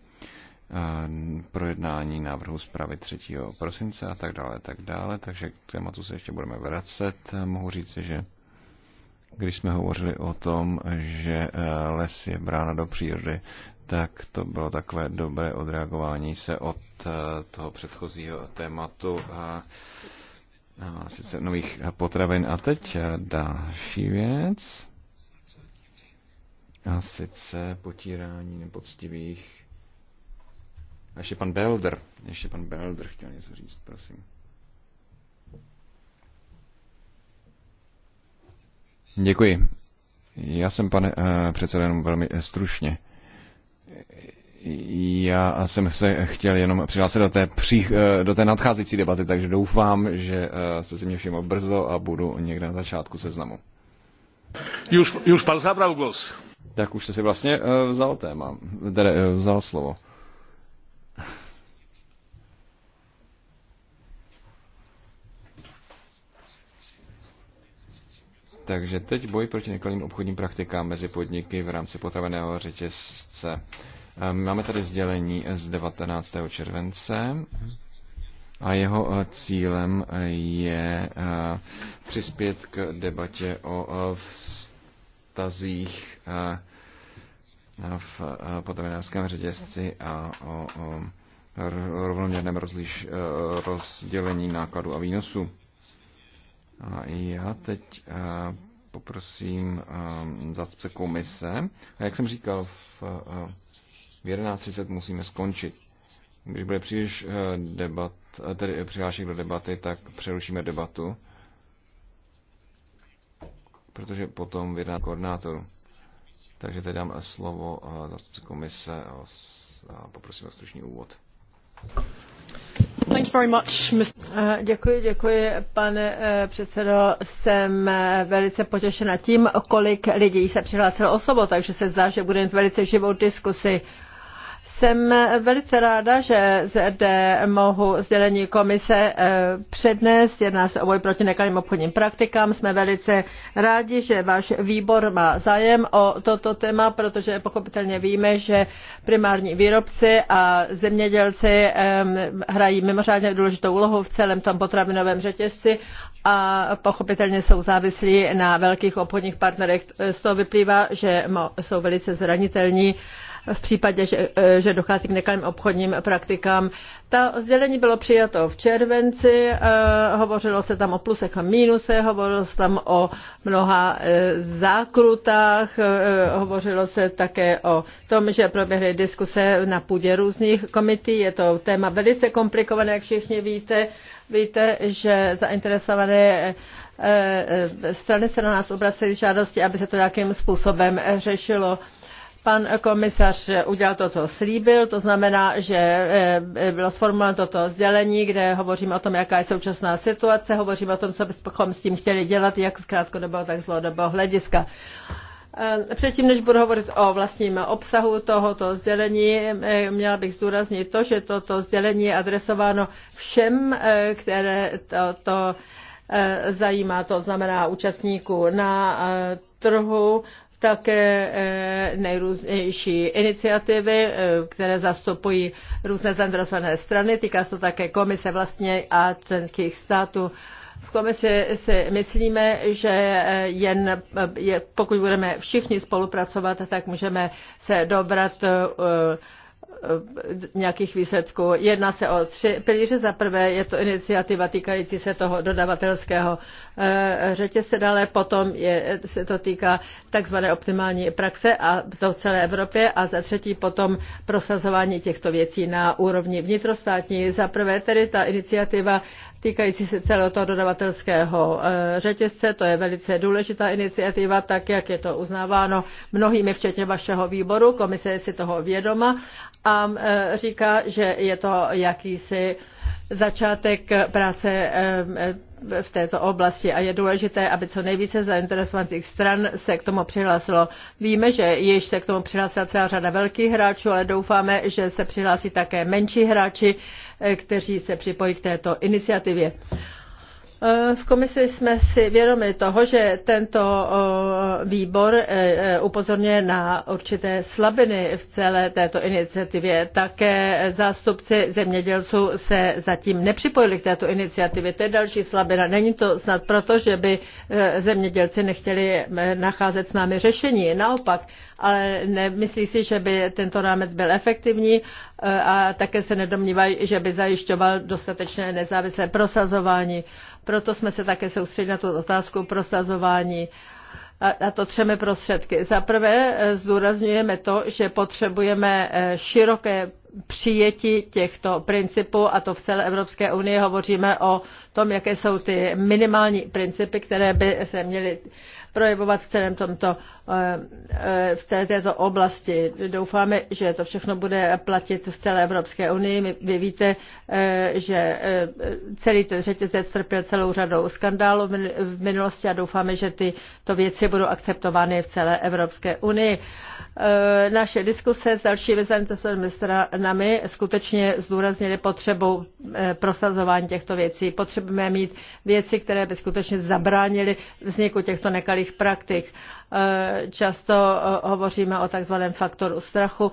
projednání návrhu zprávy 3. prosince a tak dále, tak dále. Takže k tématu se ještě budeme vracet. Mohu říct, že když jsme hovořili o tom, že e, les je brána do přírody, tak to bylo takové dobré odreagování se od e, toho předchozího tématu a, a sice nových potravin. A teď e, další věc. A sice potírání nepoctivých a ještě pan Belder. Ještě pan Belder chtěl něco říct, prosím. Děkuji. Já jsem, pane uh, předsedo, jenom velmi eh, stručně. Já jsem se chtěl jenom přihlásit do té, přích, eh, do té nadcházející debaty, takže doufám, že uh, jste si mě všiml brzo a budu někde na začátku seznamu. Už, už pan zabral głos. Tak už jste si vlastně uh, vzal téma, tedy uh, vzal slovo. Takže teď boj proti nekalým obchodním praktikám mezi podniky v rámci potraveného řetězce. Ehm, máme tady sdělení z 19. července a jeho eh, cílem eh, je eh, přispět k debatě o vztazích v potravinářském řetězci a o rovnoměrném rozdělení nákladu a výnosu. A já teď eh, poprosím eh, zástupce komise. A jak jsem říkal, v, eh, v 11.30 musíme skončit. Když bude příliš debat, tedy přihlášek do debaty, tak přerušíme debatu, protože potom vydá koordinátoru. Takže teď dám slovo zástupci komise a poprosím o stručný úvod. Eh, děkuji, děkuji, pane eh, předsedající Jsem eh, velice potěšena tím, kolik lidí se přihlásilo o slovo, takže se zdá, že budeme mít velice živou diskusi. Jsem velice ráda, že zde mohu sdělení komise eh, přednést. Jedná se o boj proti nekalým obchodním praktikám. Jsme velice rádi, že váš výbor má zájem o toto téma, protože pochopitelně víme, že primární výrobci a zemědělci hrají mimořádně důležitou úlohu v celém tom potravinovém řetězci a pochopitelně jsou závislí na velkých obchodních partnerech. Z toho vyplývá, že jsou velice zranitelní v případě, že, eh, že dochází k nekalým obchodním praktikám. Ta sdělení bylo přijato v červenci, eh, hovořilo se tam o plusech a mínusech, hovořilo se tam o mnoha eh, zákrutách, hovořilo se také o tom, že proběhly diskuse na půdě různých komití. Je to téma velice komplikované, jak všichni víte. Víte, že zainteresované strany se na nás obracejí žádosti, aby se to nějakým způsobem řešilo. Pan komisař udělal to, co slíbil, to znamená, že eh, eh, bylo zformulováno toto sdělení, kde hovoříme o tom, jaká je současná situace, hovoříme o tom, co bychom s tím chtěli dělat, jak z krátkodobého, tak z dlouhodobého hlediska. Eh, předtím, než budu hovořit o vlastním obsahu tohoto sdělení, měla bych zdůraznit to, že toto sdělení je adresováno všem, které to, to zajímá, to znamená účastníků na trhu, také eh, nejrůznější iniciativy, eh, které zastupují různé zainteresované strany. Týká se to také komise vlastně a členských států. V komisi si myslíme, že eh, jen pokud budeme všichni spolupracovat, tak můžeme se dobrat nějakých výsledků. Jedná se o tři pilíře. Za prvé je to iniciativa týkající se toho dodavatelského Eh, řetězce dále, potom je, se to týká takzvané optimální praxe a to v celé Evropě a za třetí potom prosazování těchto věcí na úrovni vnitrostátní. Za prvé tedy ta iniciativa týkající se celého toho dodavatelského eh, řetězce. To je velice důležitá iniciativa, tak jak je to uznáváno mnohými, včetně vašeho výboru. Komise je si toho vědoma a eh, říká, že je to jakýsi začátek práce v této oblasti a je důležité, aby co nejvíce zainteresovaných stran se k tomu přihlásilo. Víme, že již se k tomu přihlásila celá řada velkých hráčů, ale doufáme, že se přihlásí také menší hráči, eh, kteří se připojí k této iniciativě. Eh, v komisi jsme si vědomi toho, že tento eh, výbor eh, upozorňuje na určité slabiny v celé této iniciativě. Také zástupci zemědělců se zatím nepřipojili k této iniciativě. To je další slabina. Není to snad proto, že by zemědělci nechtěli nacházet s námi řešení. Naopak, ale nemyslí si, že by tento rámec byl efektivní a také se nedomnívají, že by zajišťoval dostatečné nezávislé prosazování. Proto jsme se také soustředili na tu otázku prosazování a to třemi prostředky. Za prvé e, zdůrazňujeme to, že potřebujeme e, široké přijetí těchto principů a to v celé Evropské unii hovoříme o tom, jaké jsou ty minimální principy, které by se měly projevovat v celém tomto, eh, eh, v té, této oblasti. Doufáme, že to všechno bude platit v celé Evropské unii. Vy víte, eh, že celý ten řetězec trpěl celou řadou skandálů v minulosti a doufáme, že tyto věci budou akceptovány v celé Evropské unii. Naše diskuse s dalšími zainteresovanými stranami skutečně zdůraznily potřebu prosazování těchto věcí. Potřebujeme mít věci, které by skutečně zabránily vzniku těchto nekalých nekalých praktik. Eh, často eh, hovoříme o takzvaném faktoru strachu,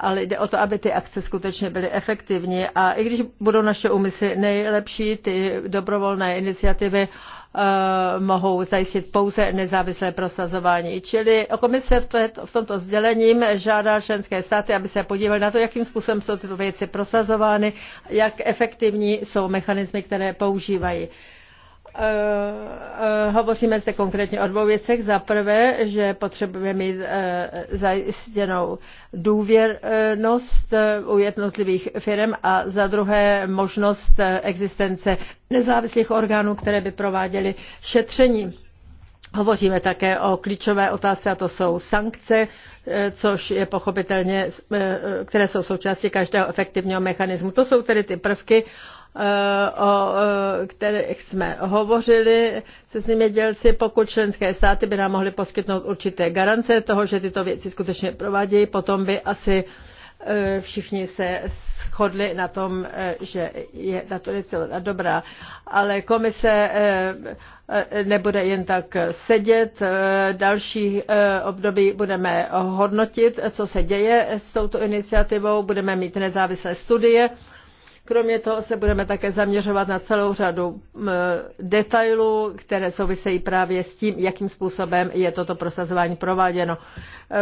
ale jde o to, aby ty akce skutečně byly efektivní. A i když budou naše úmysly nejlepší, ty dobrovolné iniciativy eh, mohou zajistit pouze nezávislé prosazování. Čili komise v, té, v tomto sdělením žádá členské státy, aby se podívali na to, jakým způsobem jsou tyto věci prosazovány, jak efektivní jsou mechanismy, které používají. Eh, eh, hovoříme zde konkrétně o dvou věcech. Za prvé, že potřebujeme mít eh, zajistěnou důvěrnost u jednotlivých firm a za druhé možnost existence nezávislých orgánů, které by prováděly šetření. Hovoříme také o klíčové otázce, a to jsou sankce, což je pochopitelně, které jsou součástí každého efektivního mechanismu. To jsou tedy ty prvky, o kterých jsme hovořili se zemědělci, pokud členské státy by nám mohly poskytnout určité garance toho, že tyto věci skutečně provádějí, potom by asi e, všichni se shodli na tom, e, že je tato věc dobrá. Ale komise e, nebude jen tak sedět. Další období budeme hodnotit, co se děje s touto iniciativou. Budeme mít nezávislé studie Kromě toho se budeme také zaměřovat na celou řadu detailů, které souvisejí právě s tím, jakým způsobem je toto prosazování prováděno.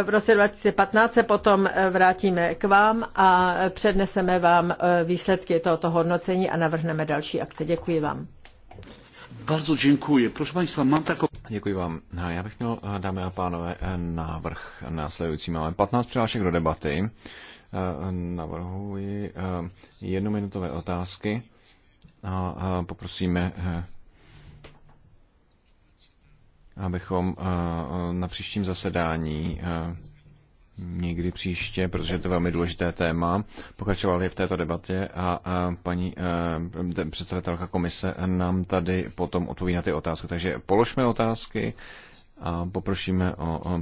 V roce 2015 se potom e, vrátíme k vám a předneseme vám e, výsledky tohoto hodnocení a navrhneme další akce. Děkuji vám. Bardzo děkuji. Prosím, Państwa, mám taką... Děkuji vám. Já bych měl, e, dámy a pánové, návrh následující. Máme 15 přihlášek do debaty navrhuji eh, jednominutové otázky a poprosíme, eh, abychom eh, na příštím zasedání někdy příště, protože to je velmi důležité téma, pokračovali v této debatě a, paní představitelka komise nám tady potom odpoví na ty otázky. Takže položme otázky a poprosíme o, o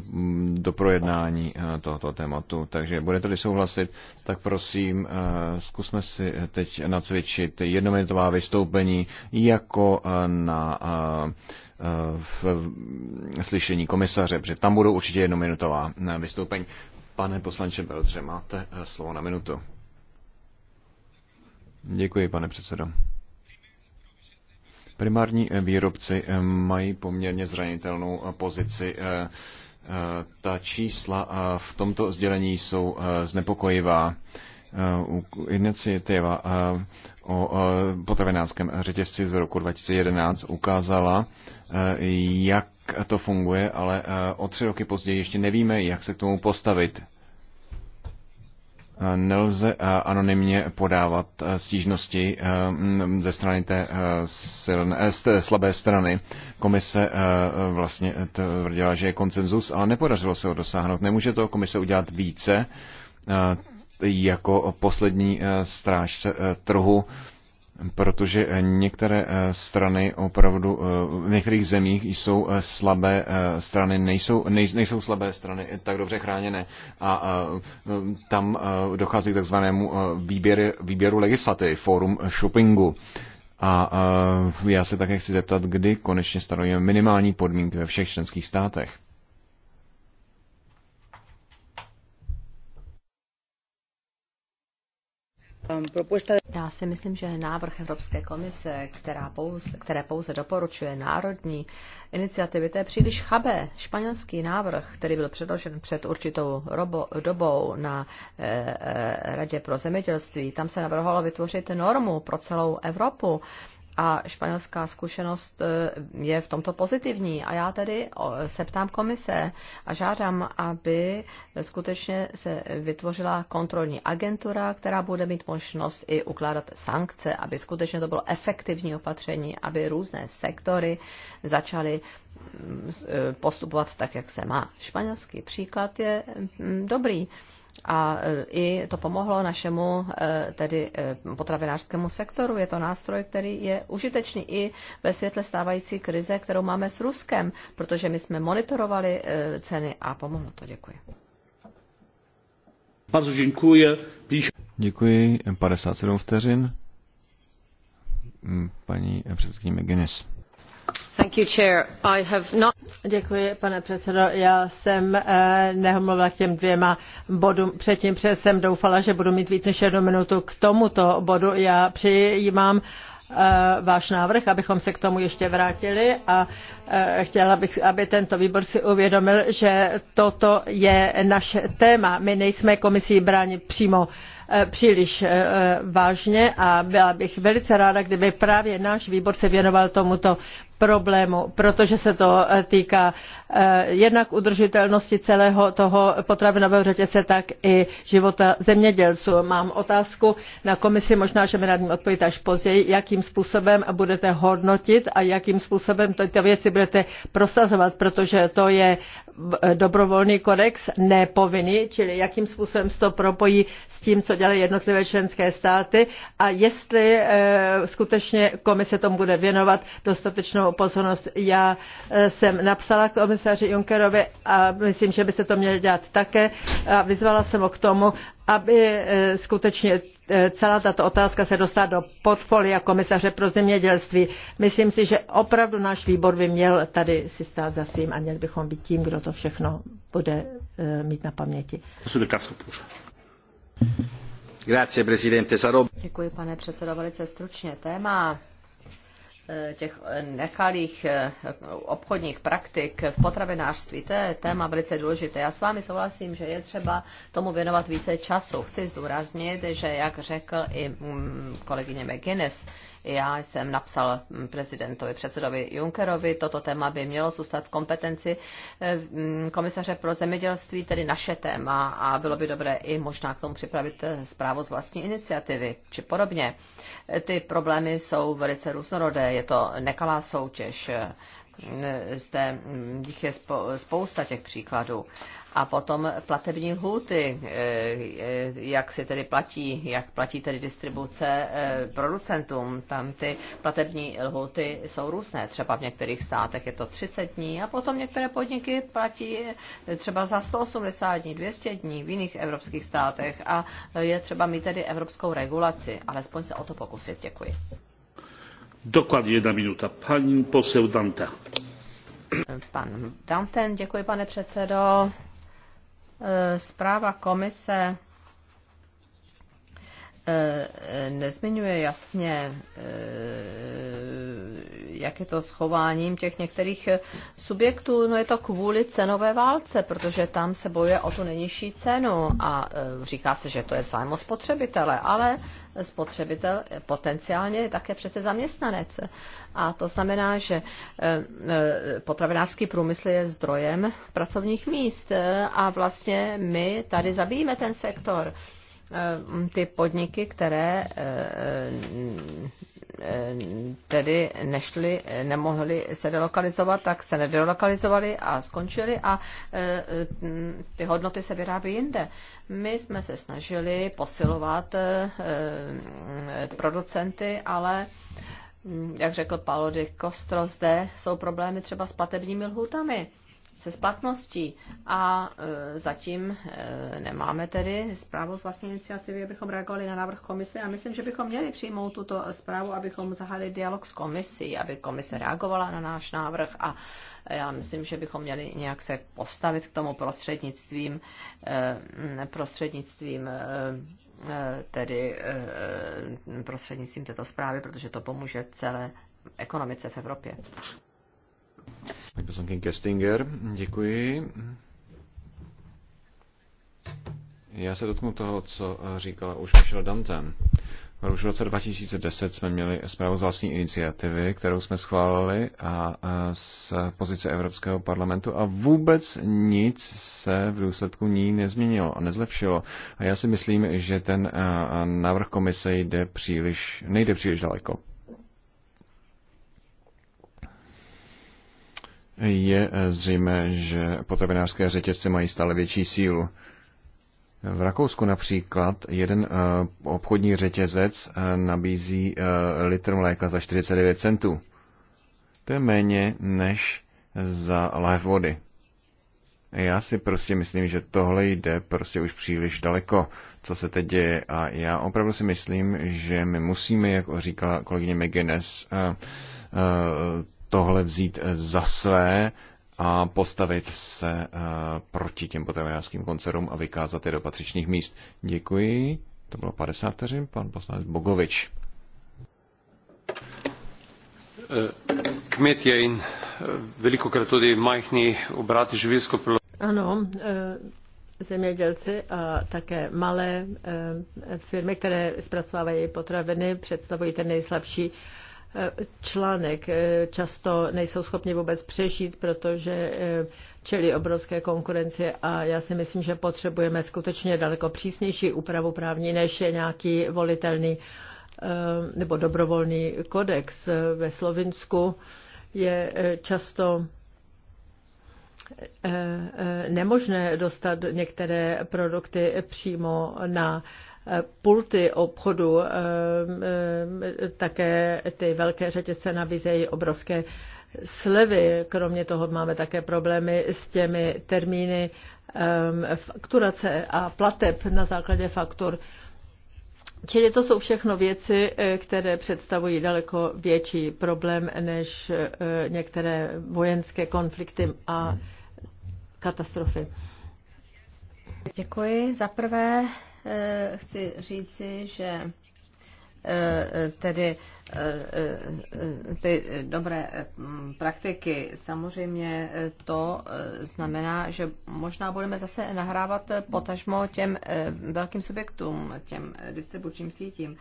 doprojednání e, tohoto tématu. Takže budete-li souhlasit, tak prosím, e, zkusme si teď nacvičit jednominutová vystoupení jako e, na v slyšení komisaře, protože tam budou určitě jednominutová vystoupení. Pane poslanče Beltře, máte slovo na minutu. Děkuji, pane předsedo. Primární eh, výrobci eh, mají poměrně zranitelnou eh, pozici. Ta čísla v tomto sdělení jsou znepokojivá iniciativa o potravinářském řetězci z roku 2011 ukázala, jak to funguje, ale o tři roky později ještě nevíme, jak se k tomu postavit nelze anonymně podávat e, stížnosti e, ze strany té, e, silné, z té slabé strany. Komise vlastně tvrdila, že je koncenzus, ale nepodařilo se ho dosáhnout. Nemůže to komise udělat více jako poslední strážce trhu protože eh, některé eh, strany opravdu eh, v některých zemích jsou slabé strany, nejsou, nejsou slabé strany tak dobře chráněné a tam dochází k takzvanému výběru, výběru legislativy, fórum shoppingu. A já se také chci zeptat, kdy konečně stanovíme minimální podmínky ve všech členských státech. Um, Já si myslím, že návrh Evropské komise, která pouze, které pouze doporučuje národní iniciativy, to je příliš chabé. Španělský návrh, který byl předložen před určitou robo, dobou na eh, eh Radě pro zemědělství, tam se navrhovalo vytvořit normu pro celou Evropu. Eh, a španělská zkušenost eh, je v tomto pozitivní. A já tedy se ptám komise a žádám, aby skutečně se vytvořila kontrolní agentura, která bude mít možnost i ukládat sankce, aby skutečně to bylo efektivní opatření, aby různé sektory začaly mm, eh, postupovat tak, jak se má. Španělský příklad je mm, dobrý a e, i to pomohlo našemu e, tedy e, potravinářskému sektoru. Je to nástroj, který je užitečný i ve světle stávající krize, kterou máme s Ruskem, protože my jsme monitorovali ceny a pomohlo to. Děkuji. Bardzo dziękuję. Děkuji. 57 vteřin. Mm, paní předsedkyně McGuinness. Děkuji, pane předsedající. Já jsem eh, nehomluvila k těm dvěma bodům. Předtím protože jsem doufala, že budu mít více než jednu minutu k tomuto bodu. Já přijímám eh, váš návrh, abychom se k tomu ještě vrátili a eh, chtěla bych, aby tento výbor si uvědomil, že toto je naše téma. My nejsme komisí bráni přímo Eh, příliš eh, vážně a byla bych velice ráda, kdyby právě náš výbor se věnoval tomuto problému, protože se to eh, týká jednak udržitelnosti celého toho potravinového řetězce, tak i života zemědělců. Mám otázku na komisi, možná, že mi na ní odpovíte až později, jakým způsobem budete hodnotit a jakým způsobem tyto věci budete prosazovat, protože to je dobrovolný kodex, nepovinný, čili jakým způsobem se to propojí s tím, co dělají jednotlivé členské státy a jestli eh, skutečně komise tomu bude věnovat dostatečnou pozornost. Já eh, jsem napsala komisaři Junckerovi a myslím, že by se to mělo dělat také a vyzvala jsem ho k tomu, aby eh, skutečně celá tato otázka se dostala do portfolia komisaře pro zemědělství. Myslím si, že opravdu náš výbor by měl tady si stát za svým a měli bychom být tím, kdo to všechno bude mít na paměti. Děkuji, pane předsedo, velice stručně. Téma eh, těch nekalých eh, obchodních praktik v potravinářství, to je téma velice důležité. Já s vámi souhlasím, že je třeba tomu věnovat více času. Chci zdůraznit, že jak řekl i mm, kolegyně McGuinness, já jsem napsal prezidentovi, předsedovi Junckerovi, toto téma by mělo zůstat v kompetenci eh, mm, komisaře pro zemědělství, tedy naše téma a bylo by dobré i možná k tomu připravit eh, zprávu z vlastní iniciativy či podobně. Eh, ty problémy jsou velice různorodé, je to nekalá soutěž, zde hm, jich je spousta těch příkladů. A potom platební lhuty, eh, jak si tedy platí, jak platí tedy distribuce eh, producentům. Tam ty platební lhuty jsou různé. Třeba v některých státech je to 30 dní a potom některé podniky platí eh, třeba za 180 dní, 200 dní v jiných evropských státech a je třeba mít tedy evropskou regulaci. Alespoň se o to pokusit. Děkuji. Dokładnie jedna minuta. Pan poseł Danta. Pan Danten, děkuji pane předsedo. Eh, zpráva komise eh, nezmiňuje jasně, eh, jak je to s chováním těch některých eh, subjektů. No je to kvůli cenové válce, protože tam se bojuje o tu nejnižší cenu a eh, říká se, že to je zájmo spotřebitele, ale spotřebitel potenciálně je také přece zaměstnanec. A to znamená, že eh, potravinářský průmysl je zdrojem pracovních míst a vlastně my tady zabijíme ten sektor ty podniky, které Eh, tedy nešli, eh, nemohli se delokalizovat, tak se nedelokalizovali a skončili a eh, ty hodnoty se vyrábí jinde. My jsme se snažili posilovat producenty, ale mm, jak řekl Paolo de Costro, zde jsou problémy třeba s platebními lhůtami se splatností a e, zatím e, nemáme tedy zprávu z vlastní iniciativy, abychom reagovali na návrh komise a myslím, že bychom měli přijmout tuto zprávu, abychom zahájili dialog s komisí, aby komise reagovala na náš návrh a já myslím, že bychom měli nějak se postavit k tomu prostřednictvím, e, prostřednictvím tedy prostřednictvím této zprávy, protože to pomůže celé ekonomice v Evropě. Pani poslankyně Kestinger, děkuji. Já se dotknu toho, co říkala už Michel Danten. v roce 2010 jsme měli zprávu z vlastní iniciativy, kterou jsme schválili a z pozice Evropského parlamentu a vůbec nic se v důsledku ní nezměnilo a nezlepšilo. A já si myslím, že ten návrh komise jde příliš, nejde příliš daleko. je eh, zřejmé, že potravinářské řetězce mají stále větší sílu. V Rakousku například jeden eh, obchodní řetězec eh, nabízí litr mléka za 49 centů. To je méně než za lahev vody. Já si prostě myslím, že tohle jde prostě už příliš daleko, co se teď děje. A já opravdu si myslím, že my musíme, jak říkala kolegyně McGuinness, tohle vzít eh, za své a postavit se eh, proti těm potravinářským koncernům a vykázat je do patřičných míst. Děkuji. To bylo 50 vteřin. Pan poslanec Bogovič. Eh, Kmetje in tudy tudi majhní obrati živilsko Ano, zemědělci a také malé firmy, které zpracovávají potraviny, představují ten nejslabší článek. Eh, často nejsou schopni vůbec přežít, protože eh, čelí obrovské konkurenci a já si myslím, že potřebujeme skutečně daleko přísnější úpravu právní, než je nějaký volitelný eh, nebo dobrovolný kodex. Ve Slovinsku je často nemožné dostat některé produkty přímo na pulty obchodu, eh, eh, také ty velké řetězce nabízejí obrovské slevy. Kromě toho máme také problémy s těmi termíny fakturace a plateb na základě faktur. Čili to jsou všechno věci, eh, které představují daleko větší problém než některé vojenské konflikty a katastrofy. Děkuji. Za prvé Eh, chci říci, že eh, tedy eh, ty dobré praktiky. Samozřejmě to znamená, že možná budeme zase nahrávat potažmo těm velkým subjektům, těm distribučním sítím.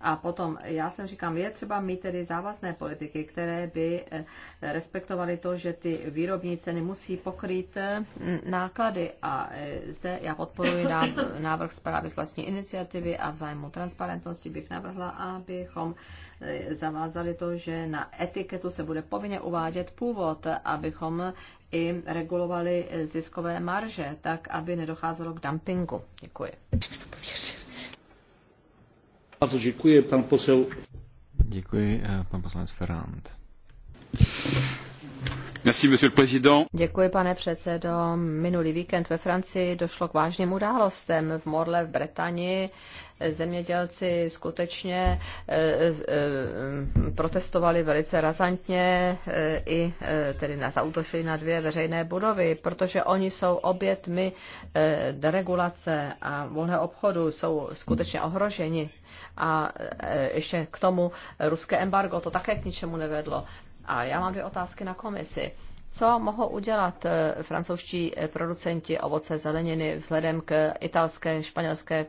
A potom, já jsem říkám, je třeba mít tedy závazné politiky, které by eh, respektovaly to, že ty výrobní ceny musí pokrýt eh, náklady. A eh, zde já podporuji [COUGHS] návrh zprávy z vlastní iniciativy a vzájemu transparentnosti bych navrhla, abychom zavázali to, že na etiketu se bude povinně uvádět původ, abychom i regulovali ziskové marže, tak aby nedocházelo k dumpingu. Děkuji. Bardzo děkuji, pan posel. Děkuji, e, pan poslanec Ferrand. Děkuji, pane předsedo. Minulý víkend ve Francii došlo k vážným událostem v Morle v Bretani zemědělci skutečně eh, eh, protestovali velice razantně eh, i tedy na zautočili na dvě veřejné budovy, protože oni jsou obětmi deregulace a volné obchodu, jsou skutečně ohroženi. A ještě k tomu ruské embargo to také k ničemu nevedlo. A já mám dvě otázky na komisi co mohou udělat eh, francouzští eh, producenti ovoce zeleniny vzhledem k italské, španělské eh,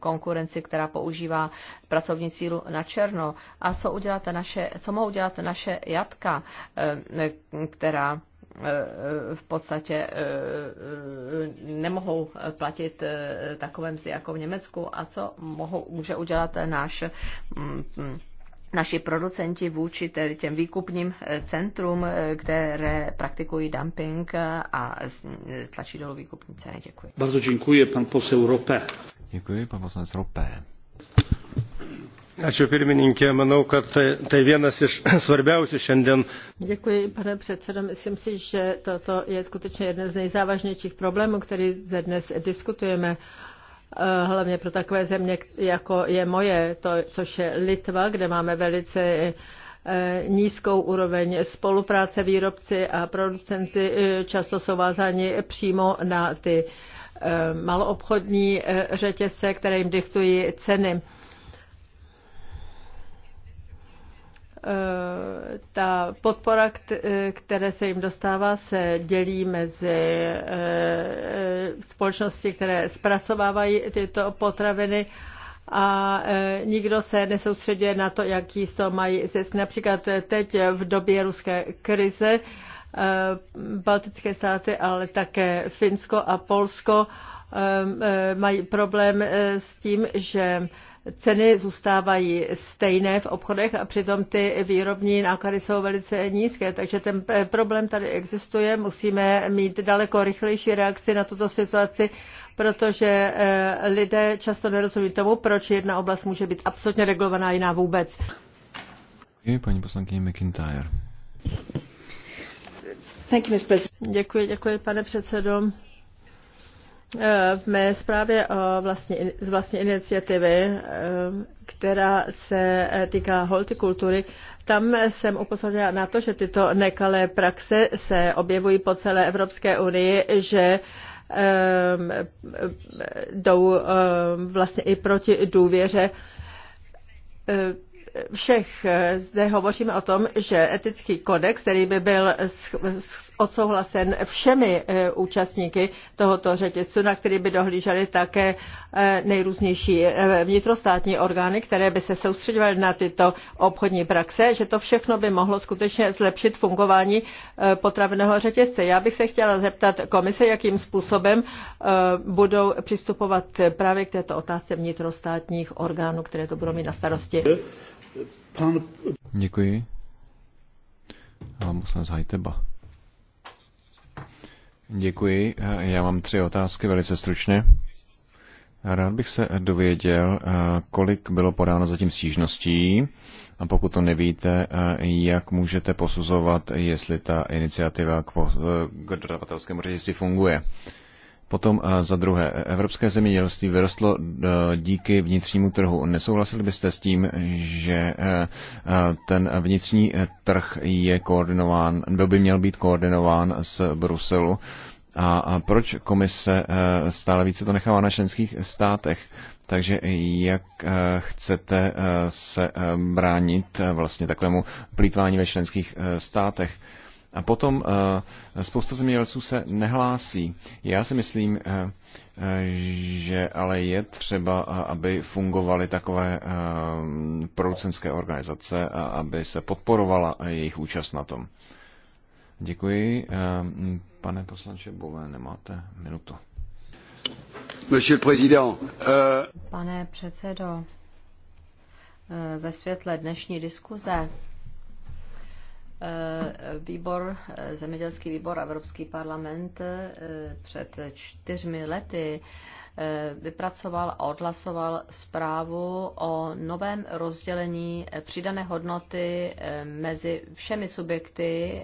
konkurenci, která používá pracovní sílu na černo? A co, udělat naše, co mohou udělat naše jatka, která v podstatě nemohou platit takové mzdy jako v Německu a co mohou, může udělat náš mm, mm, naši producenti vůči těm výkupním eh, centrum, eh, které praktikují dumping a eh, tlačí dolů výkupní ceny. Děkuji. Bardzo děkuji, pan posel Rope. Děkuji, pan poslanec Rope. Ačiū pirmininkė, manau, kad tai, tai vienas iš [CLEARS THROAT] svarbiausių šiandien. Děkuji, pane předsedo. Myslím si, že toto je skutečně jedno z nejzávažnějších problémů, který dnes diskutujeme. Uh, Eh, hlavně pro takové země, jako je moje, to, což je Litva, kde máme velice eh, nízkou úroveň spolupráce výrobci a producenci eh, často jsou vázáni přímo na ty maloobchodní řetězce, které jim diktují ceny. Eh, ta podpora, eh, které se jim dostává, se dělí mezi eh, společnosti, které zpracovávají tyto potraviny a nikdo se nesoustředuje na to, jaký z toho mají zisk. Například teď v době ruské krize Baltické státy, ale také Finsko a Polsko mají problém s tím, že ceny zůstávají stejné v obchodech a přitom ty výrobní náklady jsou velice nízké. Takže ten eh, problém tady existuje, musíme mít daleko rychlejší reakci na tuto situaci, protože eh, lidé často nerozumí tomu, proč jedna oblast může být absolutně regulovaná, jiná vůbec. Děkuji, paní poslankyně McIntyre. Děkuji, děkuji, pane předsedo. Eh, v mé zprávě o eh, vlastní, z vlastní iniciativy, eh, která se týká hortikultury, tam jsem upozornila na to, že tyto nekalé praxe se objevují po celé Evropské unii, že ehm, jdou ehm, vlastně i proti důvěře všech. Zde hovoříme o tom, že etický kodex, který by byl odsouhlasen všemi eh, účastníky tohoto řetězce, na který by dohlíželi také eh, nejrůznější eh, vnitrostátní orgány, které by se soustředovaly na tyto obchodní praxe, že to všechno by mohlo skutečně zlepšit fungování potravného řetězce. Já bych se chtěla zeptat komise, jakým způsobem budou přistupovat právě k této otázce vnitrostátních orgánů, které to budou mít na starosti. Pan... Děkuji. Pan poslanec Hajteba. Děkuji. Já mám tři otázky velice stručně. Rád bych se dověděl, kolik bylo podáno zatím stížností a pokud to nevíte, jak můžete posuzovat, jestli ta iniciativa k, dodavatelskému řetězci funguje. Potom eh, za druhé, evropské zemědělství vyrostlo eh, díky vnitřnímu trhu. Nesouhlasili byste s tím, že eh, ten vnitřní trh je koordinován, byl by měl být koordinován z Bruselu? A proč komise stále více to nechává na členských státech? Takže jak chcete se bránit vlastně takovému plítvání ve členských státech? A potom eh, spousta zemědělců se nehlásí. Já si myslím, eh, eh, že ale je třeba, aby fungovaly takové producenské organizace a aby se podporovala jejich účast na tom. Děkuji. Pane poslanče Bové, nemáte minutu. Pane předsedo, ve světle dnešní diskuze Eh, výbor, eh, zemědělský výbor Evropský parlament eh, před čtyřmi lety vypracoval a odhlasoval zprávu o novém rozdělení přidané hodnoty mezi všemi subjekty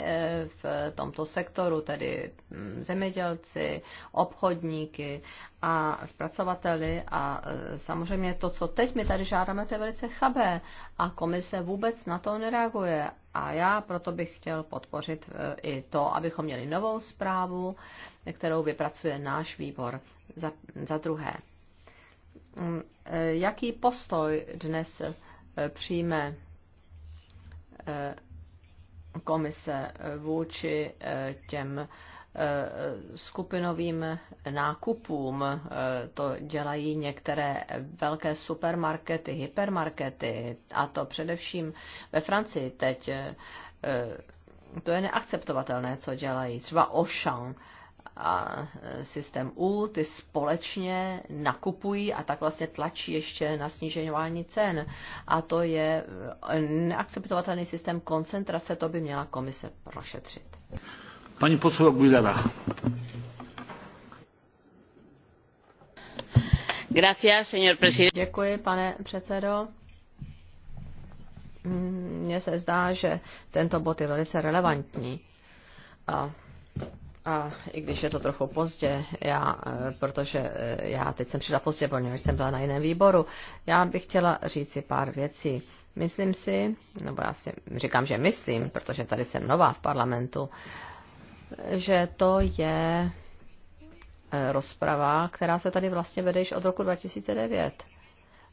v tomto sektoru, tedy hm, zemědělci, obchodníky a zpracovateli a e, samozřejmě to, co teď my tady žádáme, to je velice chabé a komise vůbec na to nereaguje. A já proto bych chtěl podpořit e, i to, abychom měli novou zprávu, kterou vypracuje náš výbor za, za druhé. Mm, e, jaký postoj dnes přijme komise vůči těm skupinovým nákupům. Eh, to dělají některé velké supermarkety, hypermarkety, a to především ve Francii teď. Eh, eh, to je neakceptovatelné, co dělají. Třeba Auchan a systém U, ty společně nakupují a tak vlastně tlačí ještě na snižování cen. A to je neakceptovatelný systém koncentrace, to by měla komise prošetřit. Aguilera. Gracias, señor presidente. Děkuji, pane předsedo. Mně se zdá, že tento bod je velice relevantní. A a i když je to trochu pozdě, já, eh, protože eh, já teď jsem přišla pozdě, protože jsem byla na jiném výboru, já bych chtěla říci pár věcí. Myslím si, nebo já si říkám, že myslím, protože tady jsem nová v parlamentu, že to je eh, rozprava, která se tady vlastně vede již od roku 2009.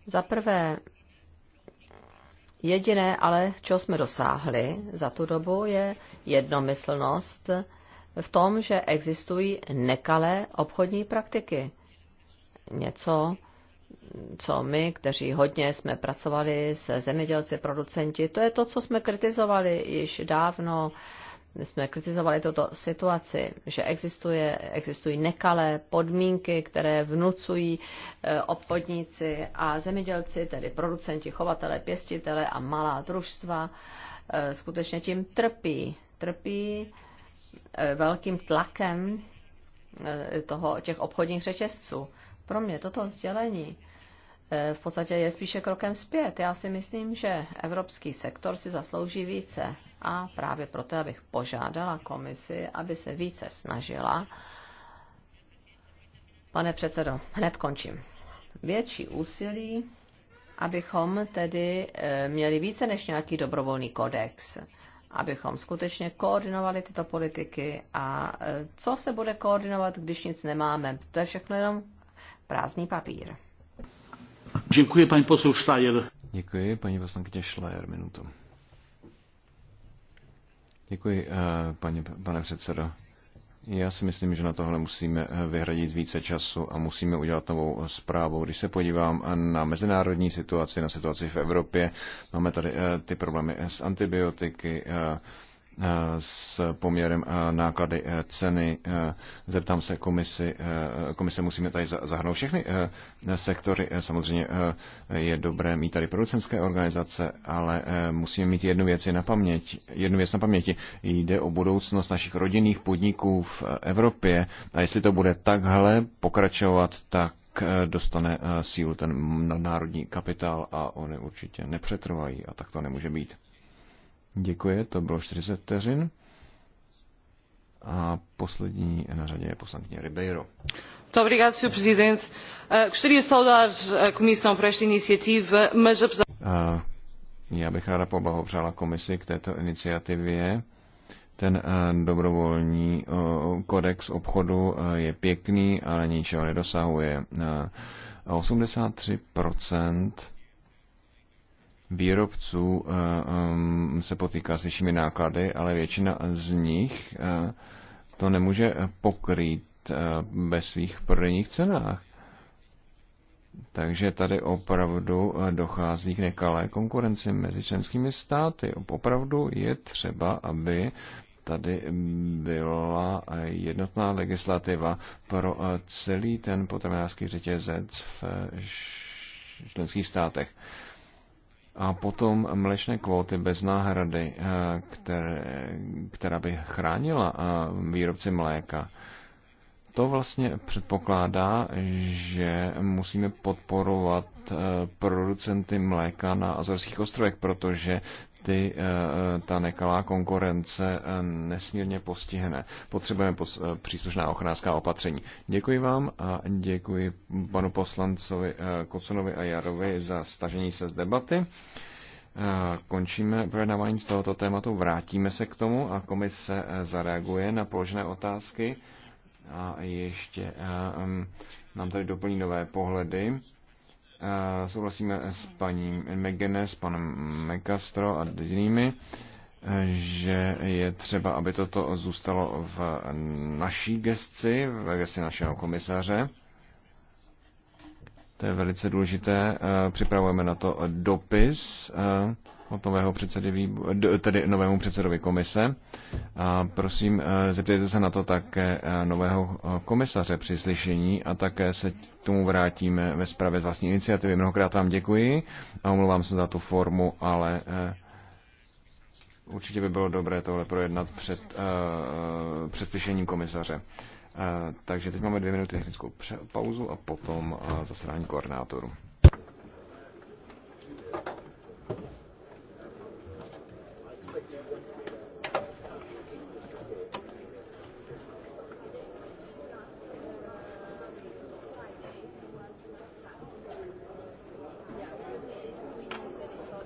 Za prvé, jediné ale, čeho jsme dosáhli za tu dobu, je jednomyslnost v tom, že existují nekalé obchodní praktiky. Něco, co my, kteří hodně jsme pracovali se zemědělci, producenti, to je to, co jsme kritizovali již dávno jsme kritizovali tuto situaci, že existuje, existují nekalé podmínky, které vnucují e, obchodníci a zemědělci, tedy producenti, chovatele, pěstitele a malá družstva, e, skutečně tím trpí. Trpí e, velkým tlakem toho, těch obchodních řetězců. Pro mě toto sdělení v podstatě je spíše krokem zpět. Já si myslím, že evropský sektor si zaslouží více a právě proto, abych požádala komisi, aby se více snažila. Pane předsedo, hned končím. Větší úsilí, abychom tedy eh, měli více než nějaký dobrovolný kodex abychom skutečně koordinovali tyto politiky a eh, co se bude koordinovat, když nic nemáme. To je všechno jenom prázdný papír. Děkuji, paní poslu Štajer. Děkuji, paní poslankyně Šlajer, minutu. Děkuji, eh, paní, pane předsedo. Já si myslím, že na tohle musíme eh, vyhradit více času a musíme udělat novou eh, zprávu. Když se podívám na mezinárodní situaci, na situaci v Evropě, máme tady ty problémy s antibiotiky, s poměrem eh, náklady eh, ceny. Eh, zeptám se komisi, komise musíme tady zahrnout všechny sektory. Samozřejmě je dobré mít tady producenské organizace, ale musíme mít jednu věc na paměti. Jednu věc na paměti. Jde o budoucnost našich rodinných podniků v Evropě a jestli to bude takhle pokračovat, tak dostane sílu ten národní kapitál a oni určitě nepřetrvají a tak to nemůže být. Děkuji, to bylo 40 vteřin. A poslední na řadě je poslankyně Ribeiro. Muito obrigado, Sr. Presidente. Uh, gostaria de saudar ah, a Comissão por esta iniciativa, mas apesar... Uh, já bych ráda poblahopřála komisi k této iniciativě. Ten uh, dobrovolní uh, kodex obchodu uh, je pěkný, ale ničeho nedosahuje. Uh, 83 výrobců eh, eh, se potýká s vyššími náklady, ale většina z nich eh, to nemůže pokrýt ve svých prodejních cenách. Takže tady opravdu dochází k nekalé konkurenci mezi členskými státy. Opravdu je třeba, aby tady byla jednotná legislativa pro celý ten potravinářský řetězec v členských státech. A potom mlečné kvóty bez náhrady, eh, které, která by chránila eh, výrobce mléka. To vlastně předpokládá, že musíme podporovat eh, producenty mléka na Azorských ostrovech, protože ty eh, eh, ta nekalá konkurence eh, nesmírně postihne. Potřebujeme příslušná ochranářská opatření. Děkuji vám a děkuji panu poslancovi Kocunovi a Jarovi za stažení se z debaty. Končíme projednávání z tohoto tématu, vrátíme se k tomu a komise zareaguje na položené otázky a ještě mm, nám tady doplní nové pohledy. Eh, souhlasíme s paní Megene, s panem Megastro a jinými, eh, že je třeba, aby toto zůstalo v naší gesci, v gesci našeho komisaře. To je velice důležité. Eh, připravujeme na to dopis od nového předsedy výbo... tedy novému předsedovi komise. A prosím, eh, zeptejte se na to také eh, nového eh, komisaře při slyšení a také se tomu vrátíme ve zprávě z vlastní iniciativy. Mnohokrát vám děkuji a omlouvám se za tu formu, ale určitě by bylo dobré tohle projednat před, před slyšením komisaře. Takže teď máme dvě minuty technickou pauzu a potom zasedání koordinátoru.